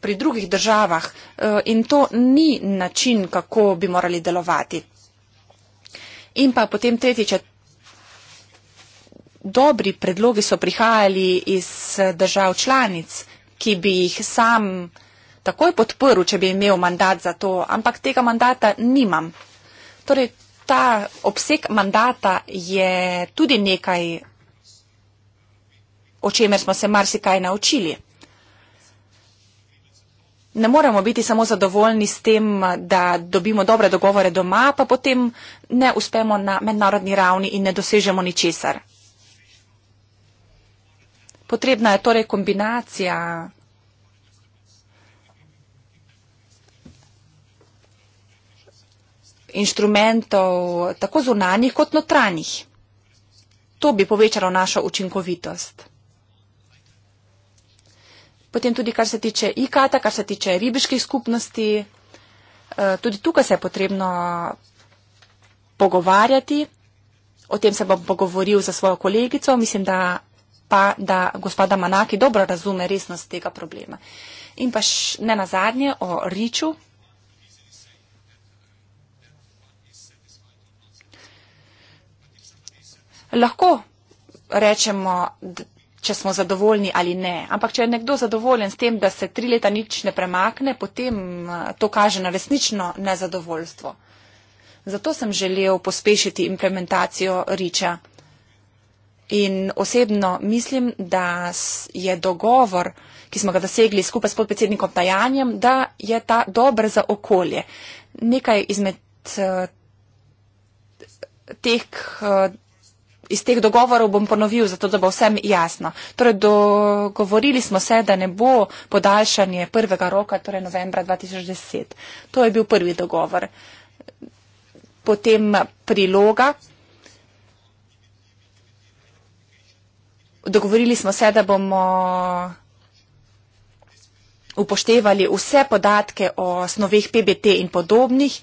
pri drugih državah eh, in to ni način, kako bi morali delovati. In pa potem tretjič, dobri predlogi so prihajali iz držav članic, ki bi jih sam takoj podprl, če bi imel mandat za to, ampak tega mandata nimam. Torej, ta obseg mandata je tudi nekaj, o čemer smo se marsikaj naučili ne moremo biti samo zadovoljni s tem, da dobimo dobre dogovore doma, pa potem ne uspemo na mednarodni ravni in ne dosežemo ničesar. Potrebna je torej kombinacija inštrumentov tako zunanjih kot notranjih. To bi povečalo našo učinkovitost potem tudi kar se tiče IKAT-a, kar se tiče ribiških skupnosti, eh, tudi tukaj se je potrebno pogovarjati. O tem se bom pogovoril za svojo kolegico, mislim, da pa, da gospoda Manaki dobro razume resnost tega problema. In pa še ne nazadnje o Riču. Lahko rečemo, da če smo zadovoljni ali ne. Ampak če je nekdo zadovoljen s tem, da se tri leta nič ne premakne, potem eh, to kaže na resnično nezadovoljstvo. Zato sem želel pospešiti implementacijo Riča. In osebno mislim, da je dogovor, ki smo ga dosegli skupaj s podpredsednikom Tajanjem, da je ta dober za okolje. Nekaj izmed eh, teh eh, iz teh dogovorov bom ponovil, zato da bo vsem jasno. Torej, dogovorili smo se, da ne bo podaljšanje prvega roka, torej novembra 2010. To je bil prvi dogovor. Potem priloga. Dogovorili smo se, da bomo upoštevali vse podatke o snoveh PBT in podobnih.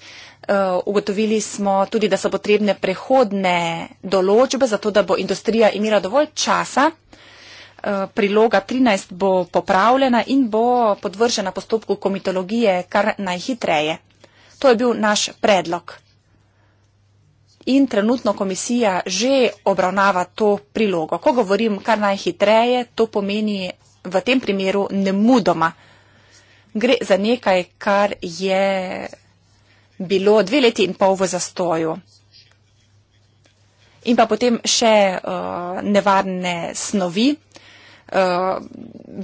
Eh, ugotovili smo tudi, da so potrebne prehodne določbe, zato da bo industrija imela dovolj časa. Eh, priloga 13 bo popravljena in bo podvržena postopku komitologije kar najhitreje. To je bil naš predlog. In trenutno komisija že obravnava to prilogo. Ko govorim kar najhitreje, to pomeni v tem primeru nemudoma. Gre za nekaj, kar je bilo dve leti in pol v zastoju. In pa potem še uh, nevarne snovi. Uh,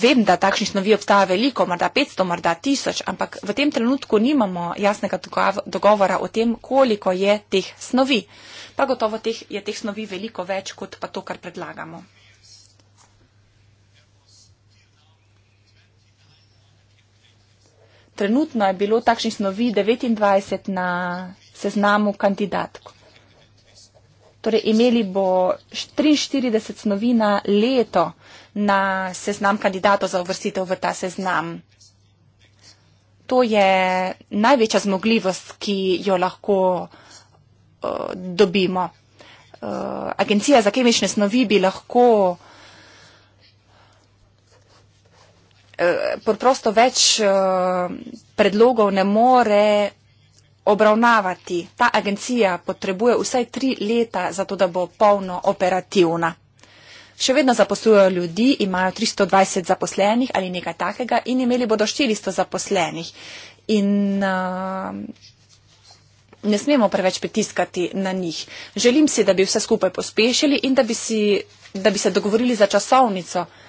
vem, da takšnih snovi obstaja veliko, morda 500, morda 1000, ampak v tem trenutku nimamo jasnega dogovora o tem, koliko je teh snovi. Pa gotovo teh, je teh snovi veliko več, kot pa to, kar predlagamo. trenutno je bilo takšnih snovi 29 na seznamu kandidatk. Torej, imeli bo 43 snovi na leto na seznam kandidatov za uvrstitev v ta seznam. To je največja zmogljivost, ki jo lahko uh, dobimo. Uh, Agencija za kemične snovi bi lahko uh, Eh, preprosto več eh, predlogov ne more obravnavati. Ta agencija potrebuje vsaj tri leta za to, da bo polno operativna. Še vedno zaposlujejo ljudi, imajo 320 zaposlenih ali nekaj takega in imeli bodo 400 zaposlenih. In uh, ne smemo preveč pritiskati na njih. Želim si, da bi vse skupaj pospešili in da bi, si, da bi se dogovorili za časovnico uh,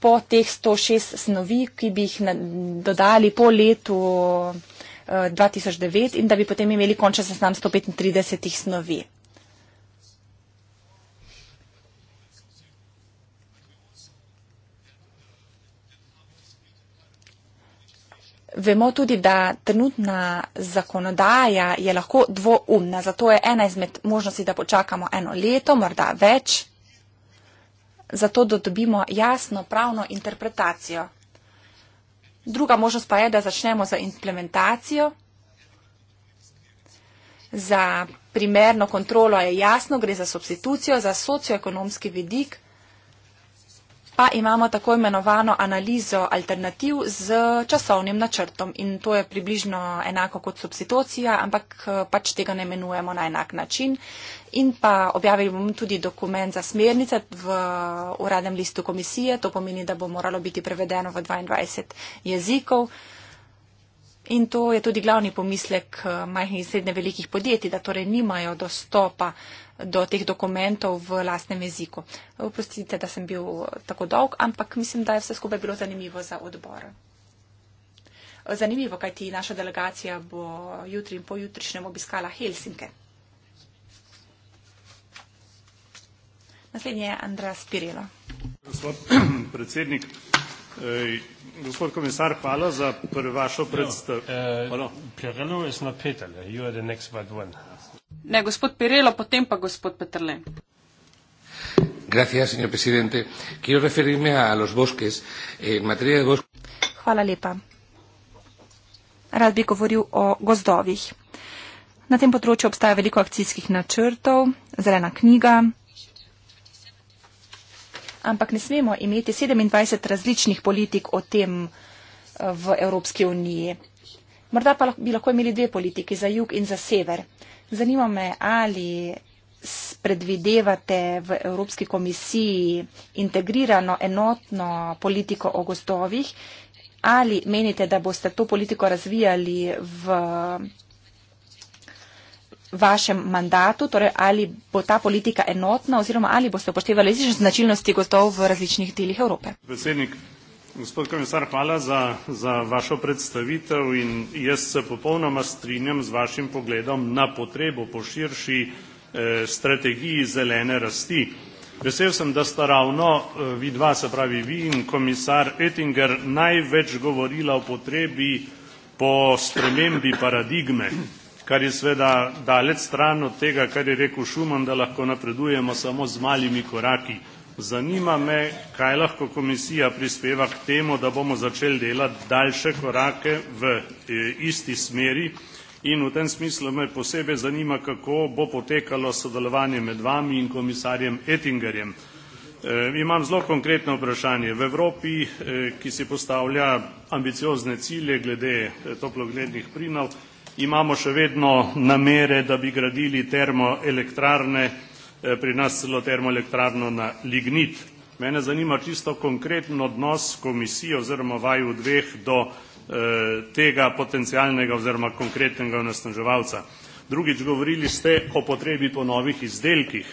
po teh 106 snovi, ki bi jih dodali po letu 2009 eh, in da bi potem imeli končen seznam 135 snovi. Vemo tudi, da trenutna zakonodaja je lahko dvoumna, zato je ena izmed možnosti, da počakamo eno leto, morda več zato da dobimo jasno pravno interpretacijo. Druga možnost pa je, da začnemo za implementacijo. Za primerno kontrolo je jasno, gre za substitucijo, za socioekonomski vidik pa imamo tako imenovano analizo alternativ z časovnim načrtom in to je približno enako kot substitucija, ampak eh, pač tega ne imenujemo na enak način. In pa objavili bomo tudi dokument za smernice v uradnem listu komisije, to pomeni, da bo moralo biti prevedeno v 22 jezikov. In to je tudi glavni pomislek eh, majhnih in srednje velikih podjetij, da torej nimajo dostopa do teh dokumentov v lastnem jeziku. Oprostite, da sem bil eh, tako dolg, ampak mislim, da je vse skupaj bilo zanimivo za odbor. Eh, zanimivo, kajti naša delegacija bo jutri in pojutrišnjem obiskala Helsinke. Naslednji je Andreas Pirilo. Gospod <clears throat> predsednik. Gospod komisar, hvala za vašo predstav. Eh, ne, gospod Pirelo, potem pa gospod Petrle. Gracias, señor presidente. Quiero referirme a los bosques. Eh, en materia de bosques. Hvala lepa. Rad bi govoril o gozdovih. Na tem področju obstaja veliko akcijskih načrtov, zelena knjiga, ampak ne smemo imeti 27 različnih politik o tem eh, v Evropski uniji. Morda pa bi lahko imeli dve politiki, za jug in za sever. Zanima me, ali predvidevate v Evropski komisiji integrirano, enotno politiko o gozdovih, ali menite, da boste to politiko razvijali v vašem mandatu, torej ali bo ta politika enotna oziroma ali boste upoštevali različne značilnosti gostov v različnih delih Evrope. Predsednik, gospod komisar, hvala za, za vašo predstavitev in jaz se popolnoma strinjam z vašim pogledom na potrebo po širši eh, strategiji zelene rasti. Vesel sem, da sta ravno eh, vi dva, se pravi vi in komisar Ettinger, največ govorila o potrebi po spremembi paradigme kar je seveda daleč stran od tega, kar je rekel Šuman, da lahko napredujemo samo z malimi koraki. Zanima me, kaj lahko komisija prispeva k temu, da bomo začeli delati daljše korake v eh, isti smeri in v tem smislu me posebej zanima, kako bo potekalo sodelovanje med vami in komisarjem Ettingerjem. Eh, imam zelo konkretno vprašanje. V Evropi, eh, ki si postavlja ambiciozne cilje glede toplogrednih plinov, imamo še vedno namere, da bi gradili termoelektrarne, eh, pri nas celo termoelektrarno na lignit. Mene zanima čisto konkreten odnos komisije oziroma vaju dveh do eh, tega potencijalnega oziroma konkretnega onesnaževalca. Drugič, govorili ste o potrebi po novih izdelkih.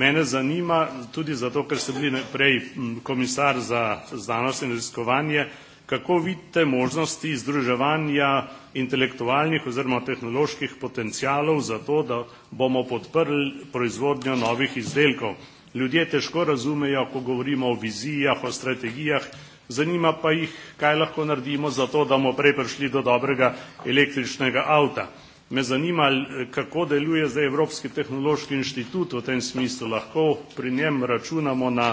Mene zanima, tudi zato, ker ste bili prej mm, komisar za znanost in raziskovanje, kako vidite možnosti združevanja intelektualnih oziroma tehnoloških potencijalov za to, da bomo podprli proizvodnjo novih izdelkov. Ljudje težko razumejo, ko govorimo o vizijah, o strategijah, zanima pa jih, kaj lahko naredimo za to, da bomo prej prišli do dobrega električnega avta. Me zanima, kako deluje zdaj Evropski tehnološki inštitut v tem smislu, lahko pri njem računamo na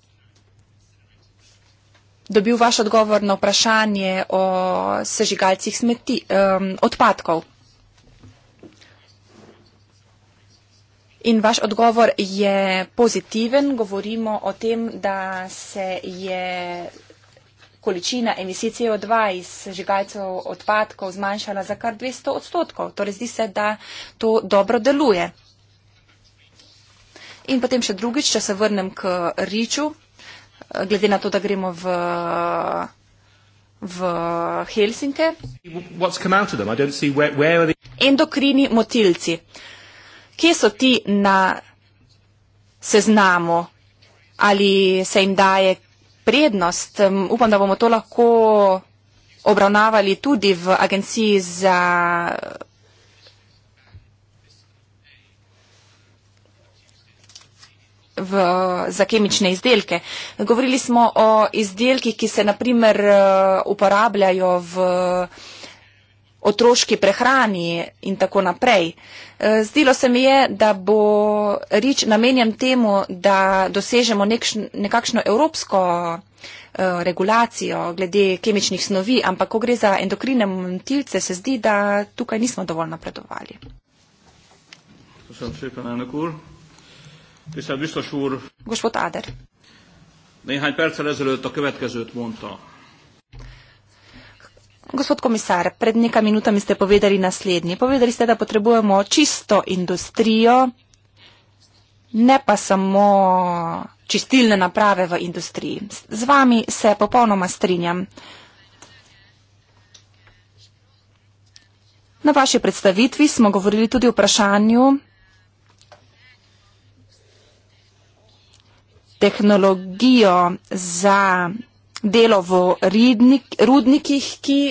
dobil vaš odgovor na vprašanje o sežigalcih smeti, um, odpadkov. In vaš odgovor je pozitiven. Govorimo o tem, da se je količina emisij CO2 iz sežigalcev odpadkov zmanjšala za kar 200 odstotkov. Torej zdi se, da to dobro deluje. In potem še drugič, če se vrnem k Riču glede na to, da gremo v, v Helsinke. Where, where the... Endokrini motilci. Kje so ti na seznamu? Ali se jim daje prednost? Upam, da bomo to lahko obravnavali tudi v agenciji za v, za kemične izdelke. Govorili smo o izdelkih, ki se naprimer eh, uporabljajo v otroški prehrani in tako naprej. Eh, Zdilo se mi je, da bo rič namenjen temu, da dosežemo nekš, nekakšno evropsko eh, regulacijo glede kemičnih snovi, ampak ko gre za endokrine montilce, se zdi, da tukaj nismo dovolj napredovali. Poslušam, Tisztelt biztos úr! Gospod Áder! Néhány perccel ezelőtt a következőt mondta. Gospod komisár, pred nekaj minutami ste povedali naslednje. Povedali ste, da potrebujemo čisto industrijo, ne pa samo čistilne naprave v industriji. Z vami se popolnoma strinjam. Na vaši predstavitvi smo govorili tudi o vprašanju tehnologijo za delo v ridnik, rudnikih, ki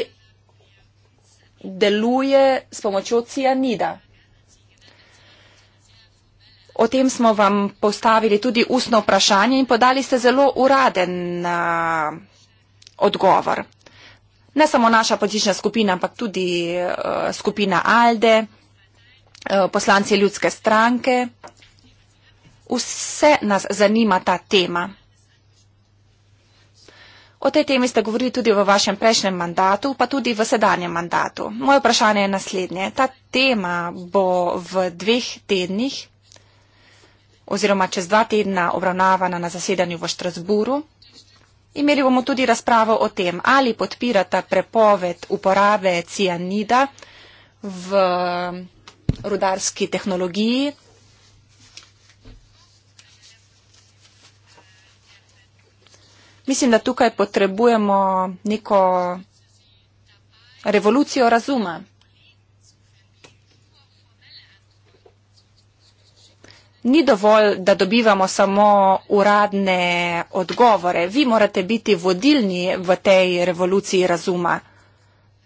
deluje s pomočjo cianida. O tem smo vam postavili tudi ustno vprašanje in podali ste zelo uraden uh, odgovor. Ne samo naša politična skupina, ampak tudi uh, skupina ALDE, uh, poslanci ljudske stranke, vse nas zanima ta tema. O tej temi ste govorili tudi v vašem prejšnjem mandatu, pa tudi v sedanjem mandatu. Moje vprašanje je naslednje. Ta tema bo v dveh tednih oziroma čez dva tedna obravnavana na zasedanju v Štrasburu. Imeli bomo tudi razpravo o tem, ali podpirata prepoved uporabe cianida v rudarski tehnologiji Mislim, da tukaj potrebujemo neko revolucijo razuma. Ni dovolj, da dobivamo samo uradne odgovore. Vi morate biti vodilni v tej revoluciji razuma.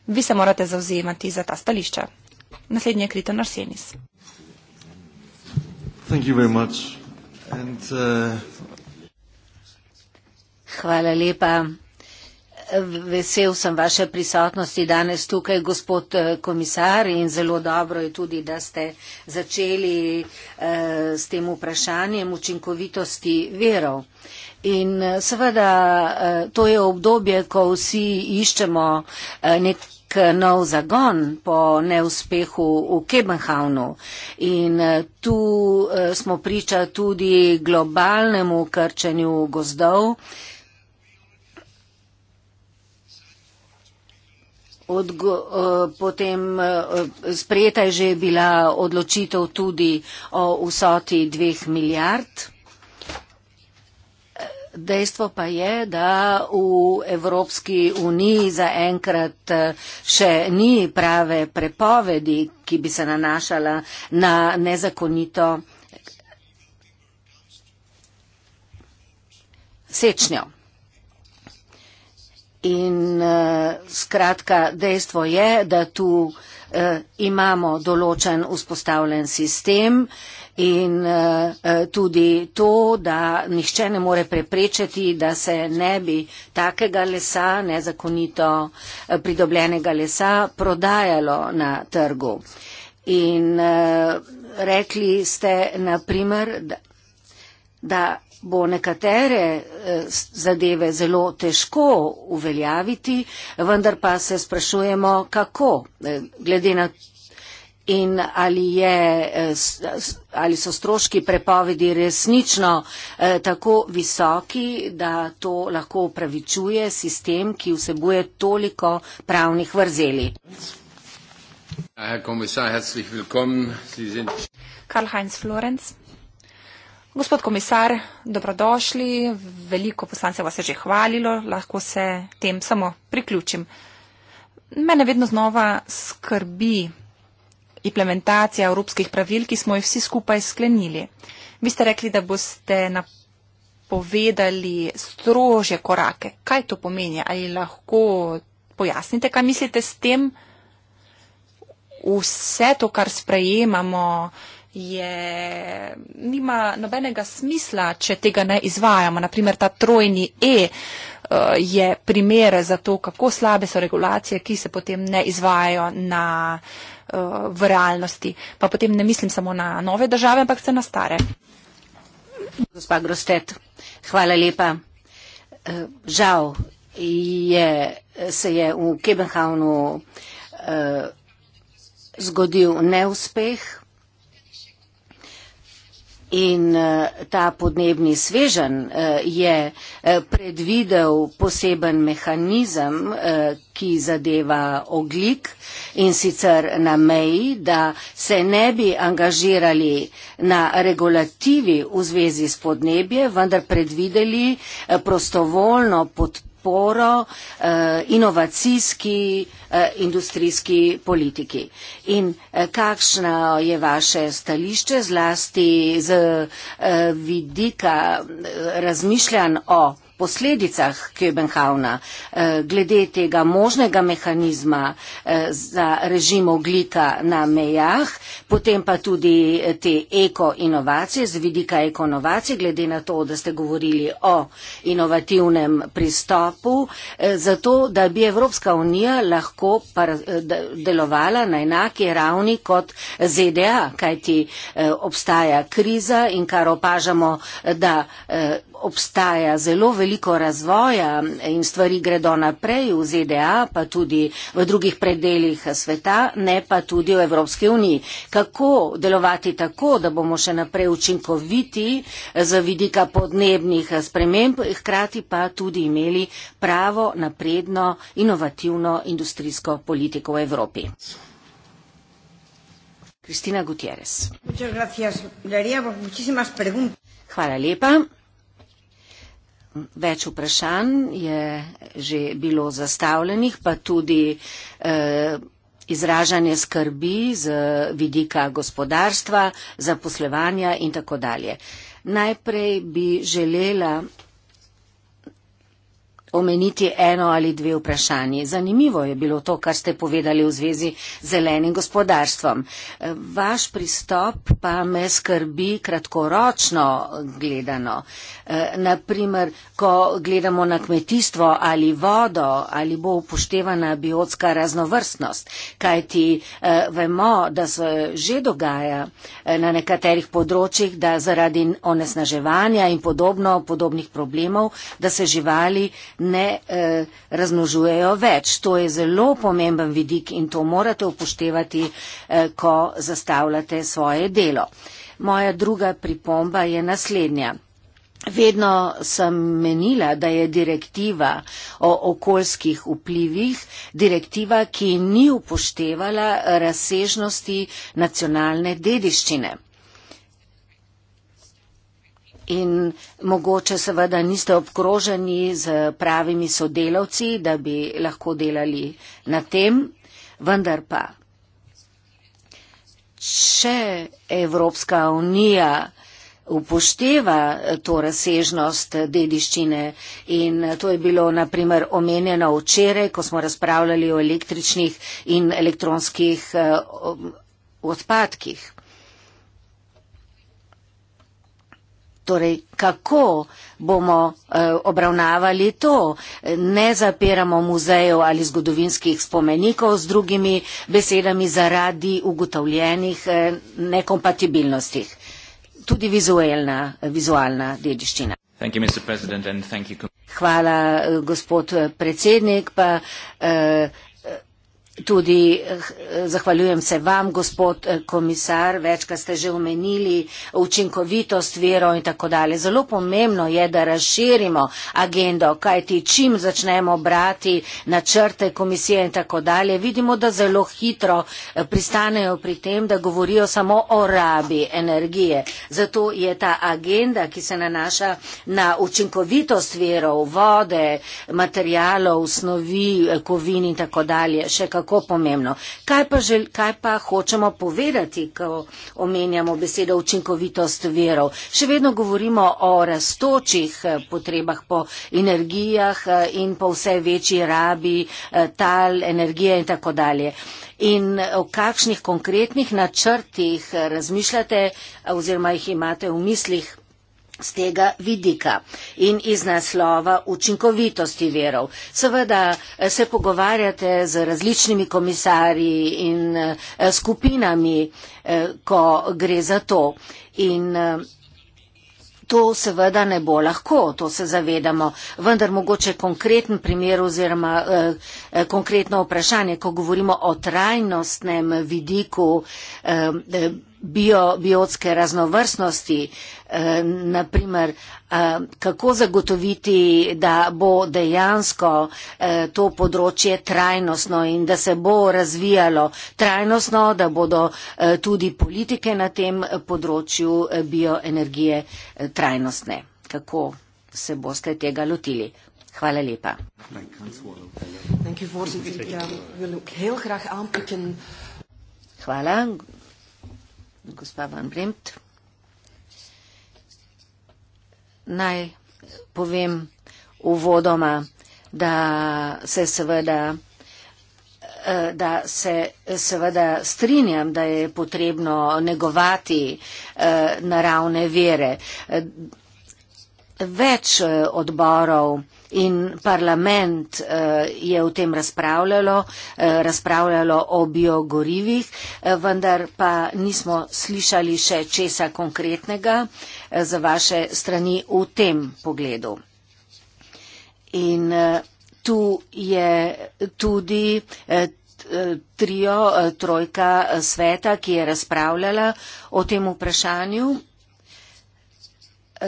Vi se morate zauzemati za ta stališča. Naslednji je Kriton Arsenis. Thank you very much. And, uh... Hvala lepa. Vesel sem vaše prisotnosti danes tukaj, gospod eh, komisar, in zelo dobro je tudi, da ste začeli eh, s tem vprašanjem učinkovitosti verov. In eh, seveda to je obdobje, ko vsi iščemo nek nov zagon po neuspehu v Kebenhavnu. In tu smo priča tudi globalnemu krčenju gozdov, Odgo, eh, potem eh, sprejeta je že bila odločitev tudi o vsoti dveh milijard. Dejstvo pa je, da v Evropski uniji zaenkrat eh, še ni prave prepovedi, ki bi se nanašala na nezakonito sečnjo. In uh, skratka, dejstvo je, da tu uh, imamo določen vzpostavljen sistem in uh, tudi to, da nišče ne more preprečiti, da se ne bi takega lesa, nezakonito pridobljenega lesa, prodajalo na trgu. In uh, rekli ste, naprimer, da. da bo nekatere eh, zadeve zelo težko uveljaviti, vendar pa se sprašujemo, kako, eh, glede na in ali, je, eh, ali so stroški prepovedi resnično tako visoki, da to lahko upravičuje sistem, ki vsebuje toliko pravnih vrzeli. Herr Kommissar, herzlich willkommen. Sie sind Karl-Heinz Florenz. Gospod komisar, dobrodošli. Veliko poslancev vas je že hvalilo, lahko se tem samo priključim. Mene vedno znova skrbi implementacija evropskih pravil, ki smo jih vsi skupaj sklenili. Vi ste rekli, da boste napovedali strože korake. Kaj to pomeni? Ali lahko pojasnite, kaj mislite s tem? Vse to, kar sprejemamo, je, nima nobenega smisla, če tega ne izvajamo. Naprimer, ta trojni E eh, je primere za to, kako slabe so regulacije, ki se potem ne izvajajo na, eh, v realnosti. Pa potem ne mislim samo na nove države, ampak se na stare. Gospa Grostet, hvala lepa. Eh, žal je, se je v Kebenhavnu eh, zgodil neuspeh in eh, ta podnebni svežen eh, je eh, predvidel poseben mehanizem, ki zadeva oglik in sicer na meji, da se ne bi angažirali na regulativi v zvezi s podnebje, vendar predvideli prostovoljno podporo podporo eh, inovacijski eh, industrijski politiki. In eh, kakšno je vaše stališče zlasti z eh, vidika eh, razmišljanj o posledicah Kjöbenhavna, eh, glede tega možnega mehanizma eh, za režim oglika na mejah, potem pa tudi eh, te ekoinovacije, z vidika ekoinovacije, glede na to, da ste govorili o inovativnem pristopu, zato da bi Evropska unija lahko delovala na enaki ravni kot ZDA, kajti obstaja kriza in kar opažamo, da obstaja zelo veliko razvoja in stvari gredo naprej v ZDA, pa tudi v drugih predeljih sveta, ne pa tudi v Evropski uniji. Kako delovati tako, da bomo še naprej učinkoviti eh, z vidika podnebnih eh, sprememb, hkrati pa tudi imeli pravo, napredno, inovativno industrijsko politiko v Evropi. Kristina Gutierrez. Hvala lepa. Več vprašanj je že bilo zastavljenih, pa tudi eh, izražanje skrbi z vidika gospodarstva, zaposlevanja in tako dalje. Najprej bi želela omeniti eno ali dve vprašanji. Zanimivo je bilo to, kar ste povedali v zvezi z zelenim gospodarstvom. E, vaš pristop pa me skrbi kratkoročno gledano. E, Naprimer, ko gledamo na kmetijstvo ali vodo, ali bo upoštevana biotska raznovrstnost, kajti e, vemo, da se že dogaja na nekaterih področjih, da zaradi onesnaževanja in podobno, podobnih problemov, da se živali ne eh, razmnožujejo več. To je zelo pomemben vidik in to morate upoštevati, eh, ko zastavljate svoje delo. Moja druga pripomba je naslednja. Vedno sem menila, da je direktiva o okoljskih vplivih direktiva, ki ni upoštevala razsežnosti nacionalne dediščine in mogoče seveda niste obkroženi z pravimi sodelavci, da bi lahko delali na tem, vendar pa, če Evropska unija upošteva eh, to razsežnost dediščine in eh, to je bilo naprimer omenjeno včeraj, ko smo razpravljali o električnih in elektronskih eh, odpadkih. Torej, kako bomo eh, obravnavali to? Ne zapiramo muzejev ali zgodovinskih spomenikov z drugimi besedami zaradi ugotovljenih eh, nekompatibilnosti. Tudi vizualna, vizualna dediščina. Thank you, Hvala, eh, gospod eh, predsednik. Pa, eh, Tudi eh, zahvaljujem se vam, gospod eh, komisar, večkrat ste že omenili učinkovitost, vero in tako dalje. Zelo pomembno je, da razširimo agendo, kajti čim začnemo brati načrte komisije in tako dalje, vidimo, da zelo hitro eh, pristanejo pri tem, da govorijo samo o rabi energije. Zato je ta agenda, ki se nanaša na učinkovitost verov, vode, materijalov, snovi, eh, kovin in tako dalje, še kako tako pomembno. Kaj pa, žel, kaj pa hočemo povedati, ko omenjamo besedo učinkovitost verov? Še vedno govorimo o rastočih eh, potrebah po energijah eh, in po vse večji rabi eh, tal, energije in tako dalje. In o kakšnih konkretnih načrtih razmišljate oziroma jih imate v mislih? z tega vidika in iz naslova učinkovitosti verov. Seveda eh, se pogovarjate z različnimi komisarji in eh, skupinami, eh, ko gre za to. In To seveda ne bo lahko, to se zavedamo, vendar mogoče konkreten primer oziroma eh, konkretno vprašanje, ko govorimo o trajnostnem vidiku eh, biobiotske raznovrstnosti, e, eh, naprimer, e, eh, kako zagotoviti, da bo dejansko e, to področje trajnostno in da se bo razvijalo trajnostno, da bodo e, tudi politike na tem področju bioenergije trajnostne. Kako se boste tega lotili? Hvala lepa. Ja, Hvala gospa Van Bremt. Naj povem uvodoma, da se seveda eh, da se seveda strinjam, da je potrebno negovati eh, naravne vere. Eh, več odborov in parlament eh, je o tem razpravljalo, eh, razpravljalo o biogorivih, eh, vendar pa nismo slišali še česa konkretnega za vaše strani v tem pogledu. In tu je tudi trio, trojka sveta, ki je razpravljala o tem vprašanju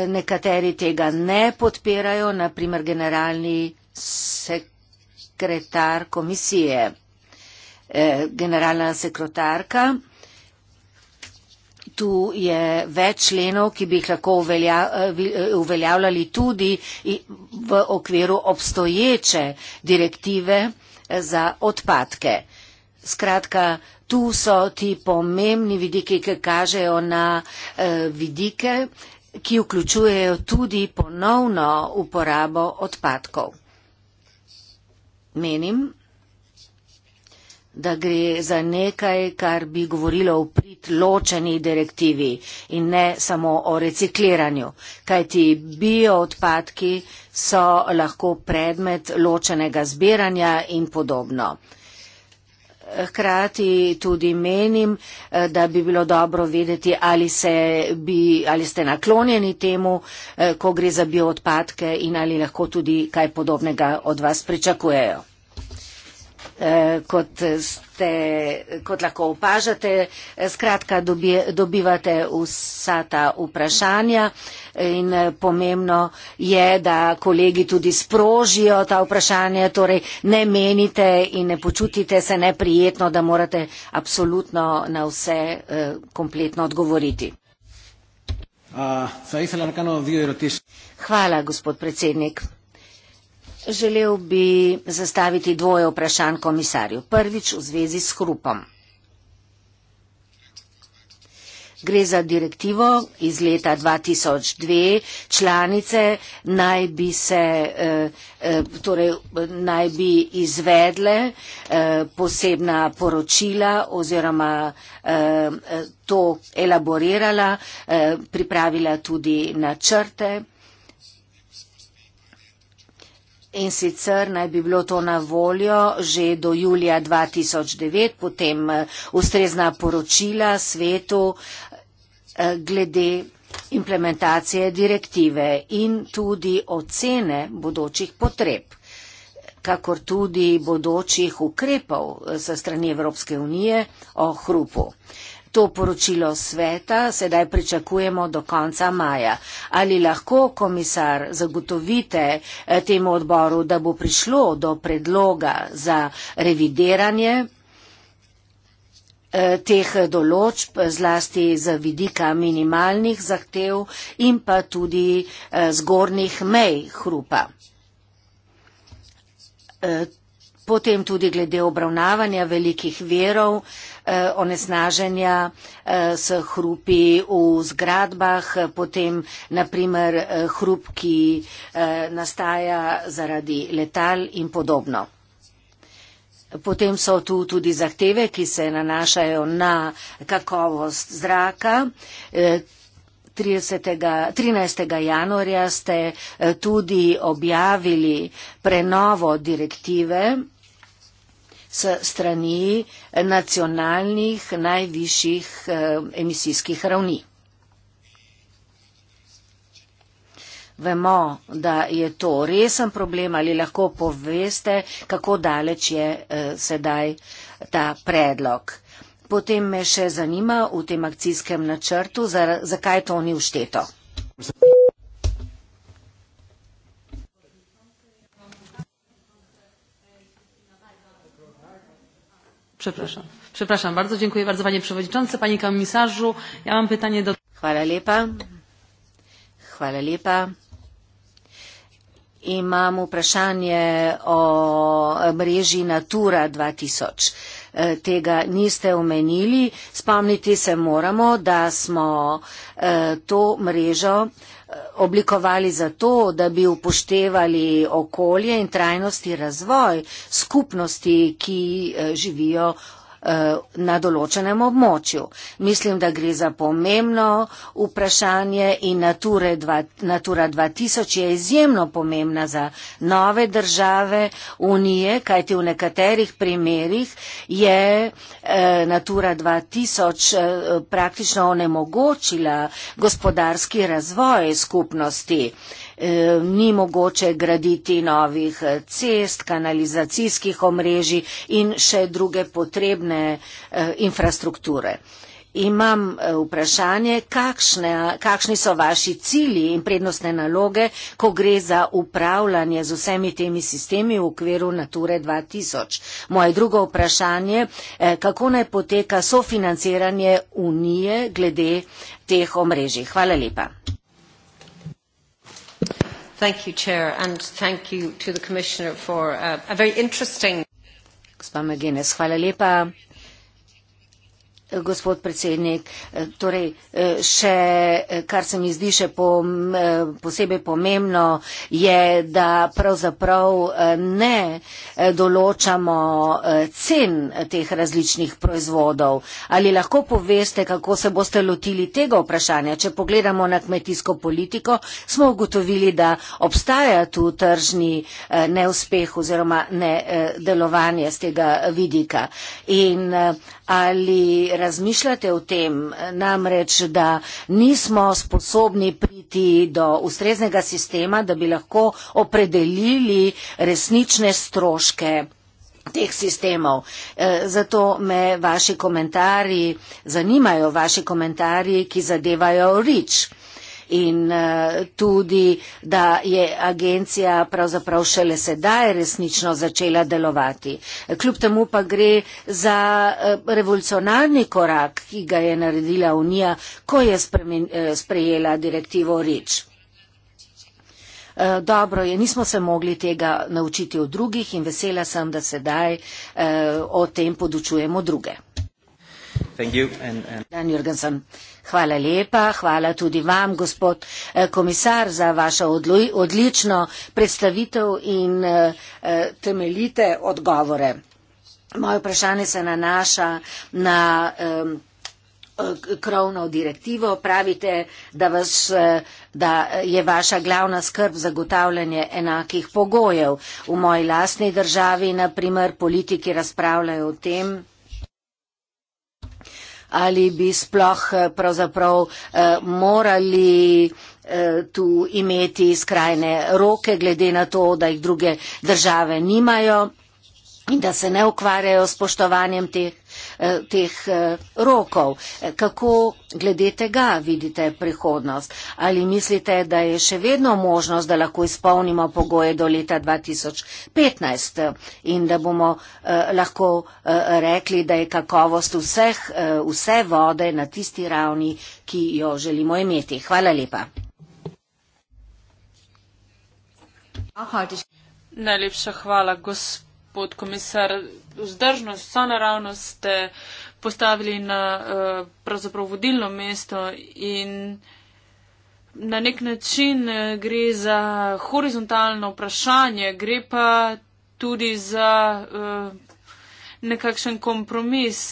nekateri tega ne podpirajo, naprimer generalni sekretar komisije, eh, generalna sekretarka. Tu je več členov, ki bi jih lahko eh, eh, uveljavljali tudi v okviru obstoječe direktive za odpadke. Skratka, tu so ti pomembni vidiki, ki kažejo na vidike, ki vključujejo tudi ponovno uporabo odpadkov. Menim, da gre za nekaj, kar bi govorilo v prid ločeni direktivi in ne samo o recikliranju, kajti bioodpadki so lahko predmet ločenega zbiranja in podobno. Hkrati tudi menim, eh, da bi bilo dobro vedeti, ali, se bi, ali ste naklonjeni temu, eh, ko gre za bioodpadke in ali lahko tudi kaj podobnega od vas pričakujejo. Eh, kot, ste, kot lahko opažate. Eh, skratka, dobi, dobivate vsa ta vprašanja in eh, pomembno je, da kolegi tudi sprožijo ta vprašanja, torej ne menite in ne počutite se neprijetno, da morate absolutno na vse kompletno odgovoriti. Ah, Hvala, gospod predsednik. Želel bi zastaviti dvoje vprašanj komisarju. Prvič v zvezi s hrupom. Gre za direktivo iz leta 2002. Članice naj bi, se, eh, eh, torej, naj bi izvedle eh, posebna poročila oziroma to elaborirala, pripravila tudi načrte. In sicer naj bi bilo to na voljo že do julija 2009, potem eh, ustrezna poročila svetu eh, glede implementacije direktive in tudi ocene bodočih potreb, kakor tudi bodočih ukrepov eh, sa strani Evropske unije o hrupu. To poročilo sveta sedaj pričakujemo do konca maja. Ali lahko, komisar, zagotovite eh, temu odboru, da bo prišlo do predloga za revideranje eh, teh določb, zlasti za vidika minimalnih zahtev in pa tudi eh, zgornjih mej hrupa? Potem tudi glede obravnavanja velikih verov Eh, onesnaženja eh, s hrupi v zgradbah, potem naprimer eh, hrup, ki nastaja zaradi letal in podobno. Potem so tu tudi zahteve, ki se nanašajo na kakovost zraka. 30. 13. januarja ste tudi objavili prenovo direktive s strani nacionalnih najvišjih eh, emisijskih ravni. Vemo, da je to resen problem ali lahko poveste, kako daleč je eh, sedaj ta predlog. Potem me še zanima v tem akcijskem načrtu, zakaj to ni ušteto. Zdaj. Przepraszam. Przepraszam bardzo. Dziękuję bardzo panie przewodniczący, panie komisarzu. Ja mam pytanie do... Chwala lepa. Chwala lepa. Imam vprašanje o mreži Natura 2000. E, tega niste omenili. Spomniti se moramo, da smo e, to mrežo oblikovali zato, da bi upoštevali okolje in trajnosti razvoj skupnosti, ki eh, živijo Eh, na določenem območju. Mislim, da gre za pomembno vprašanje in Nature dva, Natura 2000 je izjemno pomembna za nove države Unije, kajti v nekaterih primerjih je eh, Natura 2000 eh, praktično onemogočila gospodarski razvoj skupnosti. Eh, Eh, ni mogoče graditi novih eh, cest, kanalizacijskih omrežij in še druge potrebne eh, infrastrukture. Imam vprašanje, kakšne, kakšni so vaši cilji in prednostne naloge, ko gre za upravljanje z vsemi temi sistemi v okviru Nature 2000. Moje drugo vprašanje, kako naj poteka sofinanciranje unije glede teh omrežij. Hvala lepa. Thank you, Chair, and thank you to the Commissioner for uh, a very interesting. Gospa McGuinness, hvala lepa. Eh, gospod predsednik. Eh, torej, eh, še, kar se mi zdi še posebej pomembno, je, da pravzaprav ne določamo cen teh različnih proizvodov. Ali lahko poveste, kako se boste lotili tega vprašanja? Če pogledamo na kmetijsko politiko, smo ugotovili, da obstaja tu tržni neuspeh oziroma nedelovanje z tega vidika. In, ali razmišljate o tem namreč, da nismo sposobni priti do ustreznega sistema, da bi lahko opredelili resnične stroške teh sistemov. E, zato me vaši komentarji zanimajo, vaši komentarji, ki zadevajo REACH in eh, tudi, da je agencija pravzaprav šele sedaj resnično začela delovati. Kljub temu pa gre za eh, revolucionarni korak, ki ga je naredila Unija, ko je eh, sprejela direktivo REČ. Dobro je, nismo se mogli tega naučiti od drugih in vesela sem, da sedaj o tem podučujemo druge. Thank you and, and... Dan Jürgensen. Hvala lepa, hvala tudi vam, gospod eh, komisar, za vašo odlično predstavitev in eh, eh, temeljite odgovore. Moje vprašanje se nanaša na krovno direktivo. Pravite, da, vas, da je vaša glavna skrb zagotavljanje enakih pogojev. V moji lastni državi, naprimer, politiki razpravljajo o tem, ali bi sploh eh, pravzaprav eh, morali eh, tu imeti skrajne roke, glede na to, da jih druge države nimajo in da se ne ukvarjajo s poštovanjem teh, eh, teh eh, rokov. Eh, kako glede tega vidite prihodnost? Ali mislite, da je še vedno možnost, da lahko izpolnimo pogoje do leta 2015 in da bomo lahko rekli, da je kakovost vseh, vse vode na tisti ravni, ki jo želimo imeti? Hvala lepa. Najlepša hvala, gospod gospod komisar, vzdržnost, sonaravnost ste postavili na eh, pravzaprav vodilno mesto in na nek način eh, gre za horizontalno vprašanje, gre pa tudi za eh, nekakšen kompromis.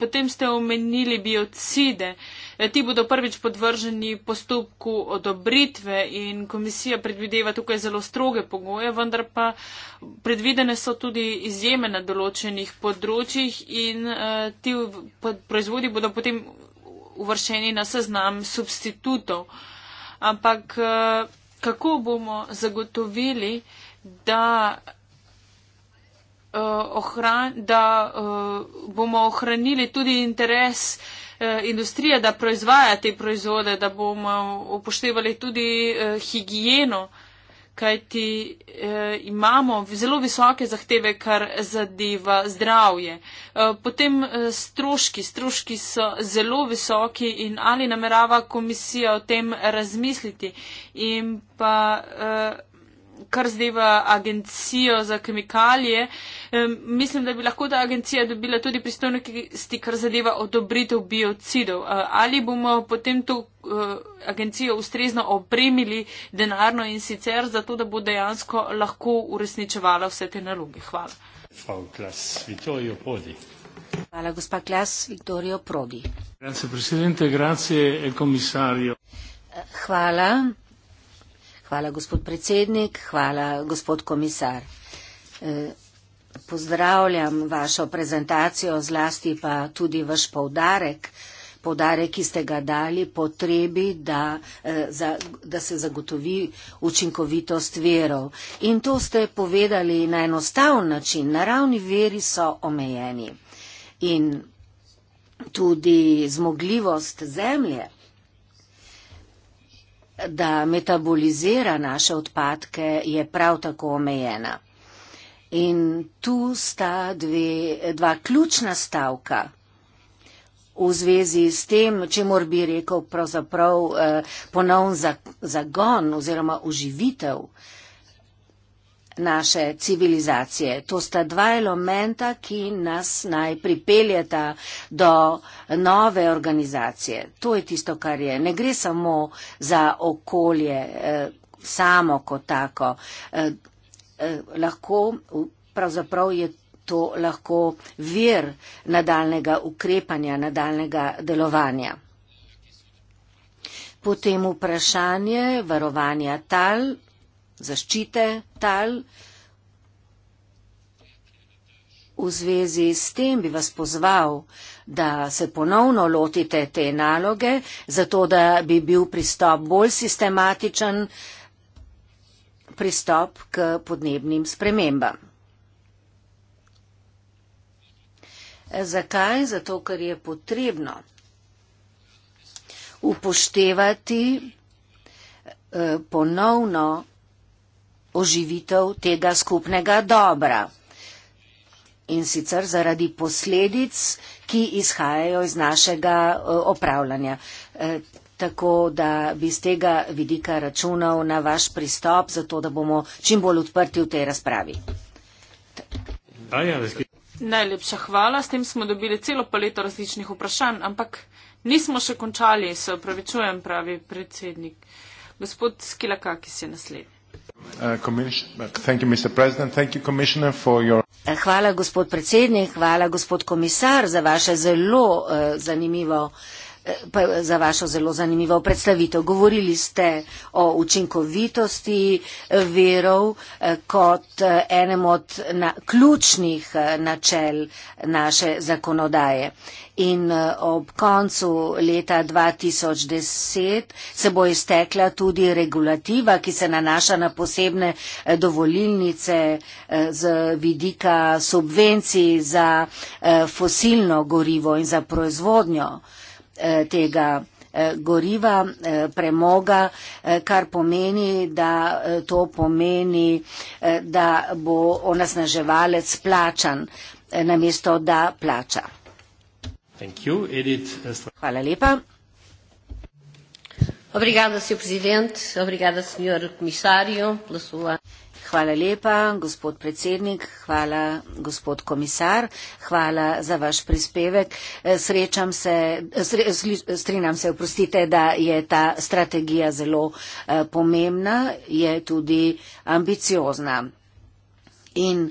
Potem ste omenili biocide. E, ti bodo prvič podvrženi postopku odobritve in komisija predvideva tukaj zelo stroge pogoje, vendar pa predvidene so tudi izjeme na določenih področjih in uh, ti proizvodi bodo potem uvršeni na seznam substitutov. Ampak uh, kako bomo zagotovili, da uh, ohran, da uh, bomo ohranili tudi interes uh, industrije, da proizvaja te proizvode, da bomo upoštevali tudi uh, higieno, kajti uh, imamo zelo visoke zahteve, kar zadeva zdravje. Uh, potem uh, stroški. Stroški so zelo visoki in ali namerava komisija o tem razmisliti. In pa. Uh, kar zdeva agencijo za kemikalije. Mislim, da bi lahko ta agencija dobila tudi pristojnosti, kar zadeva odobritev biocidov. Eh, ali bomo potem to eh, agencijo ustrezno opremili denarno in sicer zato, da bo dejansko lahko uresničevala vse te naloge? Hvala. Hvala, gospa Klas, Viktorijo Prodi. Eh, Hvala, predsednik integracije, komisarjo. Hvala. Hvala, gospod predsednik, hvala, gospod komisar. E, pozdravljam vašo prezentacijo, zlasti pa tudi vaš povdarek, povdarek, ki ste ga dali potrebi, da, e, da se zagotovi učinkovitost verov. In to ste povedali na enostavn način, naravni veri so omejeni. In tudi zmogljivost zemlje da metabolizira naše odpadke, je prav tako omejena. In tu sta dve, dva ključna stavka v zvezi s tem, če mor bi rekel pravzaprav eh, ponovn zagon oziroma uživitev eh, naše civilizacije. To sta dva elementa, ki nas naj pripeljeta do nove organizacije. To je tisto, kar je. Ne gre samo za okolje eh, samo kot tako. Eh, eh, lahko, pravzaprav je to lahko vir nadaljnega ukrepanja, nadaljnega delovanja. Potem vprašanje varovanja tal, zaščite tal. V zvezi s tem bi vas pozval, da se ponovno lotite te naloge, zato da bi bil pristop bolj sistematičen pristop k podnebnim spremembam. Zakaj? Zato, ker je potrebno upoštevati eh, ponovno oživitev tega skupnega dobra. In sicer zaradi posledic, ki izhajajo iz našega e, opravljanja. E, tako da bi z tega vidika računal na vaš pristop, zato da bomo čim bolj odprti v tej razpravi. Najlepša hvala. S tem smo dobili celo paleto različnih vprašanj, ampak nismo še končali. Se upravičujem, pravi predsednik. Gospod Skilakakis je naslednji. Uh, uh, eh, hvala, gospod predsednik, hvala, gospod komisar, za vaše zelo eh, zanimivo vprašanje za vašo zelo zanimivo predstavitev. Govorili ste o učinkovitosti eh, verov eh, kot eh, enem od na, ključnih načel naše zakonodaje. In ob koncu leta 2010 se bo iztekla tudi regulativa, ki se nanaša na posebne dovolilnice z vidika subvencij za fosilno gorivo in za proizvodnjo. Eh, tega eh, goriva, eh, premoga, kar pomeni, da to pomeni, da bo onasnaževalec plačan namesto, da plača. You, Hvala lepa. Obrigada, se president, obrigada, senjor komisarju. Hvala lepa, gospod predsednik, hvala, gospod komisar, hvala za vaš prispevek. Eh, srečam se, eh, sre, strinam se, oprostite, da je ta strategija zelo eh, pomembna, je tudi ambiciozna. In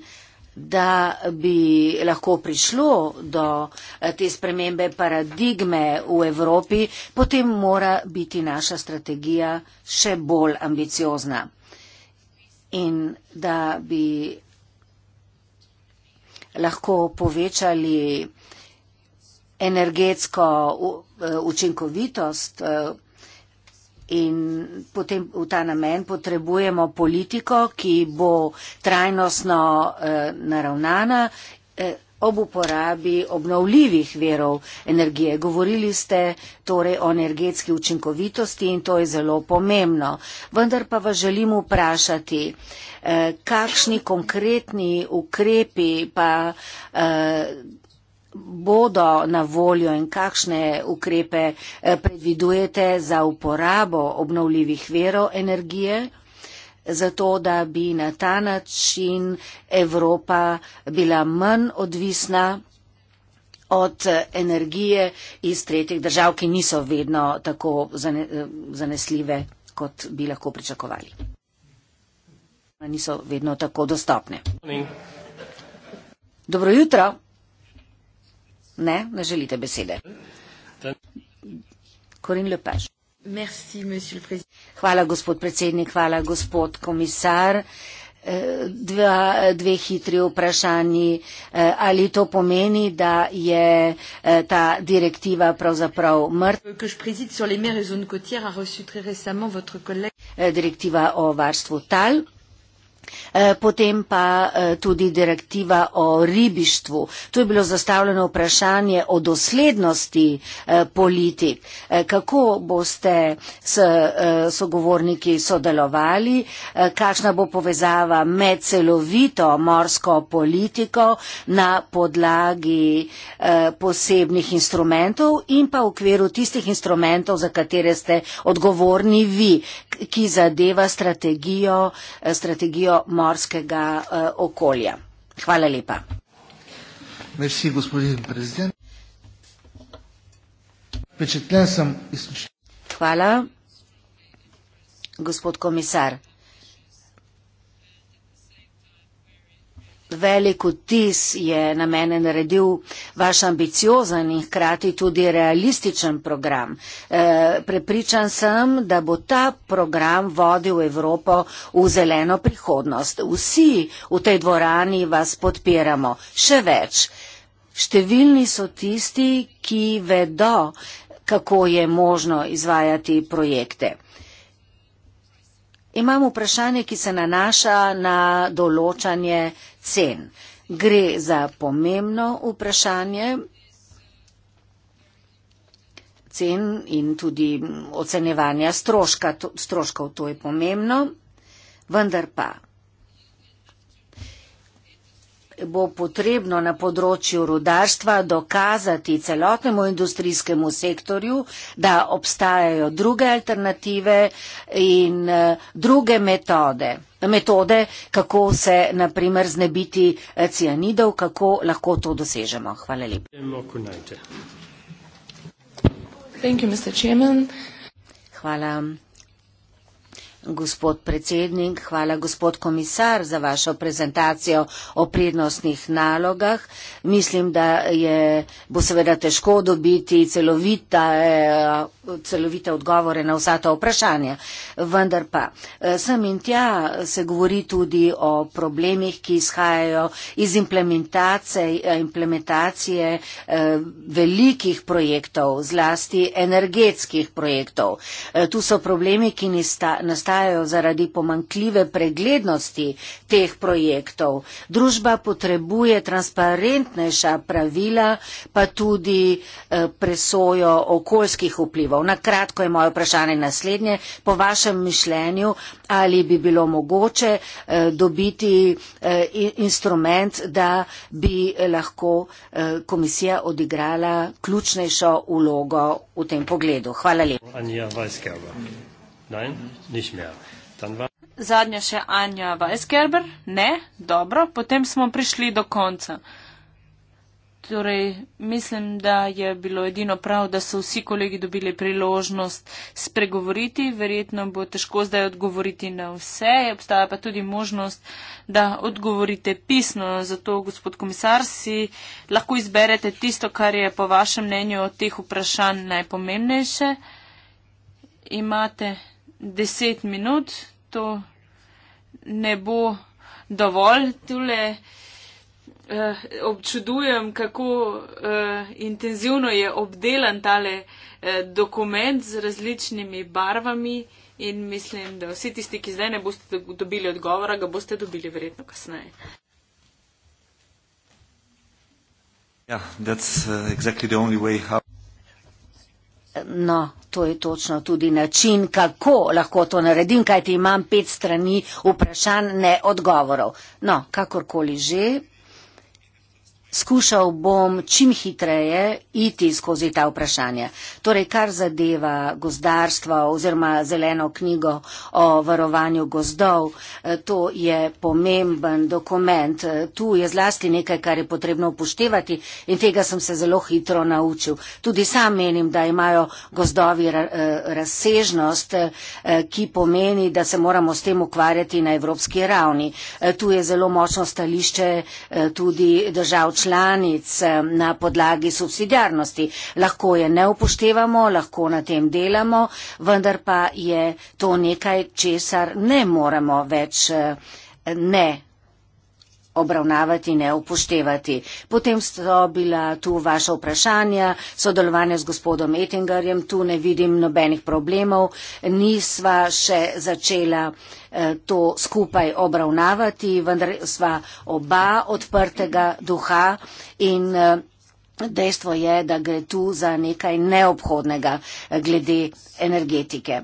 da bi lahko prišlo do te spremembe paradigme v Evropi, potem mora biti naša strategija še bolj ambiciozna in da bi lahko povečali energetsko eh, učinkovitost eh, in potem v ta namen potrebujemo politiko, ki bo trajnostno eh, naravnana ob uporabi obnovljivih verov energije. Govorili ste torej o energetski učinkovitosti in to je zelo pomembno. Vendar pa vas želim vprašati, eh, kakšni konkretni ukrepi pa eh, bodo na voljo in kakšne ukrepe eh, predvidujete za uporabo obnovljivih verov energije? zato da bi na ta način Evropa bila manj odvisna od energije iz tretjih držav, ki niso vedno tako zanesljive, kot bi lahko pričakovali. Niso vedno tako dostopne. Dobro jutro. Ne, ne želite besede. Corinne Lepage. Hvala, gospod predsednik, hvala, gospod komisar. Eh, dva, dve hitri vprašanji. Eh, ali to pomeni, da je eh, ta direktiva pravzaprav mrtva? Direktiva o varstvu tal. Eh, potem pa eh, tudi direktiva o ribištvu. Tu je bilo zastavljeno vprašanje o doslednosti eh, politik. Kako boste s sogovorniki sodelovali, kakšna bo povezava med celovito morsko politiko na podlagi posebnih instrumentov in pa v okviru tistih instrumentov, za katere ste odgovorni vi, ki zadeva strategijo. strategijo zaščitijo morskega uh, okolja. Hvala lepa. Merci, gospodin prezident. Pečetljen sem izkušnja. Hvala, gospod komisar. Velik vtis je na mene naredil vaš ambiciozen in hkrati tudi realističen program. E, prepričan sem, da bo ta program vodil Evropo v zeleno prihodnost. Vsi v tej dvorani vas podpiramo. Še več. Številni so tisti, ki vedo, kako je možno izvajati projekte. Imam vprašanje, ki se nanaša na določanje cen. Gre za pomembno vprašanje cen in tudi ocenjevanja stroška, to, stroškov, to je pomembno, vendar pa bo potrebno na področju rudarstva dokazati celotnemu industrijskemu sektorju, da obstajajo druge alternative in eh, druge metode. Metode, kako se naprimer znebiti eh, cianidov, kako lahko to dosežemo. Hvala lepa. Hvala. Gospod predsednik, hvala gospod komisar za vašo prezentacijo o prednostnih nalogah. Mislim, da je, bo seveda težko dobiti celovita, eh, celovite odgovore na vsa ta vprašanja. Vendar pa eh, sem in tja se govori tudi o problemih, ki izhajajo iz eh, implementacije velikih projektov, zlasti energetskih projektov. Tu so problemi, ki nastajajo izvajajo zaradi pomankljive preglednosti teh projektov. Družba potrebuje transparentnejša pravila, pa tudi eh, presojo okoljskih vplivov. Na kratko je moje vprašanje naslednje. Po vašem mišljenju, ali bi bilo mogoče eh, dobiti eh, instrument, da bi lahko komisija odigrala ključnejšo ulogo v tem pogledu? Hvala lepa. Anja Weisgerber. Nein, nicht mehr. Dann war Zadnja še Anja Weisgerber? Ne, dobro, potem smo prišli do konca. Torej, mislim, da je bilo edino prav, da so vsi kolegi dobili priložnost spregovoriti. Verjetno bo težko zdaj odgovoriti na vse. Obstaja pa tudi možnost, da odgovorite pisno. Zato, gospod komisar, si lahko izberete tisto, kar je po vašem mnenju od teh vprašanj najpomembnejše. Imate 10 minut, to ne bo dovolj. Tule eh, občudujem, kako eh, intenzivno je obdelan tale eh, dokument z različnimi barvami in mislim, da vsi tisti, ki zdaj ne boste dobili odgovora, ga boste dobili verjetno kasneje. Ja, yeah, that's uh, exactly the only way how. No, to je točno tudi način, kako lahko to naredim, kajti imam pet strani vprašanj, ne odgovorov. No, kakorkoli že, Skušal bom čim hitreje iti skozi ta vprašanja. Torej, kar zadeva gozdarstvo oziroma zeleno knjigo o varovanju gozdov, eh, to je pomemben dokument. Eh, tu je zlasti nekaj, kar je potrebno upoštevati in tega sem se zelo hitro naučil. Tudi sam menim, da imajo gozdovi eh, razsežnost, ki pomeni, da se moramo s tem ukvarjati na evropski ravni. Tu je zelo močno stališče tudi držav članic na podlagi subsidijarnosti. Lahko je ne upoštevamo, lahko na tem delamo, vendar pa je to nekaj, česar ne moremo več eh, ne obravnavati, ne upoštevati. Potem so bila tu vaša vprašanja, sodelovanje z gospodom Ettingerjem, tu ne vidim nobenih problemov, nisva še začela eh, to skupaj obravnavati, vendar sva oba odprtega duha in eh, dejstvo je, da gre tu za nekaj neobhodnega eh, glede energetike.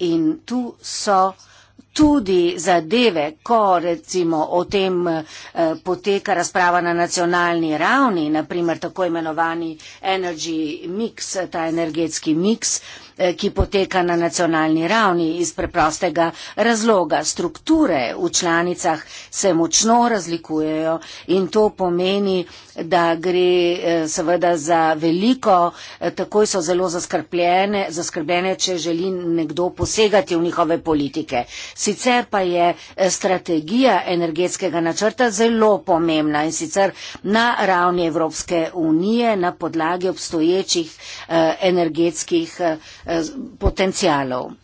In tu so uh, tudi zadeve, ko recimo o tem eh, poteka razprava na nacionalni ravni, naprimer tako imenovani energy mix, ta energetski miks, eh, Eh, ki poteka na nacionalni ravni iz preprostega razloga. Strukture v članicah se močno razlikujejo in to pomeni, da gre eh, seveda za veliko, eh, takoj so zelo zaskrbljene, zaskrbljene če želi nekdo posegati v njihove politike. Sicer pa je strategija energetskega načrta zelo pomembna in sicer na ravni Evropske unije na podlagi obstoječih energetskih Eh, potencijalov.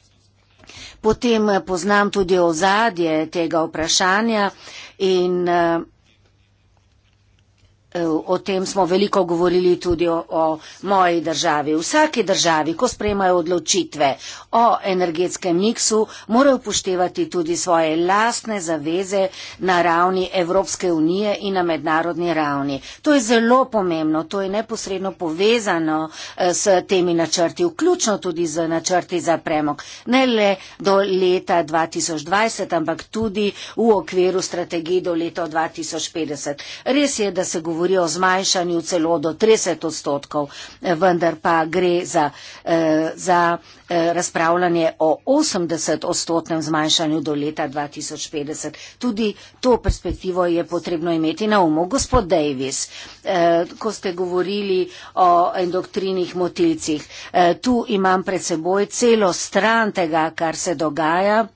Potem eh, poznam tudi ozadje tega vprašanja in uh, o tem smo veliko govorili tudi o, o moji državi. Vsaki državi, ko sprejmajo odločitve o energetskem miksu, morajo upoštevati tudi svoje lastne zaveze na ravni Evropske unije in na mednarodni ravni. To je zelo pomembno, to je neposredno povezano eh, s temi načrti, vključno tudi z načrti za premog. Ne le do leta 2020, ampak tudi v okviru strategiji do leta 2050. Res je, da se govori govori o zmanjšanju celo do 30 odstotkov, vendar pa gre za, eh, za eh, razpravljanje o 80 odstotnem zmanjšanju do leta 2050. Tudi to perspektivo je potrebno imeti na umu. Gospod Davis, eh, ko ste govorili o endoktrinih motilcih, tu imam pred seboj celo stran tega, kar se dogaja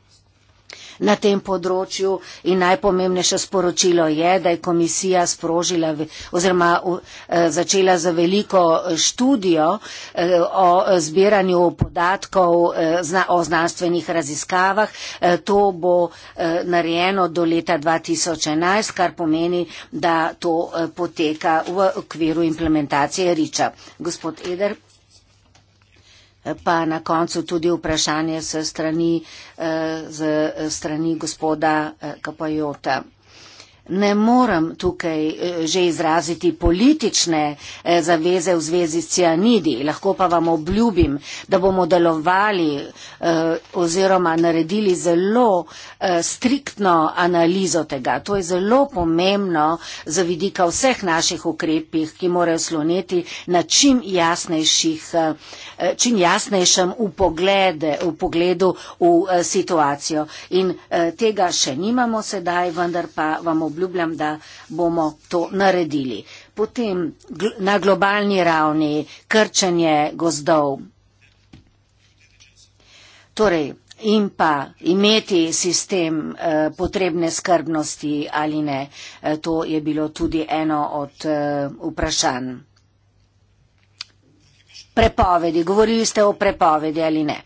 na tem področju in najpomembnejše sporočilo je, da je komisija sprožila oziroma eh, začela za veliko eh, študijo eh, o zbiranju podatkov o znanstvenih raziskavah. To bo narejeno do leta 2011, kar pomeni, da to poteka v okviru implementacije Riča. Gospod Eder pa na koncu tudi vprašanje strani, eh, z strani gospoda eh, Kapajota ne morem tukaj eh, že izraziti politične eh, zaveze v zvezi s cianidi, lahko pa vam obljubim, da bomo delovali eh, oziroma naredili zelo striktno analizo tega. To je zelo pomembno za vidika vseh naših ukrepih, ki morajo sloneti na čim, čim jasnejšem upoglede, upogledu v situacijo. In tega še nimamo sedaj, vendar pa vam obljubim, obljubljam, da bomo to naredili. Potem gl na globalni ravni krčenje gozdov. Torej, in pa imeti sistem eh, potrebne skrbnosti ali ne, eh, to je bilo tudi eno od eh, vprašanj. Prepovedi, govorili ste o prepovedi ali ne.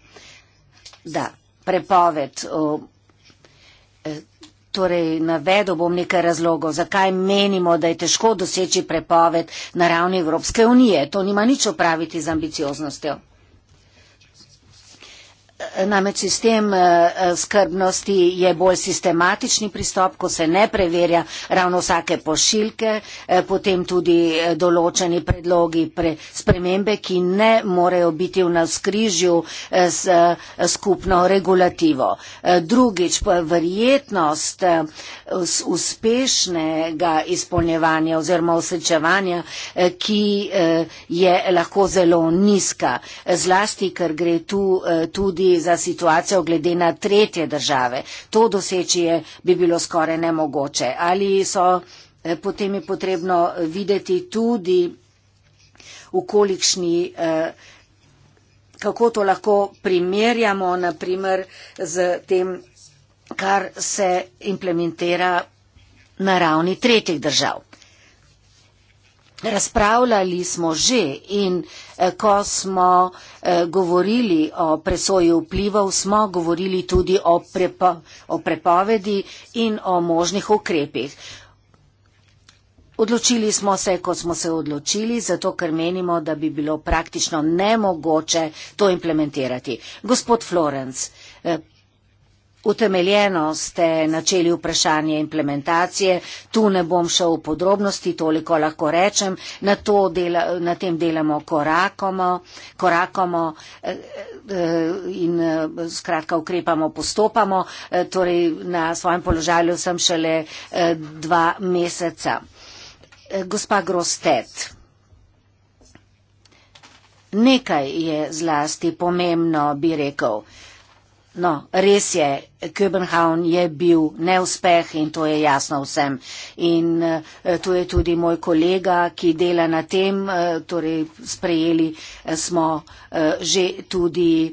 Da, prepoved. O, eh, Torej, navedo bom nekaj razlogov, zakaj menimo, da je težko doseči prepoved na ravni Evropske unije. To nima nič opraviti z ambicioznostjo. Namreč sistem eh, eh, skrbnosti je bolj sistematični pristop, ko se ne preverja ravno vsake pošiljke, eh, potem tudi določeni predlogi pre spremembe, ki ne morejo biti v naskrižju s skupno regulativo. Drugič, verjetnost uspešnega izpolnjevanja oziroma osrečevanja, eh, ki eh, je lahko zelo nizka. Zlasti, ker gre tu eh, tudi za situacijo glede na tretje države. To doseči je, bi bilo skoraj nemogoče. Ali so potem je potrebno videti tudi v kolikšni kako to lahko primerjamo, naprimer, z tem kar se implementira na ravni tretjih držav. Razpravljali smo že in eh, ko smo eh, govorili o presoji vplivov, smo govorili tudi o, prepo, o prepovedi in o možnih ukrepih. Odločili smo se, kot smo se odločili, zato ker menimo, da bi bilo praktično nemogoče to implementirati. Gospod Florenc, eh, Utemeljeno ste načeli vprašanje implementacije, tu ne bom šel v podrobnosti, toliko lahko rečem, na, dela, na tem delamo korakomo, korakomo eh, eh, in eh, skratka ukrepamo, postopamo, torej na svojem položaju sem šele dva meseca. Gospa Grostet. Nekaj je zlasti pomembno, bi rekel. No, res je, Köbenhavn je bil neuspeh in to je jasno vsem. In eh, to je tudi moj kolega, ki dela na tem, eh, torej sprejeli eh, smo že tudi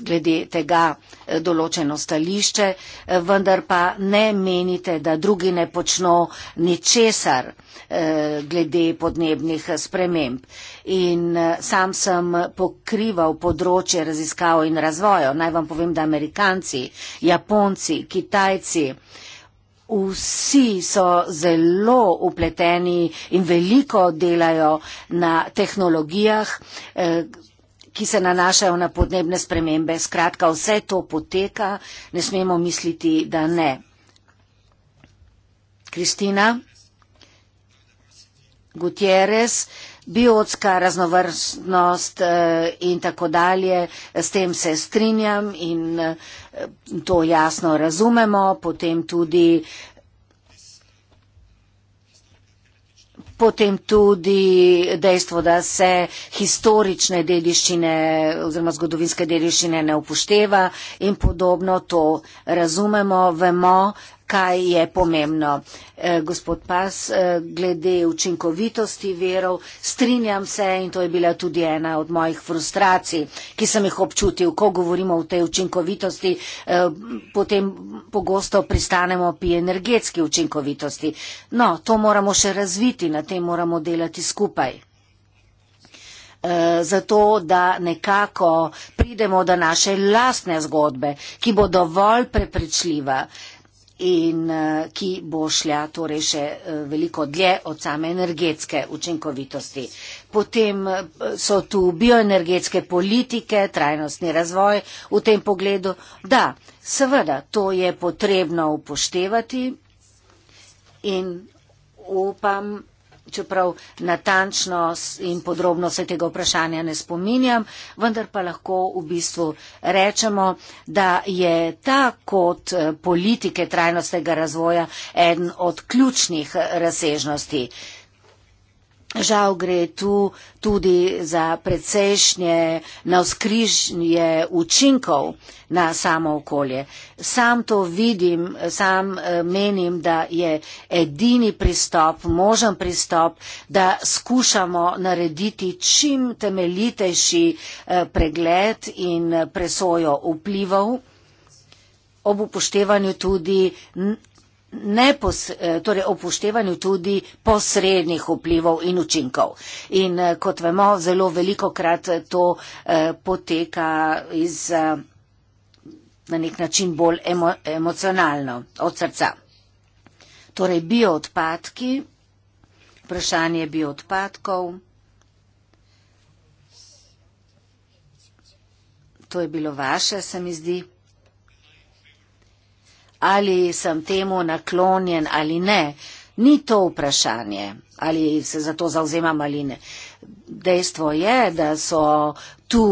glede tega eh, določeno stališče, eh, vendar pa ne menite, da drugi ne počno ničesar eh, glede podnebnih sprememb. In sam sem pokrival področje raziskav in razvojo. Naj vam povem, da Amerikanci, Japonci, Kitajci, vsi so zelo upleteni in veliko delajo na tehnologijah, ki se nanašajo na podnebne spremembe. Skratka, vse to poteka, ne smemo misliti, da ne. Kristina Gutierrez, biotska raznovrstnost eh, in tako dalje, s tem se strinjam in eh, to jasno razumemo, potem tudi potem tudi dejstvo, da se historične dediščine oziroma zgodovinske dediščine ne upošteva in podobno to razumemo, vemo, kaj je pomembno. Eh, gospod Pas, eh, glede učinkovitosti verov, strinjam se in to je bila tudi ena od mojih frustracij, ki sem jih občutil, ko govorimo o tej učinkovitosti, eh, potem pogosto pristanemo pri energetski učinkovitosti. No, to moramo še razviti, na tem moramo delati skupaj. Eh, zato, da nekako pridemo do naše lastne zgodbe, ki bo dovolj prepričljiva, in eh, ki bo šla torej še eh, veliko dlje od same energetske učinkovitosti. Potem eh, so tu bioenergetske politike, trajnostni razvoj v tem pogledu. Da, seveda, to je potrebno upoštevati in upam, čeprav natančno in podrobno se tega vprašanja ne spominjam, vendar pa lahko v bistvu rečemo, da je ta kot eh, politike trajnostnega razvoja eden od ključnih eh, razsežnosti. Žal gre tu tudi za precejšnje navskrižnje učinkov na samo okolje. Sam to vidim, sam eh, menim, da je edini pristop, možen pristop, da skušamo narediti čim temeljitejši eh, pregled in presojo vplivov ob upoštevanju tudi Nepos, eh, torej upoštevanju tudi posrednih vplivov in učinkov. In eh, kot vemo, zelo veliko krat eh, to eh, poteka iz na nek način bolj emo, emocionalno, od srca. Torej bioodpadki, vprašanje bioodpadkov. To je bilo vaše, se mi zdi ali sem temu naklonjen ali ne. Ni to vprašanje, ali se za to zauzemam ali ne. Dejstvo je, da so tu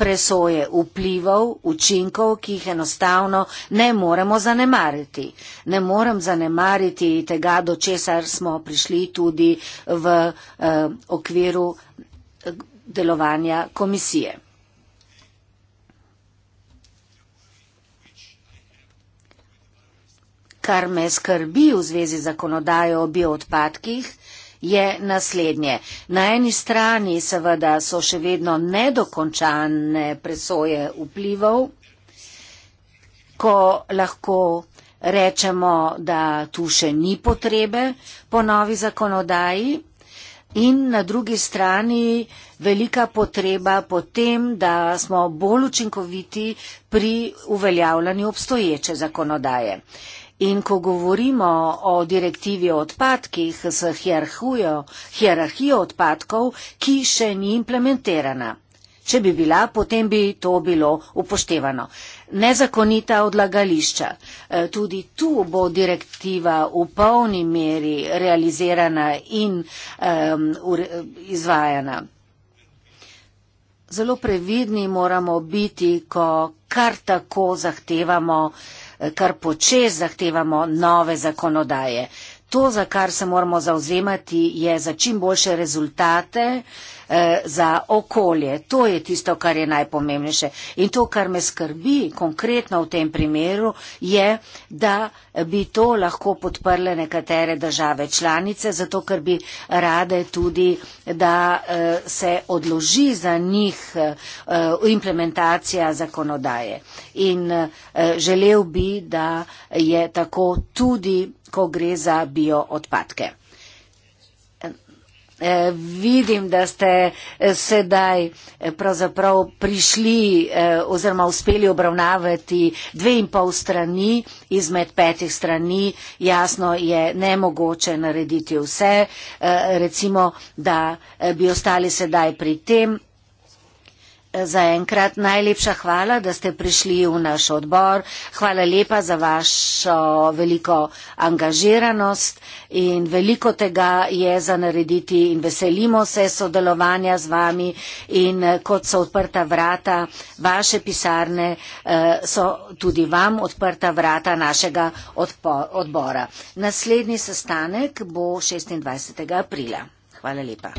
presoje vplivov, učinkov, ki jih enostavno ne moremo zanemariti. Ne morem zanemariti tega, do česar smo prišli tudi v eh, okviru eh, delovanja komisije. Kar me skrbi v zvezi z zakonodajo o bioodpadkih, je naslednje. Na eni strani seveda so še vedno nedokončane presoje vplivov, ko lahko rečemo, da tu še ni potrebe po novi zakonodaji in na drugi strani velika potreba po tem, da smo bolj učinkoviti pri uveljavljanju obstoječe zakonodaje. In ko govorimo o direktivi o odpadkih s hierarhijo odpadkov, ki še ni implementirana. Če bi bila, potem bi to bilo upoštevano. Nezakonita odlagališča. E, tudi tu bo direktiva v polni meri realizirana in um, izvajana. Zelo previdni moramo biti, ko kar tako zahtevamo uh, kar počes zahtevamo nove zakonodaje. To, za kar se moramo zauzemati, je za čim boljše rezultate, Eh, za okolje. To je tisto, kar je najpomembnejše. In to, kar me skrbi konkretno v tem primeru, je, da bi to lahko podprle nekatere države članice, zato ker bi rade tudi, da eh, se odloži za njih eh, implementacija zakonodaje. In želel bi, da je tako tudi, ko gre za bioodpadke vidim, da ste eh, sedaj eh, pravzaprav prišli eh, oziroma uspeli obravnavati dve in pol strani izmed petih strani. Jasno je nemogoče narediti vse, recimo, da bi ostali sedaj pri tem, Zaenkrat najlepša hvala, da ste prišli v naš odbor. Hvala lepa za vašo veliko angažiranost in veliko tega je za narediti in veselimo se sodelovanja z vami in kot so odprta vrata vaše pisarne, eh, so tudi vam odprta vrata našega odbora. Naslednji sestanek bo 26. aprila. Hvala lepa.